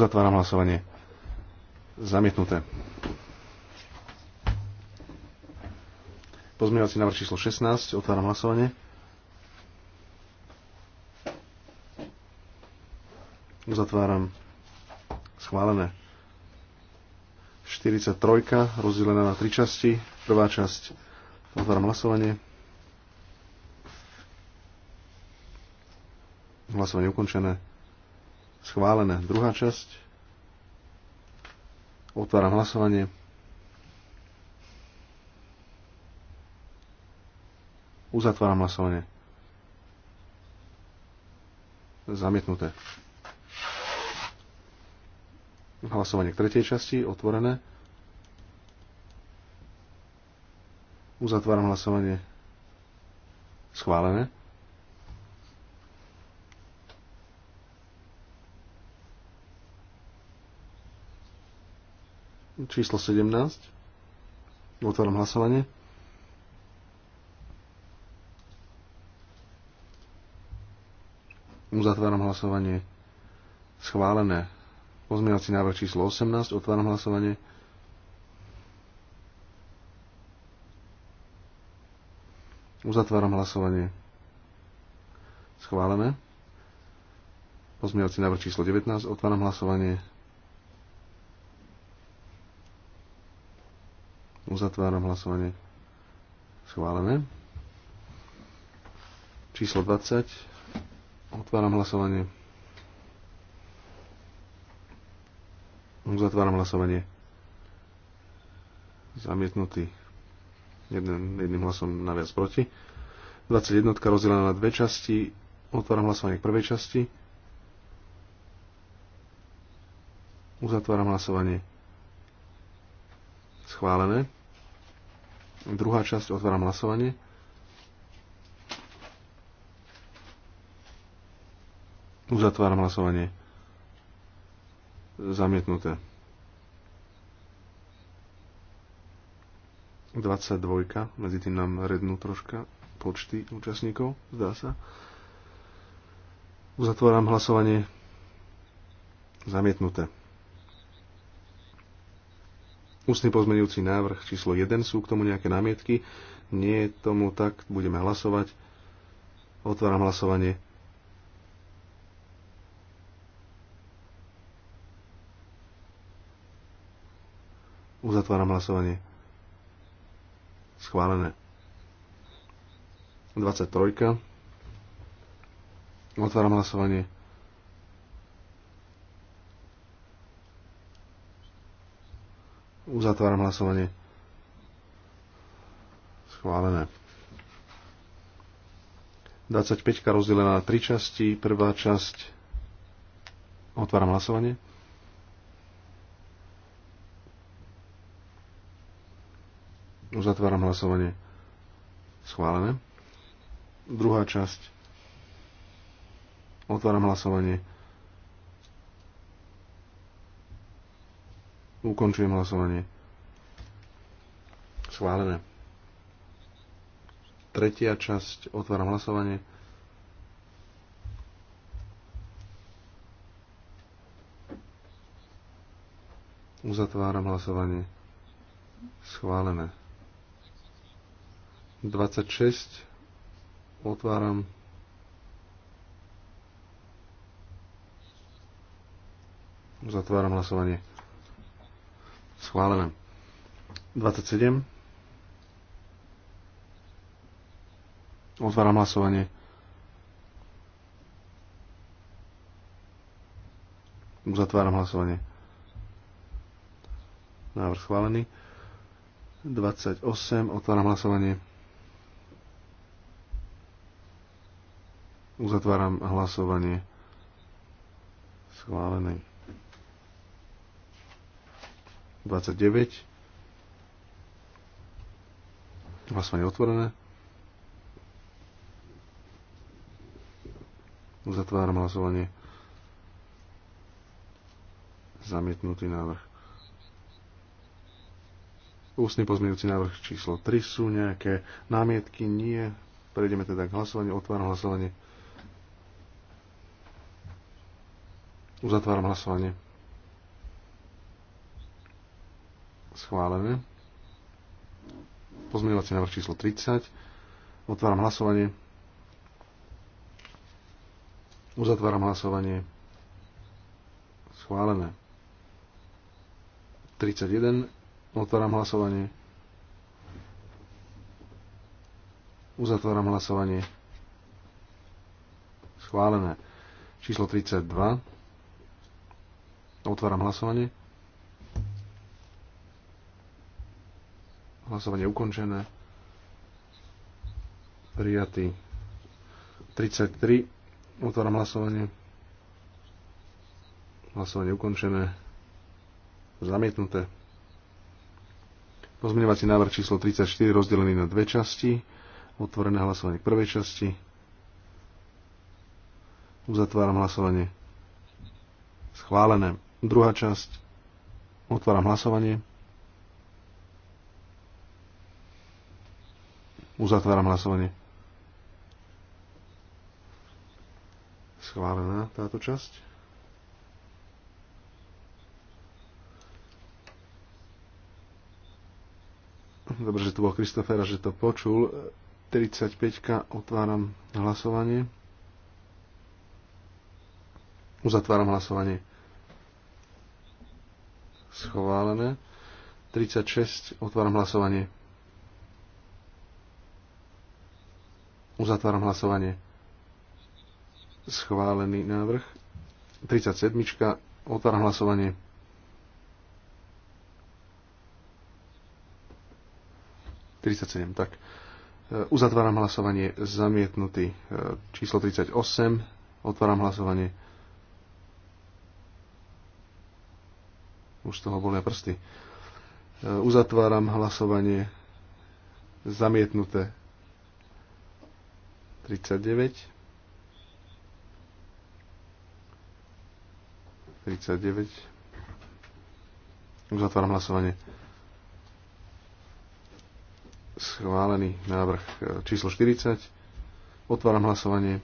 Uzatváram hlasovanie. Zamietnuté. Pozmeňovací návrh číslo 16. Otváram hlasovanie. Uzatváram. Schválené. 43. rozdelená na tri časti. Prvá časť. Otváram hlasovanie. Hlasovanie ukončené. Schválené. Druhá časť. Otváram hlasovanie. Uzatváram hlasovanie. Zamietnuté. Hlasovanie k tretej časti. Otvorené. Uzatváram hlasovanie. Schválené. číslo 17. Otváram hlasovanie. Uzatváram hlasovanie. Schválené. Pozmeňovací návrh číslo 18. Otváram hlasovanie. Uzatváram hlasovanie. Schválené. Pozmeňovací návrh číslo 19. Otváram hlasovanie. Uzatváram hlasovanie. Schválené. Číslo 20. Otváram hlasovanie. Uzatváram hlasovanie. Zamietnutý. Jeden, jedným hlasom naviac proti. 21. rozdelená na dve časti. Otváram hlasovanie k prvej časti. Uzatváram hlasovanie. Schválené. Druhá časť, otváram hlasovanie. Uzatváram hlasovanie. Zamietnuté. 22. Medzi tým nám rednú troška počty účastníkov, zdá sa. Uzatváram hlasovanie. Zamietnuté. Ústny pozmenujúci návrh číslo 1. Sú k tomu nejaké námietky? Nie je tomu tak. Budeme hlasovať. Otváram hlasovanie. Uzatváram hlasovanie. Schválené. 23. Otváram hlasovanie. Uzatváram hlasovanie. Schválené. 25 rozdelená na tri časti. Prvá časť. Otváram hlasovanie. Uzatváram hlasovanie. Schválené. Druhá časť. Otváram hlasovanie. Ukončujem hlasovanie. Schválené. Tretia časť. Otváram hlasovanie. Uzatváram hlasovanie. Schválené. 26. Otváram. Uzatváram hlasovanie. Schválené. 27. Otváram hlasovanie. Uzatváram hlasovanie. Návrh schválený. 28. Otváram hlasovanie. Uzatváram hlasovanie. Schválený. 29. Hlasovanie otvorené. Uzatváram hlasovanie. Zamietnutý návrh. Ústny pozmeňujúci návrh číslo 3. Sú nejaké námietky? Nie. Prejdeme teda k hlasovaniu. Otváram hlasovanie. Uzatváram hlasovanie. Schválené. Pozmeňovací návrh číslo 30. Otváram hlasovanie. Uzatváram hlasovanie. Schválené. 31. Otváram hlasovanie. Uzatváram hlasovanie. Schválené. Číslo 32. Otváram hlasovanie. Hlasovanie ukončené. Prijatý. 33. Otváram hlasovanie. Hlasovanie ukončené. Zamietnuté. Pozmeňovací návrh číslo 34 rozdelený na dve časti. Otvorené hlasovanie k prvej časti. Uzatváram hlasovanie. Schválené. Druhá časť. Otváram hlasovanie. Uzatváram hlasovanie. Schválená táto časť. Dobre, že to bol Kristofera, že to počul. 35. Otváram hlasovanie. Uzatváram hlasovanie. Schválené. 36. Otváram hlasovanie. Uzatváram hlasovanie. Schválený návrh. 37. Otváram hlasovanie. tak. E, uzatváram hlasovanie zamietnutý. E, číslo 38. Otváram hlasovanie. Už z toho bolia prsty. E, uzatváram hlasovanie zamietnuté. 39 39 Uzatváram hlasovanie. Schválený návrh e, číslo 40. Otváram hlasovanie.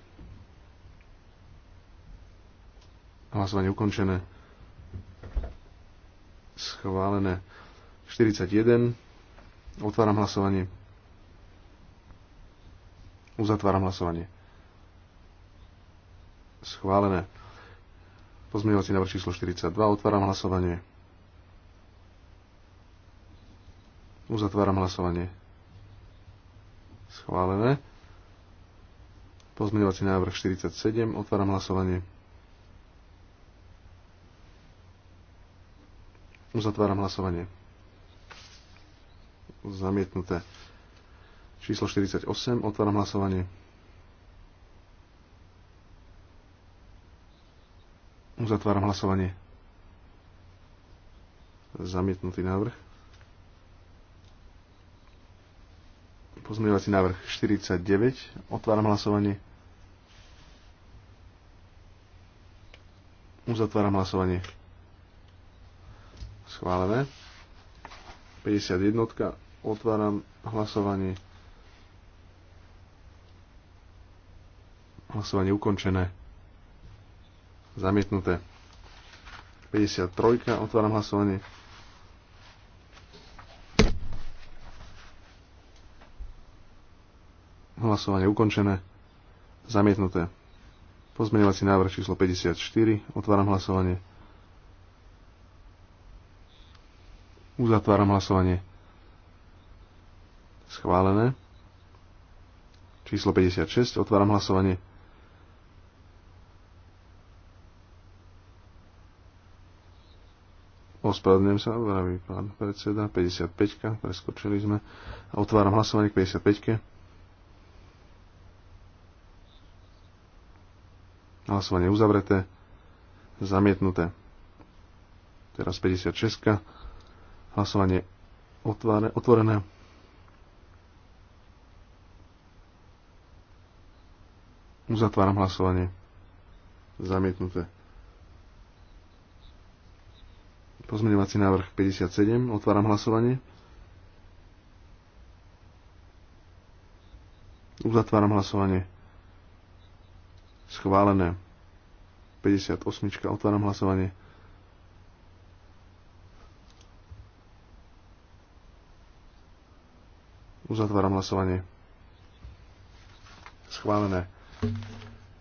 Hlasovanie ukončené. Schválené 41. Otváram hlasovanie. Uzatváram hlasovanie. Schválené. Pozmeňovací návrh číslo 42. Otváram hlasovanie. Uzatváram hlasovanie. Schválené. Pozmeňovací návrh 47. Otváram hlasovanie. Uzatváram hlasovanie. Zamietnuté. Číslo 48. Otváram hlasovanie. Uzatváram hlasovanie. Zamietnutý návrh. Pozmeňovací návrh 49. Otváram hlasovanie. Uzatváram hlasovanie. Schválené. 51. Otváram hlasovanie. Hlasovanie ukončené. Zamietnuté. 53. Otváram hlasovanie. Hlasovanie ukončené. Zamietnuté. Pozmeňovací návrh číslo 54. Otváram hlasovanie. Uzatváram hlasovanie. Schválené. Číslo 56. Otváram hlasovanie. Ospravedlňujem sa, vraví pán predseda. 55, preskočili sme. Otváram hlasovanie k 55. Hlasovanie uzavreté. Zamietnuté. Teraz 56. Hlasovanie otvorené. Uzatváram hlasovanie. Zamietnuté. Pozmeňovací návrh 57. Otváram hlasovanie. Uzatváram hlasovanie. Schválené. 58. Otváram hlasovanie. Uzatváram hlasovanie. Schválené.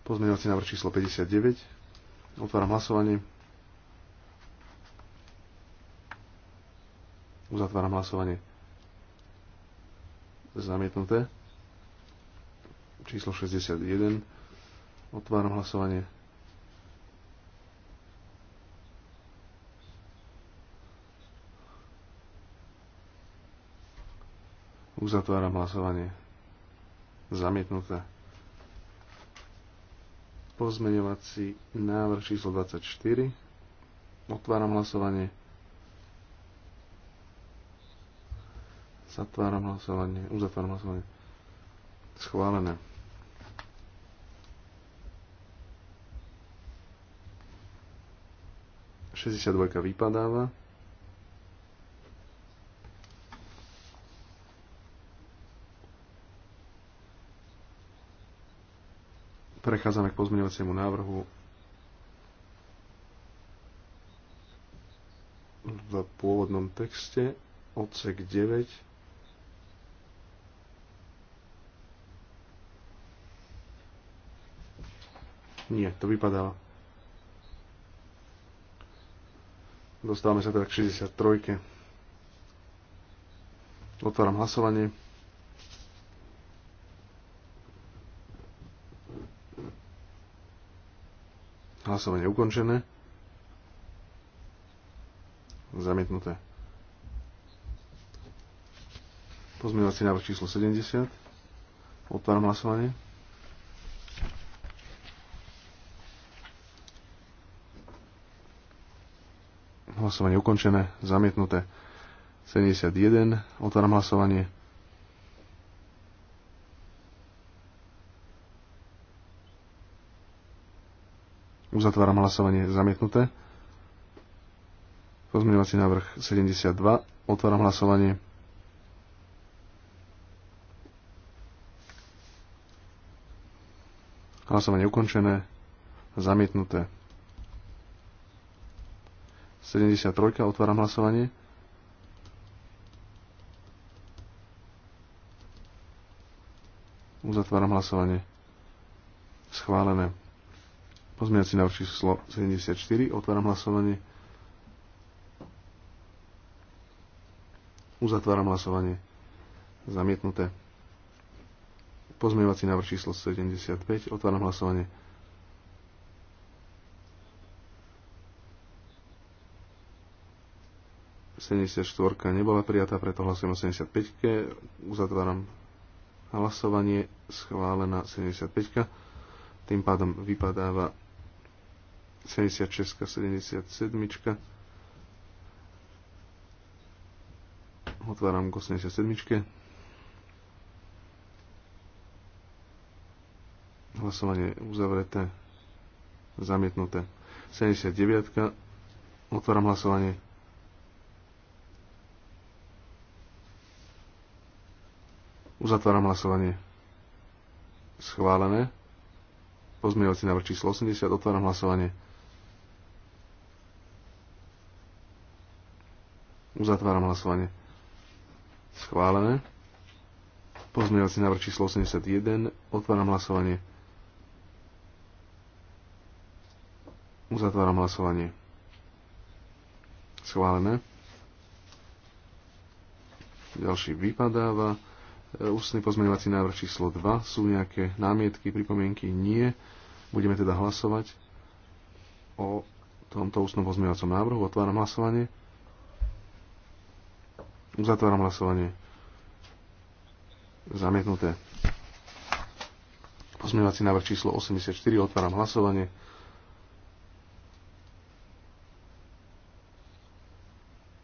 Pozmeňovací návrh číslo 59. Otváram hlasovanie. Uzatváram hlasovanie. Zamietnuté. Číslo 61. Otváram hlasovanie. Uzatváram hlasovanie. Zamietnuté. Pozmeňovací návrh číslo 24. Otváram hlasovanie. Zatváram hlasovanie. Uzatváram hlasovanie. Schválené. dvojka vypadáva. Prechádzame k pozmeňovaciemu návrhu v pôvodnom texte odsek 9 Nie, to vypadáva. Dostávame sa teda k 63. Otváram hlasovanie. Hlasovanie ukončené. Zamietnuté. Pozmeňovací návrh číslo 70. Otváram hlasovanie. Hlasovanie ukončené. Zamietnuté. 71. Otváram hlasovanie. Uzatváram hlasovanie. Zamietnuté. Pozmeňovací návrh 72. Otváram hlasovanie. Hlasovanie ukončené. Zamietnuté. 73. Otváram hlasovanie. Uzatváram hlasovanie. Schválené. Pozmeňací návrh číslo 74. Otváram hlasovanie. Uzatváram hlasovanie. Zamietnuté. Pozmeňovací návrh číslo 75. Otváram hlasovanie. 74 nebola prijatá, preto hlasujem o 75. -ke. Uzatváram hlasovanie, schválená 75. -ka. Tým pádom vypadáva 76, 77. -ka. Otváram k 87. -ke. Hlasovanie uzavreté, zamietnuté. 79. -ka. Otváram hlasovanie. Uzatváram hlasovanie. Schválené. Pozmeňovací návrh číslo 80. Otváram hlasovanie. Uzatváram hlasovanie. Schválené. Pozmeňovací návrh číslo 81. Otváram hlasovanie. Uzatváram hlasovanie. Schválené. Ďalší vypadáva. E, ústny pozmeňovací návrh číslo 2. Sú nejaké námietky, pripomienky? Nie. Budeme teda hlasovať o tomto ústnom pozmeňovacom návrhu. Otváram hlasovanie. Uzatváram hlasovanie. Zamietnuté. Pozmeňovací návrh číslo 84. Otváram hlasovanie.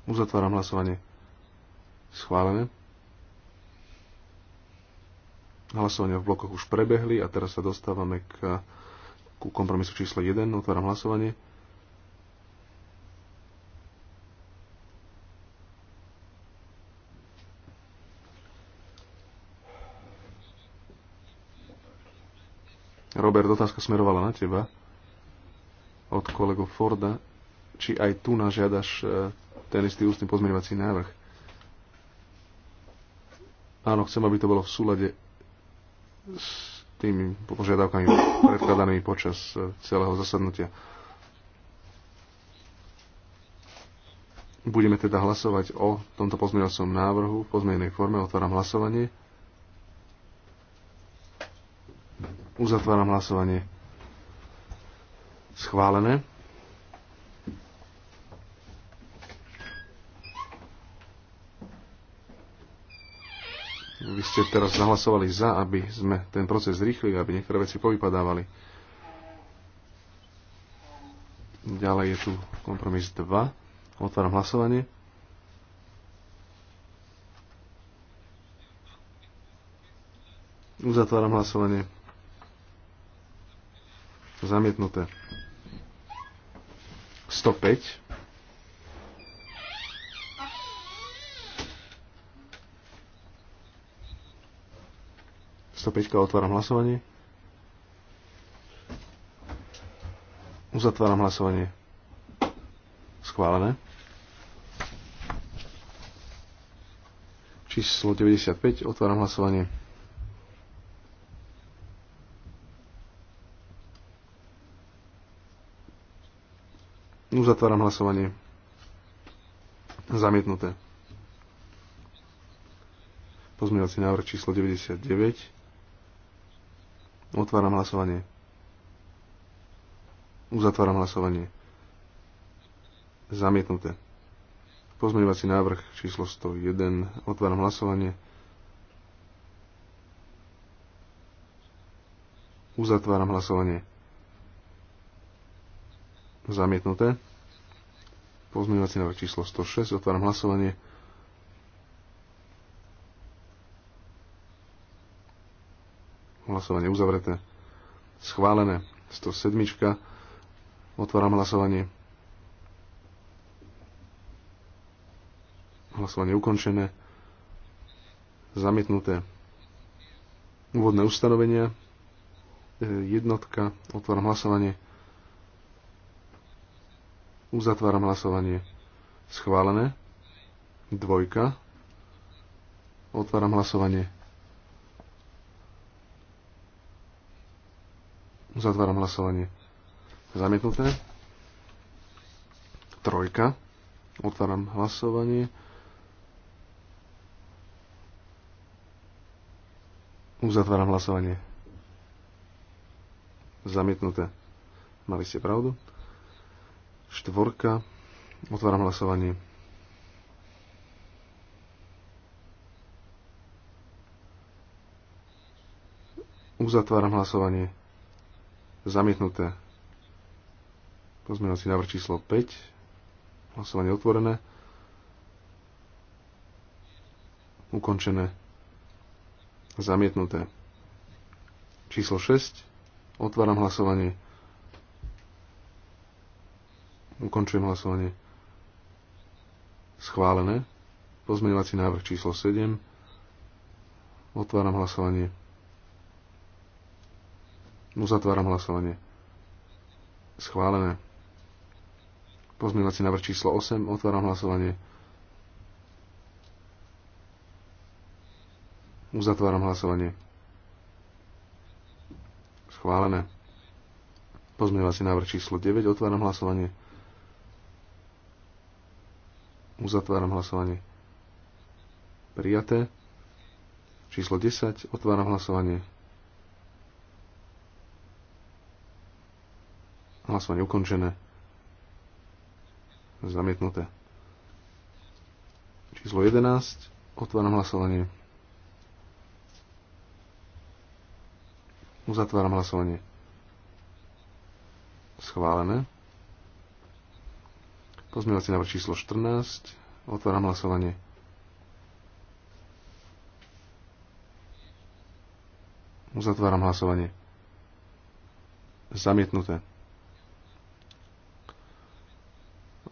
Uzatváram hlasovanie. Schválené. Hlasovania v blokoch už prebehli a teraz sa dostávame k, ku kompromisu číslo 1. Otváram hlasovanie. Robert, otázka smerovala na teba od kolego Forda, či aj tu nažiadaš e, ten istý ústny pozmeňovací návrh. Áno, chcem, aby to bolo v súlade s tými požiadavkami predkladanými počas eh, celého zasadnutia. Budeme teda hlasovať o tomto pozmeňovacom návrhu v pozmenenej forme. Otváram hlasovanie. Uzatváram hlasovanie. Schválené. aby ste teraz zahlasovali za, aby sme ten proces zrýchlili, aby niektoré veci povypadávali. Ďalej je tu kompromis 2. Otváram hlasovanie. Uzatváram hlasovanie. Zamietnuté. 105. 105. Otváram hlasovanie. Uzatváram hlasovanie. Schválené. Číslo 95. Otváram hlasovanie. Uzatváram hlasovanie. Zamietnuté. Pozmeňovací návrh číslo 99. Otváram hlasovanie. Uzatváram hlasovanie. Zamietnuté. Pozmeňovací návrh číslo 101. Otváram hlasovanie. Uzatváram hlasovanie. Zamietnuté. Pozmeňovací návrh číslo 106. Otváram hlasovanie. Hlasovanie uzavreté. Schválené. 107. Otváram hlasovanie. Hlasovanie ukončené. Zamietnuté. Úvodné ustanovenia. E, jednotka. Otváram hlasovanie. Uzatváram hlasovanie. Schválené. Dvojka. Otváram hlasovanie. Uzatváram hlasovanie. Zamietnuté. Trojka. Otváram hlasovanie. Uzatváram hlasovanie. Zamietnuté. Mali ste pravdu. Štvorka. Otváram hlasovanie. Uzatváram hlasovanie. Zamietnuté. si návrh číslo 5. Hlasovanie otvorené. Ukončené. Zamietnuté. Číslo 6. Otváram hlasovanie. Ukončujem hlasovanie. Schválené. Pozmeňovací návrh číslo 7. Otváram hlasovanie. Uzatváram hlasovanie. Schválené. Pozmývací návrh číslo 8. Otváram hlasovanie. Uzatváram hlasovanie. Schválené. Pozmývací návrh číslo 9. Otváram hlasovanie. Uzatváram hlasovanie. Prijaté. Číslo 10. Otváram hlasovanie. Hlasovanie ukončené. Zamietnuté. Číslo 11. Otváram hlasovanie. Uzatváram hlasovanie. Schválené. Pozmievací návrh číslo 14. Otváram hlasovanie. Uzatváram hlasovanie. Zamietnuté.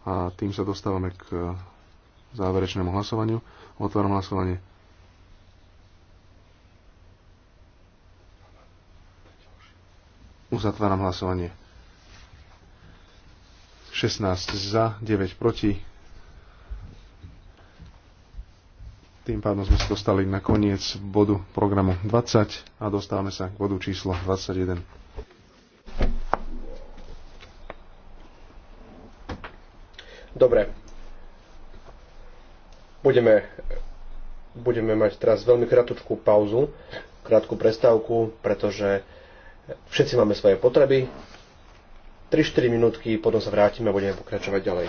A tým sa dostávame k záverečnému hlasovaniu. Otváram hlasovanie. Uzatváram hlasovanie. 16 za, 9 proti. Tým pádom sme sa dostali na koniec bodu programu 20 a dostávame sa k bodu číslo 21. Dobre. Budeme, budeme mať teraz veľmi kratučkú pauzu, krátku prestávku, pretože všetci máme svoje potreby. 3-4 minútky, potom sa vrátime a budeme pokračovať ďalej.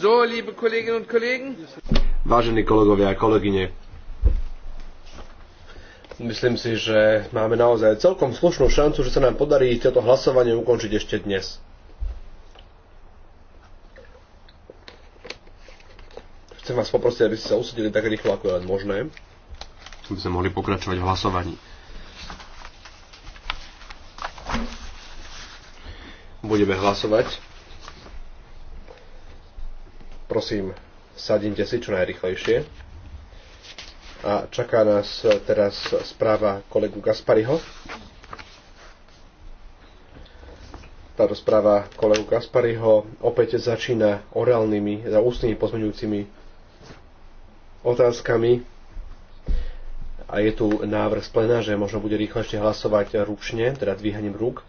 So, liebe Kolleginnen und Kollegen. Vážení kolegovia a kolegyne. Myslím si, že máme naozaj celkom slušnú šancu, že sa nám podarí toto hlasovanie ukončiť ešte dnes. Chcem vás poprosiť, aby ste sa usadili tak rýchlo, ako je len možné. Aby sme mohli pokračovať v hlasovaní. Budeme hlasovať prosím, sadnite si čo najrychlejšie. A čaká nás teraz správa kolegu Gaspariho. Táto správa kolegu Gaspariho opäť začína orálnymi, za ústnymi pozmeňujúcimi otázkami. A je tu návrh z plena, že možno bude rýchlejšie hlasovať ručne, teda dvíhaním rúk.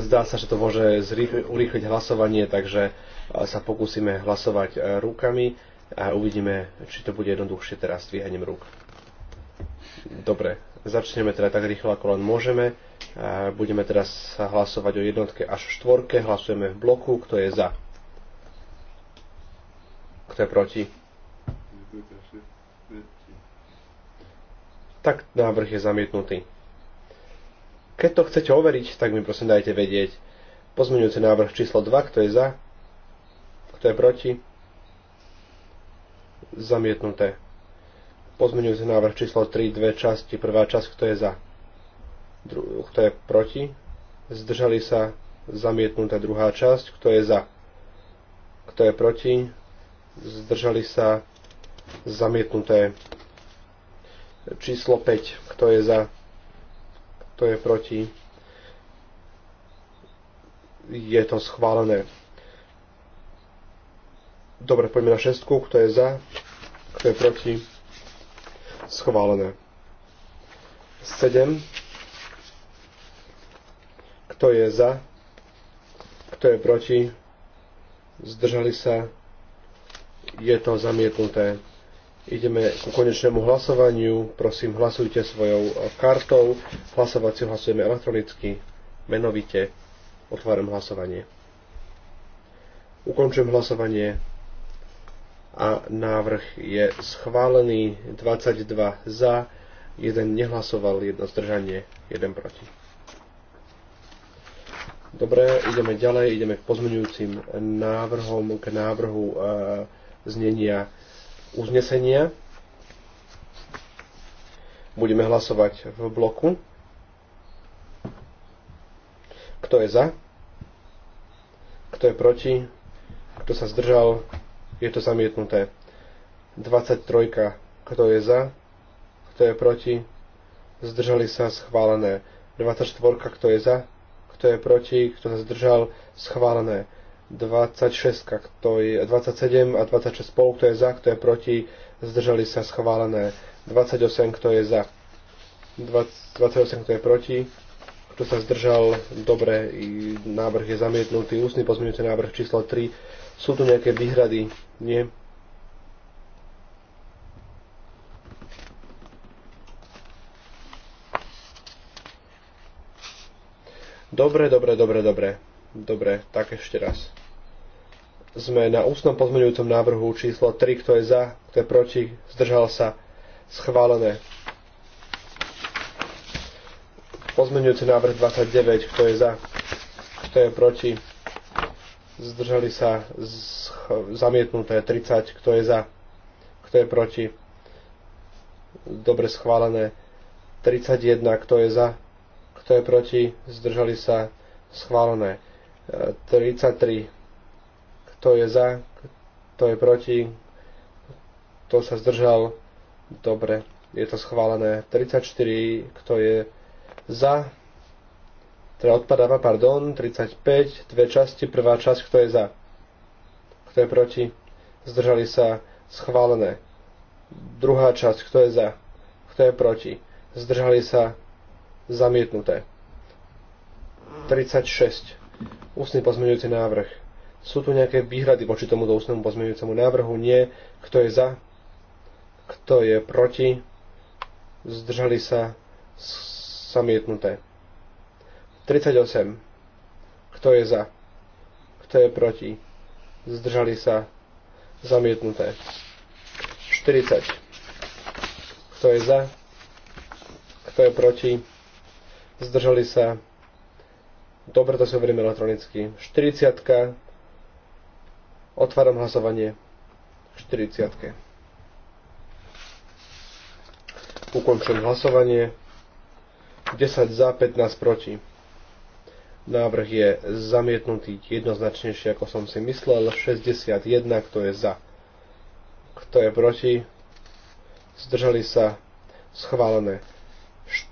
Zdá sa, že to môže urýchliť hlasovanie, takže eh, sa pokúsime hlasovať eh, rukami a uvidíme, či to bude jednoduchšie teraz dvíhaním rúk. Dobre, začneme teda tak rýchlo, ako len môžeme. Budeme teraz hlasovať o jednotke až štvorke. Hlasujeme v bloku, kto je za. Kto je proti? Tak návrh je zamietnutý. Keď to chcete overiť, tak mi prosím dajte vedieť. Pozmeňujúci návrh číslo 2, kto je za, kto je proti. Zamietnuté. Pozmeňujúci návrh číslo 3, dve časti. Prvá časť, kto je za, Dru- kto je proti. Zdržali sa. Zamietnutá druhá časť, kto je za, kto je proti. Zdržali sa. Zamietnuté. Číslo 5, kto je za, kto je proti? Je to schválené. Dobre, poďme na šestku. Kto je za? Kto je proti? Schválené. 7. Kto je za? Kto je proti? Zdržali sa? Je to zamietnuté. Ideme ku konečnému hlasovaniu. Prosím, hlasujte svojou kartou. Hlasovať si hlasujeme elektronicky, menovite. Otváram hlasovanie. Ukončujem hlasovanie a návrh je schválený 22 za, jeden nehlasoval, jedno zdržanie, jeden proti. Dobre, ideme ďalej, ideme k pozmeňujúcim návrhom, k návrhu e, znenia uznesenia. Budeme hlasovať v bloku. Kto je za? Kto je proti? Kto sa zdržal? Je to zamietnuté. 23. Kto je za? Kto je proti? Zdržali sa schválené. 24. Kto je za? Kto je proti? Kto sa zdržal? Schválené. 26, kto je, 27 a 26 spolu, kto je za, kto je proti, zdržali sa schválené. 28, kto je za, 28, kto je proti, kto sa zdržal, dobre, návrh je zamietnutý. Ústny pozmeňujúci návrh číslo 3. Sú tu nejaké výhrady? Nie? Dobre, dobre, dobre, dobre. Dobre, tak ešte raz sme na ústnom pozmeňujúcom návrhu číslo 3, kto je za, kto je proti, zdržal sa, schválené. Pozmeňujúci návrh 29, kto je za, kto je proti, zdržali sa, zamietnuté 30, kto je za, kto je proti, dobre schválené 31, kto je za, kto je proti, zdržali sa, schválené 33, e, kto je za, kto je proti, kto sa zdržal, dobre, je to schválené. 34, kto je za, teda odpadáva, pardon, 35, dve časti, prvá časť, kto je za, kto je proti, zdržali sa, schválené. Druhá časť, kto je za, kto je proti, zdržali sa, zamietnuté. 36. Ústny pozmeňujúci návrh. Sú tu nejaké výhrady voči tomuto ústnemu pozmeňujúcemu návrhu? Nie. Kto je za? Kto je proti? Zdržali sa zamietnuté. 38. Kto je za? Kto je proti? Zdržali sa zamietnuté. 40. Kto je za? Kto je proti? Zdržali sa. Dobre, to si hovoríme elektronicky. 40. Otváram hlasovanie k 40. Ukončujem hlasovanie. 10 za, 15 proti. Návrh je zamietnutý jednoznačnejšie, ako som si myslel. 61, kto je za. Kto je proti? Zdržali sa. Schválené.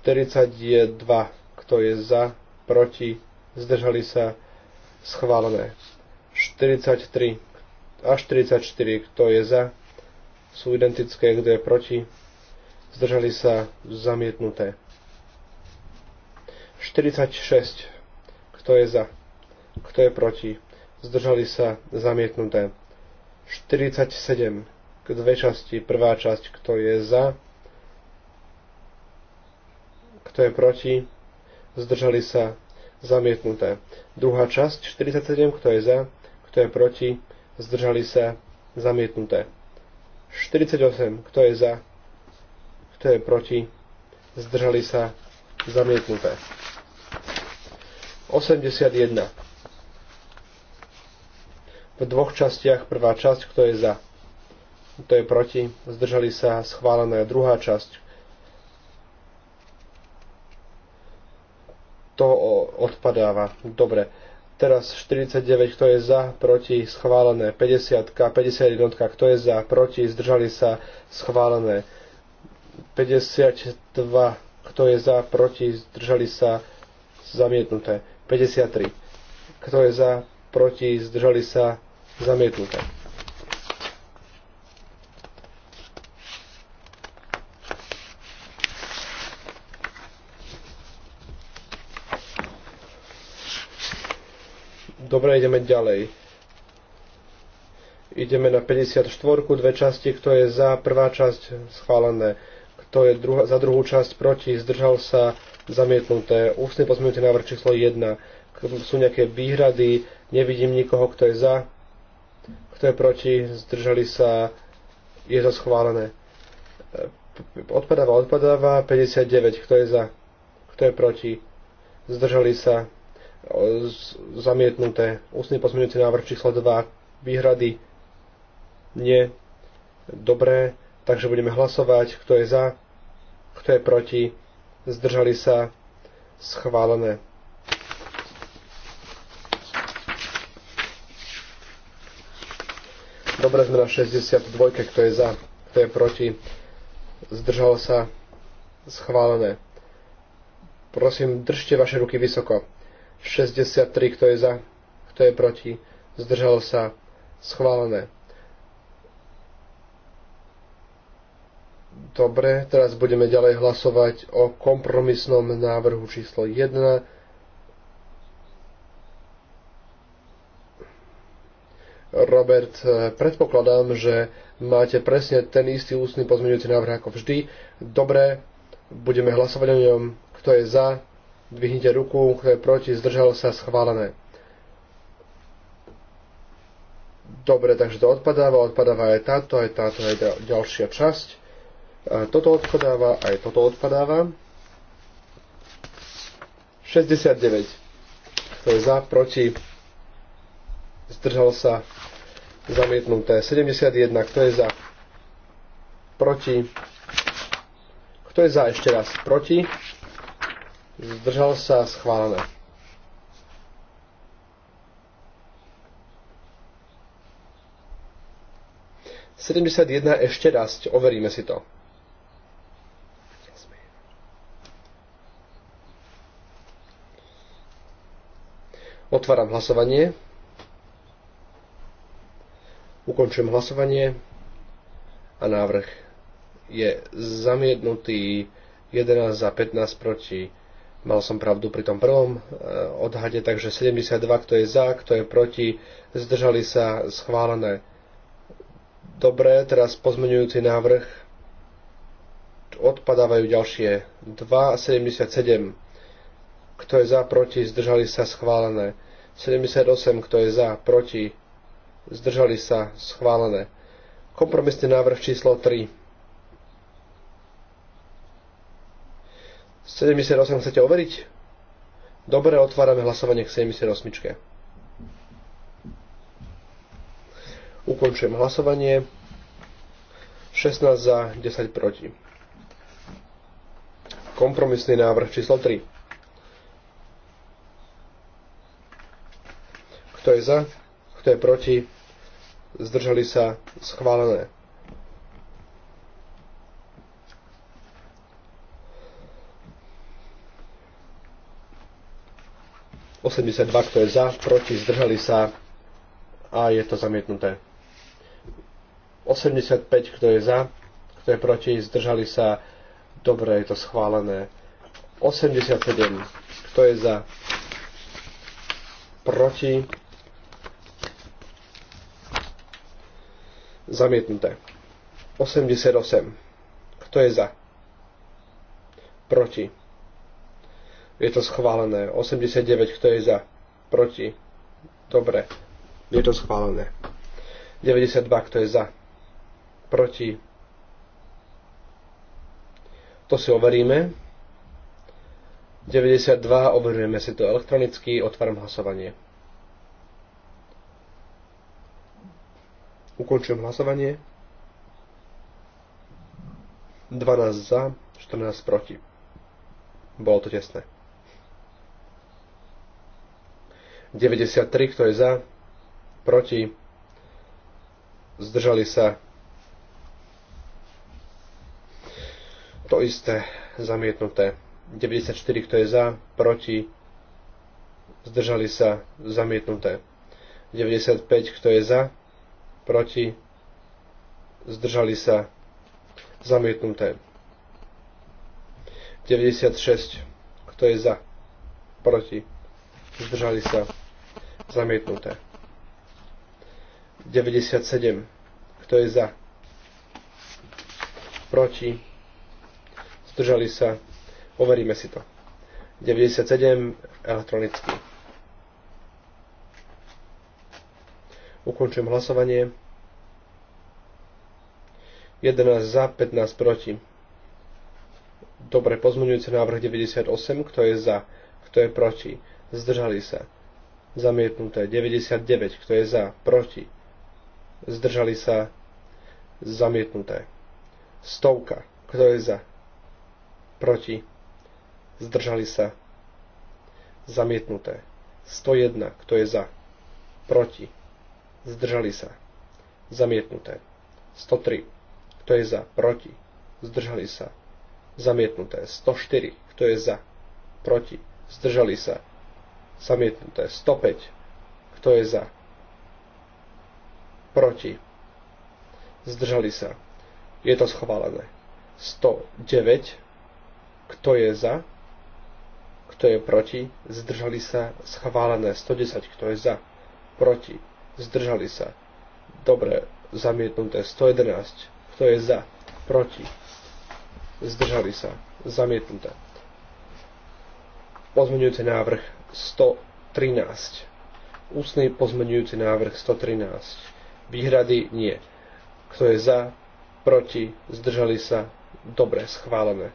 42, kto je za, proti, zdržali sa, schválené. 43, až 44, kto je za, sú identické, kto je proti, zdržali sa zamietnuté. 46, kto je za, kto je proti, zdržali sa zamietnuté. 47, k dve časti, prvá časť, kto je za, kto je proti, zdržali sa zamietnuté. Druhá časť, 47, kto je za, kto je proti, zdržali sa, zamietnuté. 48, kto je za, kto je proti, zdržali sa, zamietnuté. 81. V dvoch častiach prvá časť, kto je za, kto je proti, zdržali sa, schválená druhá časť. To odpadáva. Dobre. Teraz 49, kto je za, proti, schválené. 50, 51, kto je za, proti, zdržali sa, schválené. 52, kto je za, proti, zdržali sa, zamietnuté. 53, kto je za, proti, zdržali sa, zamietnuté. Dobre, ideme ďalej. Ideme na 54, dve časti, kto je za, prvá časť schválené, kto je druh- za druhú časť proti, zdržal sa, zamietnuté. Ústny pozmeňujúci návrh číslo 1, sú nejaké výhrady, nevidím nikoho, kto je za, kto je proti, zdržali sa, je to schválené. E, odpadáva, odpadáva, 59, kto je za, kto je proti, zdržali sa, zamietnuté. Ústne pozmeňujúci návrh číslo 2, výhrady, nie, dobré, takže budeme hlasovať, kto je za, kto je proti, zdržali sa, schválené. Dobre sme na 62, kto je za, kto je proti, zdržal sa, schválené. Prosím, držte vaše ruky vysoko. 63, kto je za, kto je proti, zdržal sa, schválené. Dobre, teraz budeme ďalej hlasovať o kompromisnom návrhu číslo 1. Robert, eh, predpokladám, že máte presne ten istý ústny pozmeňujúci návrh ako vždy. Dobre, budeme hlasovať o ňom. Kto je za, Dvihnite ruku, kto je proti, zdržal sa, schválené. Dobre, takže to odpadáva, odpadáva aj táto, aj táto, aj ďalšia časť. Toto odpadáva, aj toto odpadáva. 69. Kto je za, proti, zdržal sa, zamietnuté. 71. Kto je za, proti, kto je za ešte raz, proti, zdržal sa schválené. Sedemdesiat jedna ešte raz, overíme si to. Otváram hlasovanie. Ukončujem hlasovanie a návrh je zamietnutý 11 za 15 proti Mal som pravdu pri tom prvom eh, odhade, takže 72, kto je za, kto je proti, zdržali sa schválené. Dobre, teraz pozmenujúci návrh. Odpadávajú ďalšie 2 a 77. Kto je za, proti, zdržali sa schválené. 78, kto je za, proti, zdržali sa schválené. Kompromisný návrh číslo 3. 78 chcete overiť? Dobre, otvárame hlasovanie k 78. Ukončujem hlasovanie. 16 za, 10 proti. Kompromisný návrh číslo 3. Kto je za? Kto je proti? Zdržali sa schválené. 82, kto je za, proti, zdržali sa a je to zamietnuté. 85, kto je za, kto je proti, zdržali sa, dobre, je to schválené. 87, kto je za, proti, zamietnuté. 88, kto je za, proti, je to schválené. 89, kto je za? Proti. Dobre. Je to schválené. 92, kto je za? Proti. To si overíme. 92, overujeme si to elektronicky, otváram hlasovanie. Ukončujem hlasovanie. 12 za, 14 proti. Bolo to tesné. 93, kto je za, proti, zdržali sa. To isté, zamietnuté. 94, kto je za, proti, zdržali sa, zamietnuté. 95, kto je za, proti, zdržali sa, zamietnuté. 96, kto je za, proti, zdržali sa, Zamietnuté. 97. Kto je za? Proti? Zdržali sa? Overíme si to. 97 elektronicky. Ukončujem hlasovanie. 11 za, 15 proti. Dobre, pozmenujúce návrh 98, kto je za, kto je proti, zdržali sa zamietnuté 99, kto je za, proti, zdržali sa, zamietnuté. Stovka, kto je za, proti, zdržali sa, zamietnuté. 101, kto je za, proti, zdržali sa, zamietnuté. 103, kto je za, proti, zdržali sa, zamietnuté. 104, kto je za, proti, zdržali sa, Zamietnuté. 105. Kto je za? Proti. Zdržali sa. Je to schválené. 109. Kto je za? Kto je proti? Zdržali sa. Schválené. 110. Kto je za? Proti. Zdržali sa. Dobre. Zamietnuté. 111. Kto je za? Proti. Zdržali sa. Zamietnuté. Pozmeňujúce návrh 113. Ústny pozmenujúci návrh 113. Výhrady nie. Kto je za, proti, zdržali sa, dobre, schválené.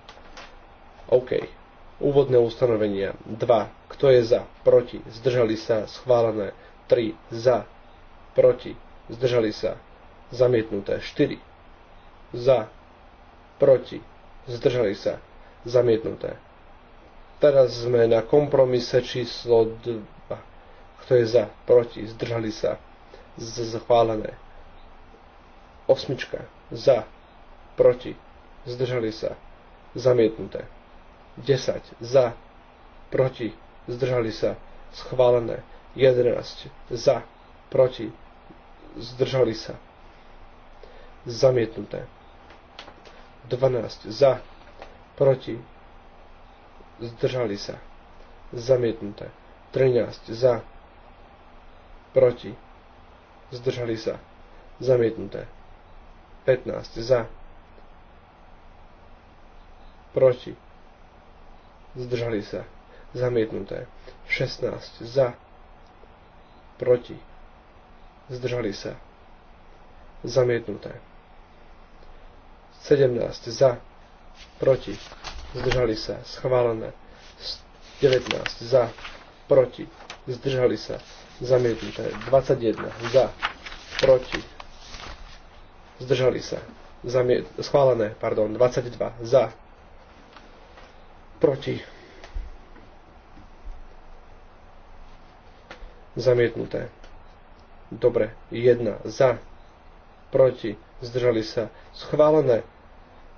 OK. Úvodné ustanovenia 2. Kto je za, proti, zdržali sa, schválené. 3. Za, proti, zdržali sa, zamietnuté. 4. Za, proti, zdržali sa, zamietnuté. Teraz sme na kompromise číslo 2. Kto je za? Proti? Zdržali sa? Zachválené. Osmička. Za. Proti. Zdržali sa. Zamietnuté. 10. Za. Proti. Zdržali sa. Schválené. 11. Za. Proti. Zdržali sa. Zamietnuté. 12. Za. Proti zdržali sa, zamietnuté. 13 za, proti, zdržali sa, zamietnuté. 15 za, proti, zdržali sa, zamietnuté. 16 za, proti, zdržali sa, zamietnuté. 17 za, proti, zdržali sa, schválené. 19 za, proti, zdržali sa, zamietnuté. 21 za, proti, zdržali sa, zamiet, schválené, pardon, 22 za, proti, zamietnuté. Dobre, 1 za, proti, zdržali sa, schválené,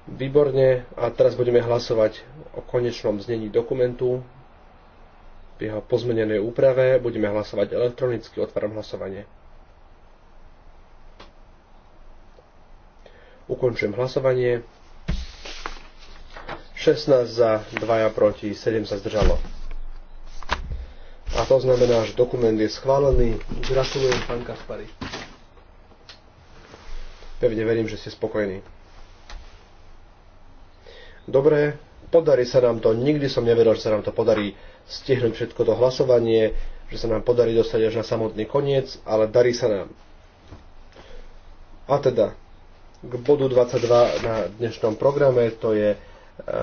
Výborne, a teraz budeme hlasovať o konečnom znení dokumentu v jeho pozmenenej úprave. Budeme hlasovať elektronicky, otváram hlasovanie. Ukončujem hlasovanie. 16 za, 2 proti, 7 sa zdržalo. A to znamená, že dokument je schválený. Gratulujem, pán Kaspari. Pevne verím, že ste spokojní dobre, podarí sa nám to, nikdy som neveril, že sa nám to podarí stihnúť všetko to hlasovanie, že sa nám podarí dostať až na samotný koniec, ale darí sa nám. A teda, k bodu 22 na dnešnom programe, to je, e,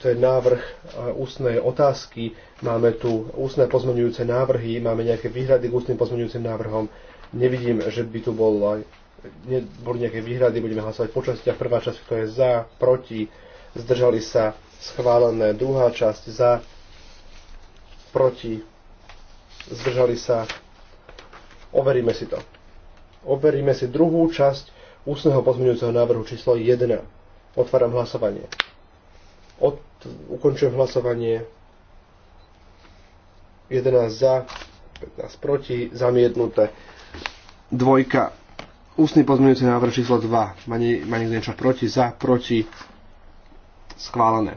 to je návrh e, ústnej otázky, máme tu ústne pozmenujúce návrhy, máme nejaké výhrady k ústnym pozmenujúcim návrhom, nevidím, že by tu bol neboli nejaké výhrady, budeme hlasovať po častiach. Prvá časť, kto je za, proti, zdržali sa, schválené. Druhá časť, za, proti, zdržali sa. Overíme si to. Overíme si druhú časť ústneho pozmeňujúceho návrhu číslo 1. Otváram hlasovanie. Od, ukončujem hlasovanie. 11 za, 15 proti, zamietnuté. Dvojka Ústny pozmeňujúci návrh číslo 2. Má, nie, má niekto niečo proti? Za, proti? Schválené.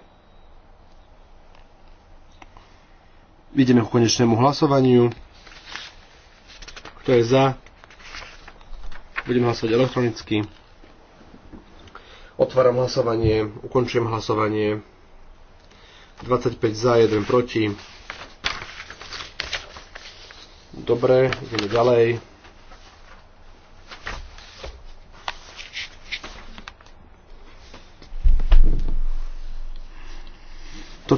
Ideme k konečnému hlasovaniu. Kto je za? Budem hlasovať elektronicky. Otváram hlasovanie, ukončujem hlasovanie. 25 za, 1 proti. Dobre, ideme ďalej.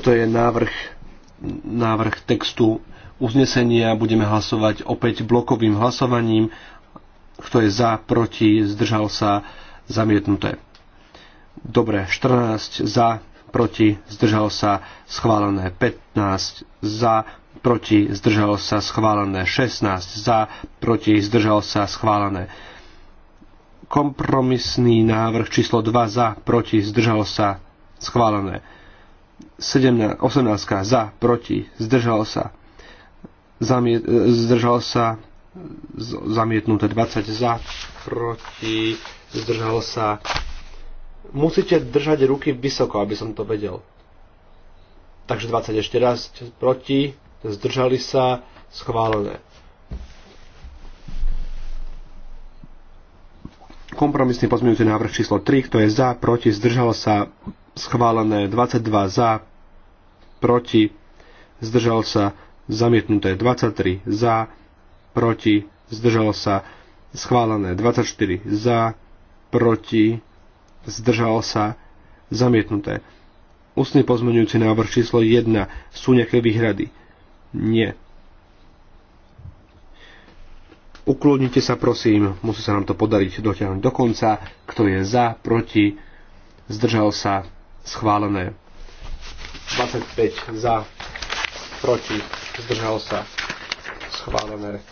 Toto je návrh, návrh textu uznesenia. Budeme hlasovať opäť blokovým hlasovaním. Kto je za, proti, zdržal sa, zamietnuté. Dobre, 14 za, proti, zdržal sa, schválené 15 za, proti, zdržal sa, schválené 16 za, proti, zdržal sa, schválené kompromisný návrh číslo 2 za, proti, zdržal sa, schválené. 18 za, proti, zdržal sa, zamiet, e, zdržal sa, zamietnuté 20 za, proti, zdržal sa. Musíte držať ruky vysoko, aby som to vedel. Takže 20 ešte raz, proti, zdržali sa, schválené. Kompromisný pozmeňujúci návrh číslo 3, kto je za, proti, zdržal sa, schválené 22 za, proti, zdržal sa, zamietnuté 23 za, proti, zdržal sa, schválené 24 za, proti, zdržal sa, zamietnuté. Ústny pozmeňujúci návrh číslo 1. Sú nejaké výhrady? Nie. Uklonite sa prosím, musí sa nám to podariť dotiahnuť do konca. Kto je za, proti, zdržal sa, schválené. 25 za, proti, zdržal sa, schválené.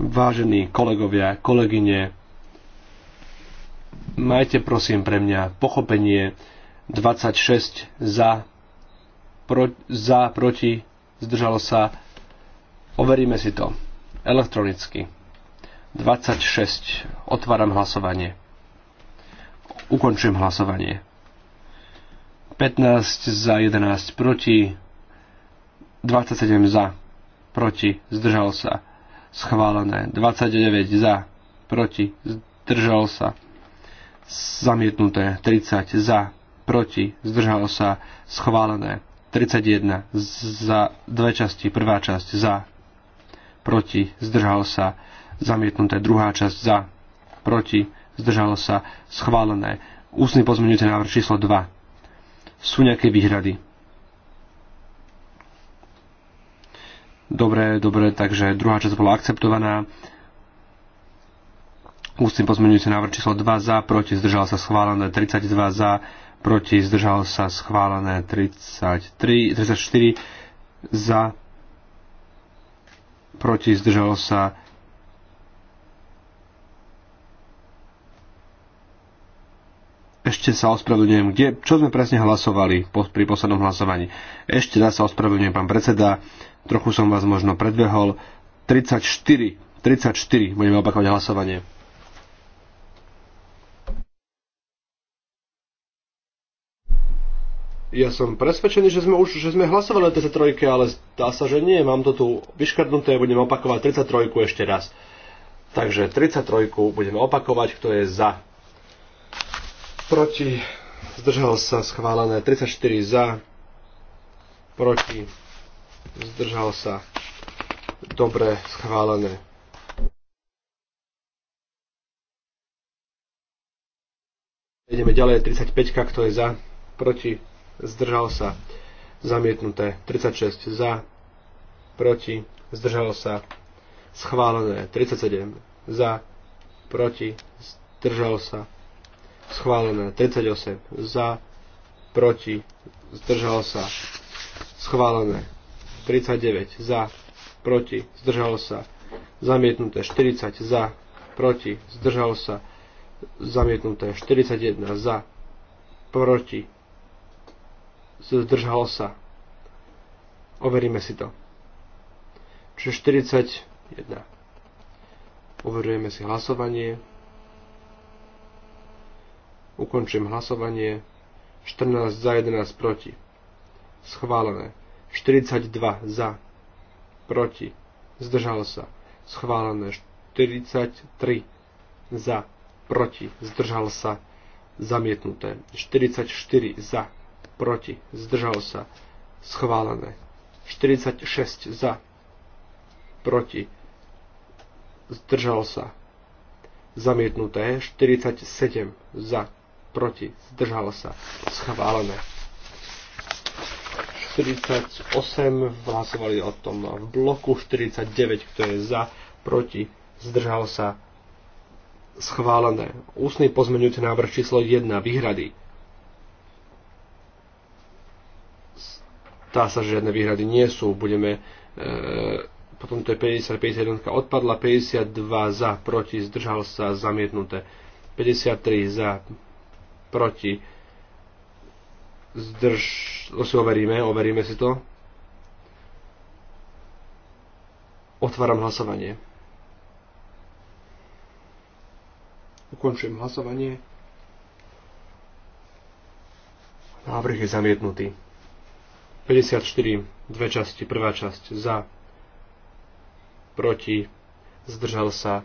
Vážení kolegovia, kolegyne, majte prosím pre mňa pochopenie 26 za, pro, za proti, zdržalo sa. Overíme si to elektronicky. 26. Otváram hlasovanie. Ukončujem hlasovanie. 15 za 11 proti, 27 za, proti, zdržal sa, schválené, 29 za, proti, zdržal sa, zamietnuté, 30 za, proti, zdržal sa, schválené, 31 za dve časti, prvá časť za, proti, zdržal sa, zamietnuté, druhá časť za, proti, zdržalo sa, schválené. Ústny pozmeňujúci návrh číslo 2. Sú nejaké výhrady? Dobre, dobre, takže druhá časť bola akceptovaná. Ústny pozmeňujúci návrh číslo 2 za, proti zdržalo sa schválené 32 za, proti zdržalo sa schválené 33, 34 za, proti zdržalo sa Ešte sa ospravedlňujem. Kde, čo sme presne hlasovali po, pri poslednom hlasovaní? Ešte raz sa ospravedlňujem, pán predseda. Trochu som vás možno predbehol. 34. 34. Budeme opakovať hlasovanie. Ja som presvedčený, že sme už že sme hlasovali o 33, ale zdá sa, že nie. Mám to tu vyškrtnuté, budem opakovať 33 ešte raz. Takže 33 budeme opakovať, kto je za proti, zdržal sa schválené 34 za, proti, zdržal sa dobre schválené. Ideme ďalej, 35, kto je za, proti, zdržal sa, zamietnuté, 36 za, proti, zdržal sa, schválené, 37 za, proti, zdržal sa, schválené. 38 za, proti, zdržal sa, schválené. 39 za, proti, zdržal sa, zamietnuté. 40 za, proti, zdržal sa, zamietnuté. 41 za, proti, zdržal sa. Overíme si to. Čiže 41. Overujeme si hlasovanie. Ukončím hlasovanie. 14 za 11 proti. Schválené. 42 za. Proti. Zdržal sa. Schválené. 43 za. Proti. Zdržal sa. Zamietnuté. 44 za. Proti. Zdržal sa. Schválené. 46 za. Proti. Zdržal sa. Zamietnuté. 47 za proti, zdržal sa, schválené. 48, hlasovali o tom v bloku, 49, kto je za, proti, zdržal sa, schválené. Ústny pozmeňujúci návrh číslo 1, výhrady. Tá sa, že žiadne výhrady nie sú, budeme... E, potom to je 50, 51 odpadla, 52 za, proti, zdržal sa, zamietnuté, 53 za, proti, zdrž, to si overíme, overíme si to. Otváram hlasovanie. Ukončujem hlasovanie. Návrh je zamietnutý. 54. Dve časti. Prvá časť. Za. Proti. Zdržal sa.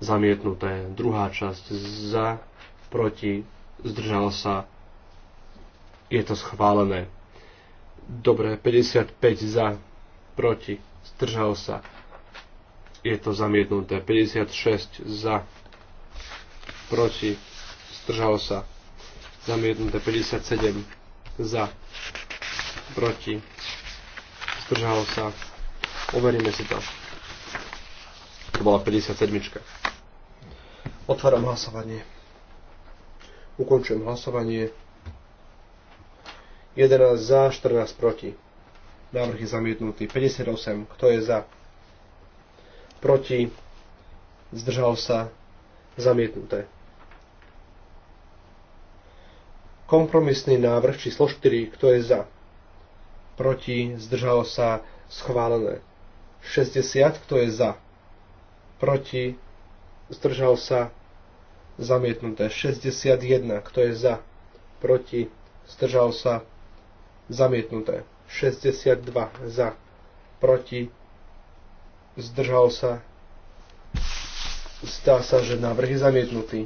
Zamietnuté. Druhá časť. Za. Proti zdržal sa, je to schválené. Dobre, 55 za, proti, zdržal sa, je to zamietnuté. 56 za, proti, zdržal sa, zamietnuté. 57 za, proti, zdržal sa, overíme si to. To bola 57. Otváram hlasovanie. Ukončujem hlasovanie. 11 za, 14 proti. Návrh je zamietnutý. 58. Kto je za? Proti. Zdržal sa. Zamietnuté. Kompromisný návrh číslo 4. Kto je za? Proti. Zdržal sa. Schválené. 60. Kto je za? Proti. Zdržal sa zamietnuté. 61, kto je za, proti, zdržal sa, zamietnuté. 62 za, proti, zdržal sa, zdá sa, že návrh je zamietnutý.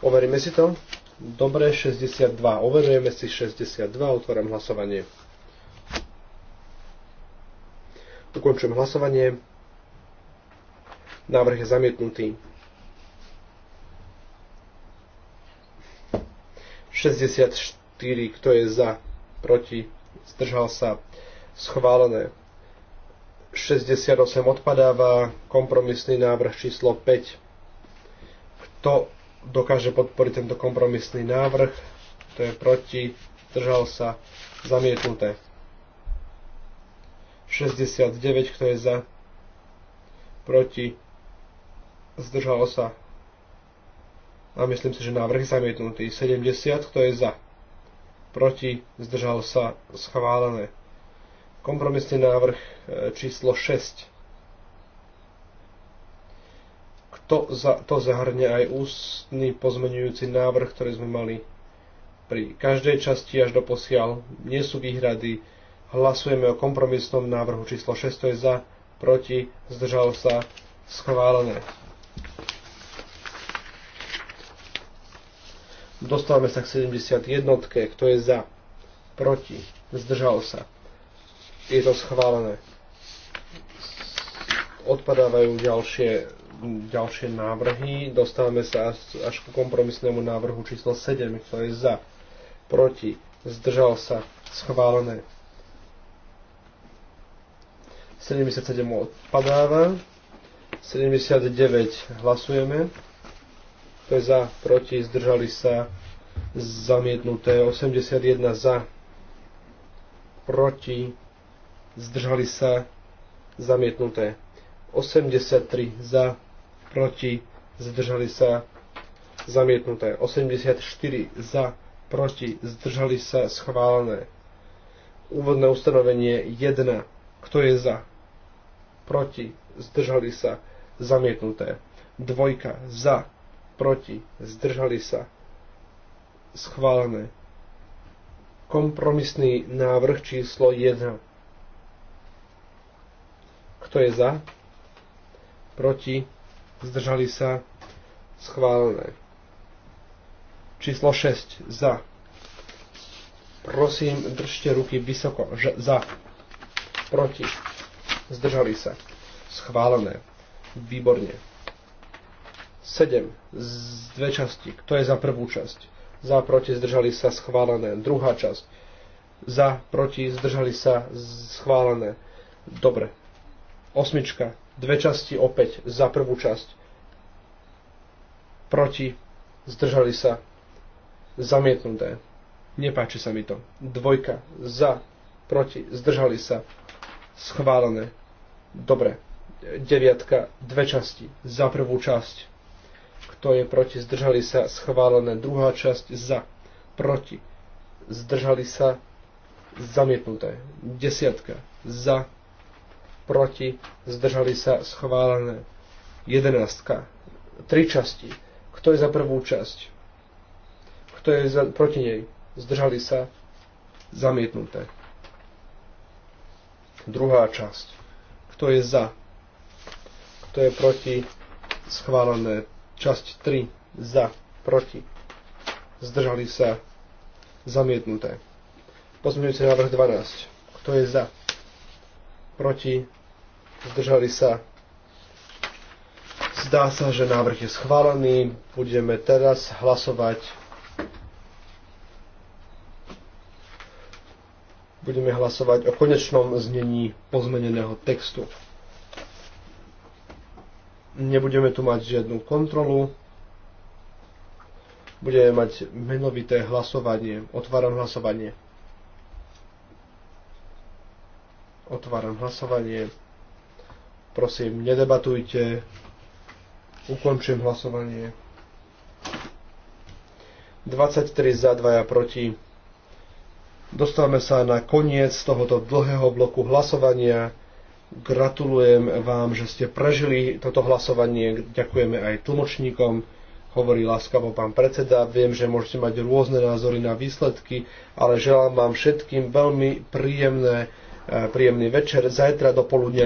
Overíme si to. Dobre, 62. Overujeme si 62, otváram hlasovanie. Ukončujem hlasovanie. Návrh je zamietnutý. 64. Kto je za? Proti? Zdržal sa? Schválené. 68 odpadáva kompromisný návrh číslo 5. Kto dokáže podporiť tento kompromisný návrh? Kto je proti? Zdržal sa? Zamietnuté. 69. Kto je za? Proti? Zdržalo sa. A myslím si, že návrh je zamietnutý. 70, kto je za? Proti, zdržalo sa, schválené. Kompromisný návrh e, číslo 6. Kto za, to zahrne aj ústny pozmenujúci návrh, ktorý sme mali pri každej časti až do posiaľ. Nie sú výhrady. Hlasujeme o kompromisnom návrhu číslo 6, to je za, proti, zdržal sa, schválené. Dostávame sa k 71. Kto je za? Proti? Zdržal sa. Je to schválené. Odpadávajú ďalšie, ďalšie návrhy. Dostávame sa až, až k kompromisnému návrhu číslo 7. Kto je za? Proti? Zdržal sa. Schválené. 77 odpadáva. 79 hlasujeme. To je za, proti, zdržali sa, zamietnuté. 81 za, proti, zdržali sa, zamietnuté. 83 za, proti, zdržali sa, zamietnuté. 84 za, proti, zdržali sa, schválené. Úvodné ustanovenie 1. Kto je za? Proti, zdržali sa, zamietnuté. Dvojka za, proti, zdržali sa, schválené. Kompromisný návrh číslo 1. Kto je za? Proti, zdržali sa, schválené. Číslo 6. Za. Prosím, držte ruky vysoko. Ž- za. Proti. Zdržali sa. Schválené. Výborne. 7 z dve časti. Kto je za prvú časť? Za, proti, zdržali sa, schválené. Druhá časť. Za, proti, zdržali sa, schválené. Dobre. Osmička. Dve časti opäť. Za prvú časť. Proti, zdržali sa, zamietnuté. Nepáči sa mi to. Dvojka. Za, proti, zdržali sa, schválené. Dobre. Deviatka. Dve časti. Za prvú časť kto je proti, zdržali sa, schválené. Druhá časť za, proti, zdržali sa, zamietnuté. Desiatka za, proti, zdržali sa, schválené. Jedenáctka. Tri časti. Kto je za prvú časť? Kto je za, proti nej? Zdržali sa, zamietnuté. Druhá časť. Kto je za? Kto je proti? Schválené. Časť 3. Za. Proti. Zdržali sa. Zamietnuté. Pozmeňujúci návrh 12. Kto je za? Proti. Zdržali sa. Zdá sa, že návrh je schválený. Budeme teraz hlasovať. Budeme hlasovať o konečnom znení pozmeneného textu. Nebudeme tu mať žiadnu kontrolu. Budeme mať menovité hlasovanie. Otváram hlasovanie. Otváram hlasovanie. Prosím, nedebatujte. ukončím hlasovanie. 23 za, 2 proti. Dostávame sa na koniec tohoto dlhého bloku hlasovania. Gratulujem vám, že ste prežili toto hlasovanie. Ďakujeme aj tlmočníkom, hovorí láskavo pán predseda. Viem, že môžete mať rôzne názory na výsledky, ale želám vám všetkým veľmi príjemné, eh, príjemný večer. Zajtra do poludnia